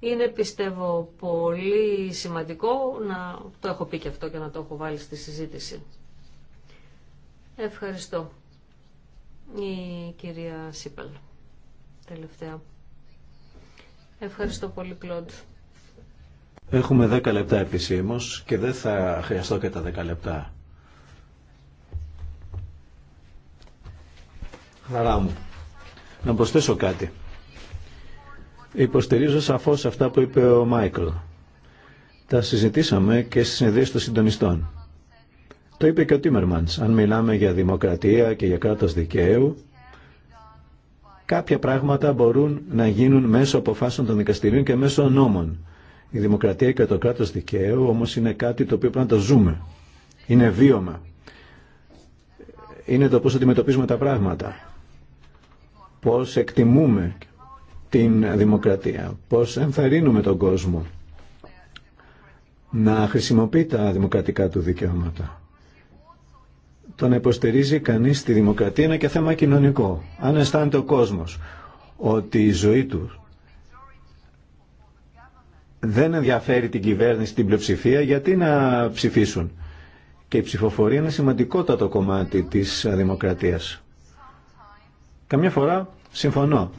Είναι πιστεύω πολύ σημαντικό να το έχω πει και αυτό και να το έχω βάλει στη συζήτηση. Ευχαριστώ η κυρία Σίπελ. Τελευταία. Ευχαριστώ πολύ, Κλοντ. Έχουμε 10 λεπτά επισήμω και δεν θα χρειαστώ και τα 10 λεπτά. Χαρά μου. Να προσθέσω κάτι. Υποστηρίζω σαφώς αυτά που είπε ο Μάικλ. Τα συζητήσαμε και στις συνεδρίες των συντονιστών. Το είπε και ο Τίμερμανς. Αν μιλάμε για δημοκρατία και για κράτος δικαίου, κάποια πράγματα μπορούν να γίνουν μέσω αποφάσεων των δικαστηρίων και μέσω νόμων. Η δημοκρατία και το κράτος δικαίου όμως είναι κάτι το οποίο πρέπει να το ζούμε. Είναι βίωμα. Είναι το πώς αντιμετωπίζουμε τα πράγματα. Πώς εκτιμούμε την δημοκρατία. Πώς ενθαρρύνουμε τον κόσμο να χρησιμοποιεί τα δημοκρατικά του δικαιώματα το να υποστηρίζει κανείς τη δημοκρατία είναι και θέμα κοινωνικό. Αν αισθάνεται ο κόσμος ότι η ζωή του δεν ενδιαφέρει την κυβέρνηση, την πλειοψηφία, γιατί να ψηφίσουν. Και η ψηφοφορία είναι σημαντικότατο κομμάτι της δημοκρατίας. Καμιά φορά συμφωνώ.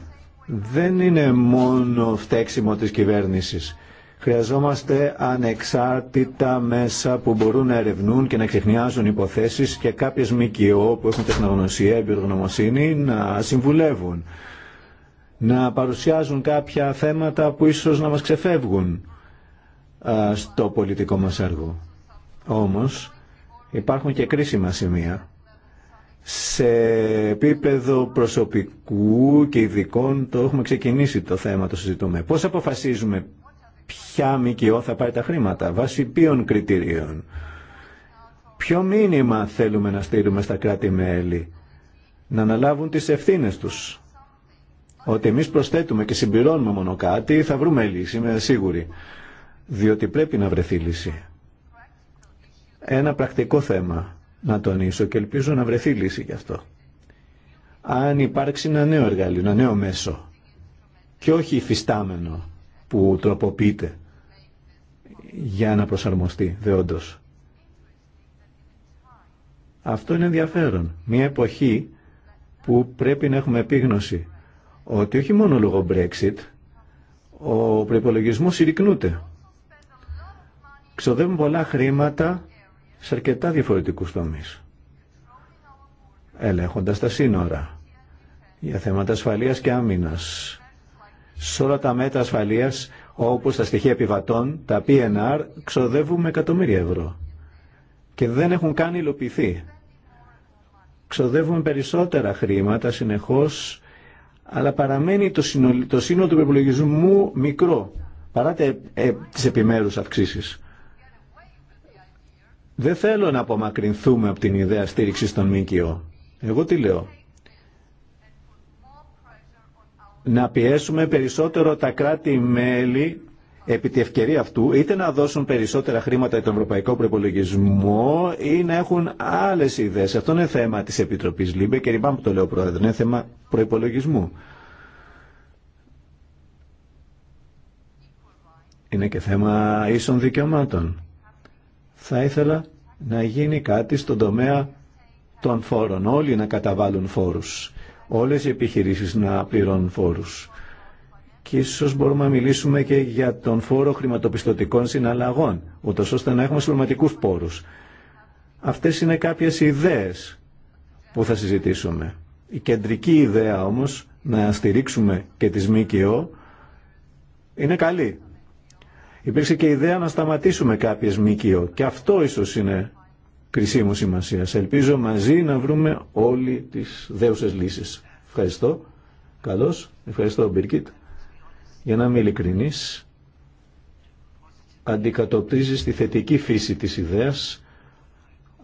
Δεν είναι μόνο φταίξιμο της κυβέρνησης. Χρειαζόμαστε ανεξάρτητα μέσα που μπορούν να ερευνούν και να ξεχνιάζουν υποθέσεις και κάποιες ΜΚΟ που έχουν τεχνογνωσία, εμπειρογνωμοσύνη να συμβουλεύουν, να παρουσιάζουν κάποια θέματα που ίσως να μας ξεφεύγουν στο πολιτικό μας έργο. Όμως υπάρχουν και κρίσιμα σημεία σε επίπεδο προσωπικού και ειδικών το έχουμε ξεκινήσει το θέμα, το συζητούμε. Πώς αποφασίζουμε ποια ΜΚΟ θα πάρει τα χρήματα, βάσει ποιων κριτηρίων. Ποιο μήνυμα θέλουμε να στείλουμε στα κράτη-μέλη, να αναλάβουν τις ευθύνες τους. Ότι εμείς προσθέτουμε και συμπληρώνουμε μόνο κάτι, θα βρούμε λύση, είμαι σίγουρη. Διότι πρέπει να βρεθεί λύση. Ένα πρακτικό θέμα να τονίσω και ελπίζω να βρεθεί λύση γι' αυτό. Αν υπάρξει ένα νέο εργαλείο, ένα νέο μέσο και όχι υφιστάμενο που τροποποιείται για να προσαρμοστεί δεόντως. Αυτό είναι ενδιαφέρον. Μια εποχή που πρέπει να έχουμε επίγνωση ότι όχι μόνο λόγω Brexit ο προπολογισμό συρρυκνούται. Ξοδεύουν πολλά χρήματα σε αρκετά διαφορετικούς τομείς. Ελέγχοντας τα σύνορα για θέματα ασφαλείας και άμυνας σε όλα τα μέτρα ασφαλείας όπως τα στοιχεία επιβατών, τα PNR, ξοδεύουμε εκατομμύρια ευρώ και δεν έχουν καν υλοποιηθεί. Ξοδεύουμε περισσότερα χρήματα συνεχώς, αλλά παραμένει το, το σύνολο του υπολογισμού μικρό, παρά τις επιμέρους αυξήσεις. Δεν θέλω να απομακρυνθούμε από την ιδέα στήριξης των ΜΚΟ. Εγώ τι λέω να πιέσουμε περισσότερο τα κράτη-μέλη επί τη ευκαιρία αυτού είτε να δώσουν περισσότερα χρήματα για τον ευρωπαϊκό προπολογισμό ή να έχουν άλλε ιδέε. Αυτό είναι θέμα τη Επιτροπή Λίμπε και λυπάμαι που το λέω πρόεδρε, είναι θέμα προπολογισμού. Είναι και θέμα ίσων δικαιωμάτων. Θα ήθελα να γίνει κάτι στον τομέα των φόρων. Όλοι να καταβάλουν φόρους όλες οι επιχειρήσεις να πληρώνουν φόρους. Και ίσως μπορούμε να μιλήσουμε και για τον φόρο χρηματοπιστωτικών συναλλαγών, ούτως ώστε να έχουμε συμπληρωματικού πόρους. Αυτές είναι κάποιες ιδέες που θα συζητήσουμε. Η κεντρική ιδέα όμως να στηρίξουμε και τις ΜΚΟ είναι καλή. Υπήρξε και η ιδέα να σταματήσουμε κάποιες ΜΚΟ και αυτό ίσως είναι Ελπίζω μαζί να βρούμε όλοι τις δέουσες λύσεις. Ευχαριστώ. Καλώς. Ευχαριστώ, Μπίρκιτ. Για να είμαι ειλικρινής, αντικατοπτρίζεις τη θετική φύση της ιδέας,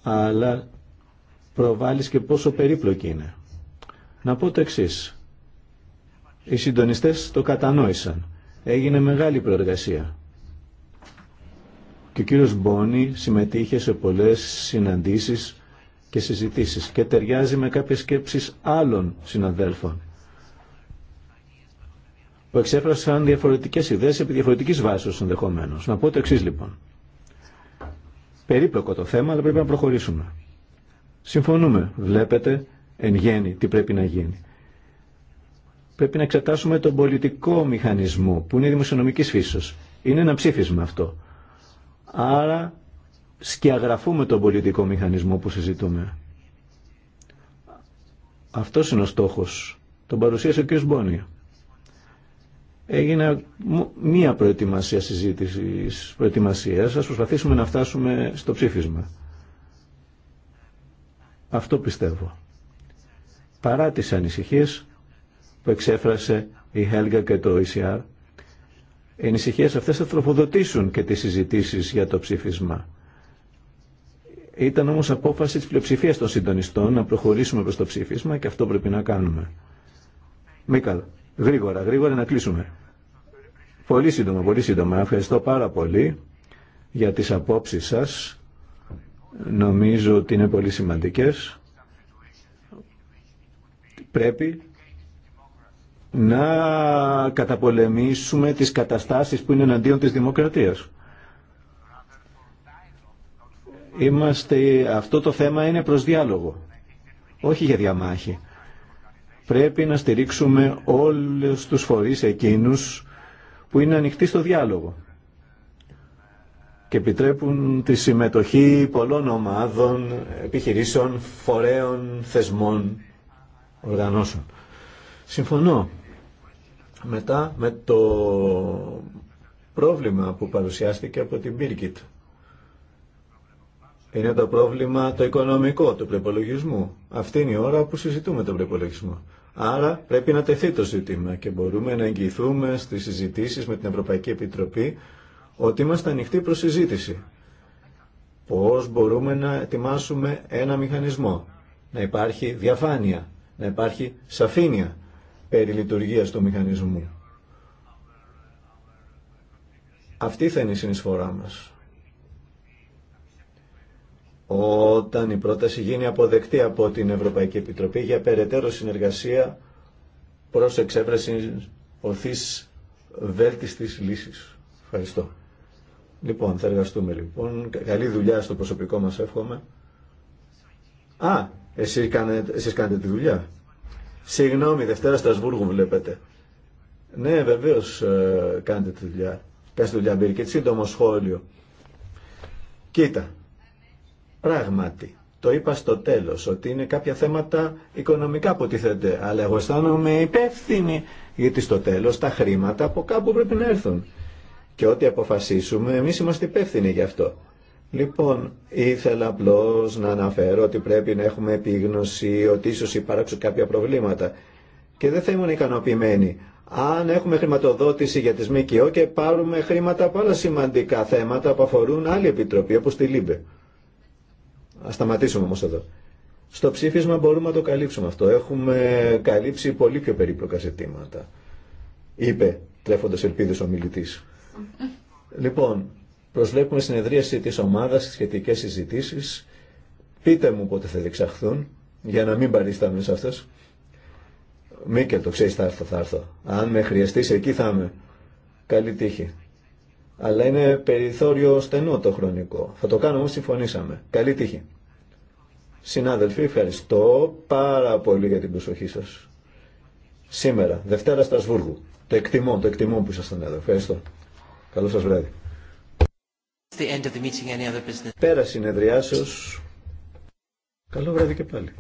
αλλά προβάλλεις και πόσο περίπλοκη είναι. Να πω το εξή. Οι συντονιστές το κατανόησαν. Έγινε μεγάλη προεργασία. Και ο κύριος Μπόνι συμμετείχε σε πολλές συναντήσεις και συζητήσεις και ταιριάζει με κάποιες σκέψεις άλλων συναδέλφων που εξέφρασαν διαφορετικές ιδέες επί διαφορετικής βάσης ενδεχομένω. Να πω το εξή λοιπόν. Περίπλοκο το θέμα, αλλά πρέπει να προχωρήσουμε. Συμφωνούμε, βλέπετε, εν γέννη, τι πρέπει να γίνει. Πρέπει να εξετάσουμε τον πολιτικό μηχανισμό, που είναι δημοσιονομικής φύσης. Είναι ένα ψήφισμα αυτό. Άρα σκιαγραφούμε τον πολιτικό μηχανισμό που συζητούμε. Αυτός είναι ο στόχος. Τον παρουσίασε ο κ. Μπόνι. Έγινε μία προετοιμασία συζήτησης, προετοιμασίας. Ας προσπαθήσουμε να φτάσουμε στο ψήφισμα. Αυτό πιστεύω. Παρά τις ανησυχίες που εξέφρασε η Χέλγα και το ECR, οι ανησυχίες αυτές θα τροφοδοτήσουν και τις συζητήσεις για το ψήφισμα. Ήταν όμως απόφαση της πλειοψηφίας των συντονιστών να προχωρήσουμε προς το ψήφισμα και αυτό πρέπει να κάνουμε. Μίκαλ, γρήγορα, γρήγορα να κλείσουμε. Πολύ σύντομα, πολύ σύντομα. Ευχαριστώ πάρα πολύ για τις απόψεις σας. Νομίζω ότι είναι πολύ σημαντικές. Πρέπει να καταπολεμήσουμε τις καταστάσεις που είναι εναντίον της δημοκρατίας. Είμαστε, αυτό το θέμα είναι προς διάλογο, όχι για διαμάχη. Πρέπει να στηρίξουμε όλους τους φορείς εκείνους που είναι ανοιχτοί στο διάλογο και επιτρέπουν τη συμμετοχή πολλών ομάδων, επιχειρήσεων, φορέων, θεσμών, οργανώσεων. Συμφωνώ μετά με το πρόβλημα που παρουσιάστηκε από την Birgit. Είναι το πρόβλημα το οικονομικό του προπολογισμού. Αυτή είναι η ώρα που συζητούμε τον προπολογισμό. Άρα πρέπει να τεθεί το ζήτημα και μπορούμε να εγγυηθούμε στις συζητήσεις με την Ευρωπαϊκή Επιτροπή ότι είμαστε ανοιχτοί προς συζήτηση. Πώς μπορούμε να ετοιμάσουμε ένα μηχανισμό, να υπάρχει διαφάνεια, να υπάρχει σαφήνεια περί λειτουργίας του μηχανισμού. Αυτή θα είναι η συνεισφορά μας. Όταν η πρόταση γίνει αποδεκτή από την Ευρωπαϊκή Επιτροπή για περαιτέρω συνεργασία προς εξέβρεση οθής βέλτιστης λύσης. Ευχαριστώ. Λοιπόν, θα εργαστούμε λοιπόν. Καλή δουλειά στο προσωπικό μας εύχομαι. Α, εσείς κάνετε, εσείς κάνετε τη δουλειά. Συγγνώμη, Δευτέρα Στρασβούργου βλέπετε. Ναι, βεβαίω ε, κάνετε τη δουλειά. Κάνετε τη δουλειά, Μπίρκετ. Σύντομο σχόλιο. Κοίτα, πράγματι, το είπα στο τέλος ότι είναι κάποια θέματα οικονομικά που τίθενται, αλλά εγώ αισθάνομαι υπεύθυνη γιατί στο τέλος τα χρήματα από κάπου πρέπει να έρθουν. Και ό,τι αποφασίσουμε εμείς είμαστε υπεύθυνοι γι' αυτό. Λοιπόν, ήθελα απλώ να αναφέρω ότι πρέπει να έχουμε επίγνωση ότι ίσω υπάρξουν κάποια προβλήματα. Και δεν θα ήμουν ικανοποιημένη αν έχουμε χρηματοδότηση για τις ΜΚΟ και πάρουμε χρήματα από άλλα σημαντικά θέματα που αφορούν άλλη επιτροπή, όπως τη ΛΥΜΠΕ. Ας σταματήσουμε όμως εδώ. Στο ψήφισμα μπορούμε να το καλύψουμε αυτό. Έχουμε καλύψει πολύ πιο περίπλοκα ζητήματα. Είπε τρέφοντας ελπίδες ο μιλητής. Λοιπόν, Προσβλέπουμε συνεδρίαση της ομάδας, σχετικές συζητήσεις. Πείτε μου πότε θα διεξαχθούν, για να μην παρίσταμε σε αυτές. Μίκελ, το ξέρεις θα έρθω, θα έρθω. Αν με χρειαστείς εκεί θα είμαι. Καλή τύχη. Αλλά είναι περιθώριο στενό το χρονικό. Θα το κάνω όμως συμφωνήσαμε. Καλή τύχη. Συνάδελφοι, ευχαριστώ πάρα πολύ για την προσοχή σας. Σήμερα, Δευτέρα Στρασβούργου. Το εκτιμώ, το εκτιμώ που ήσασταν εδώ. Ευχαριστώ. Καλό σας βράδυ. Πέρα συνεδριάσεως. Καλό βράδυ και πάλι.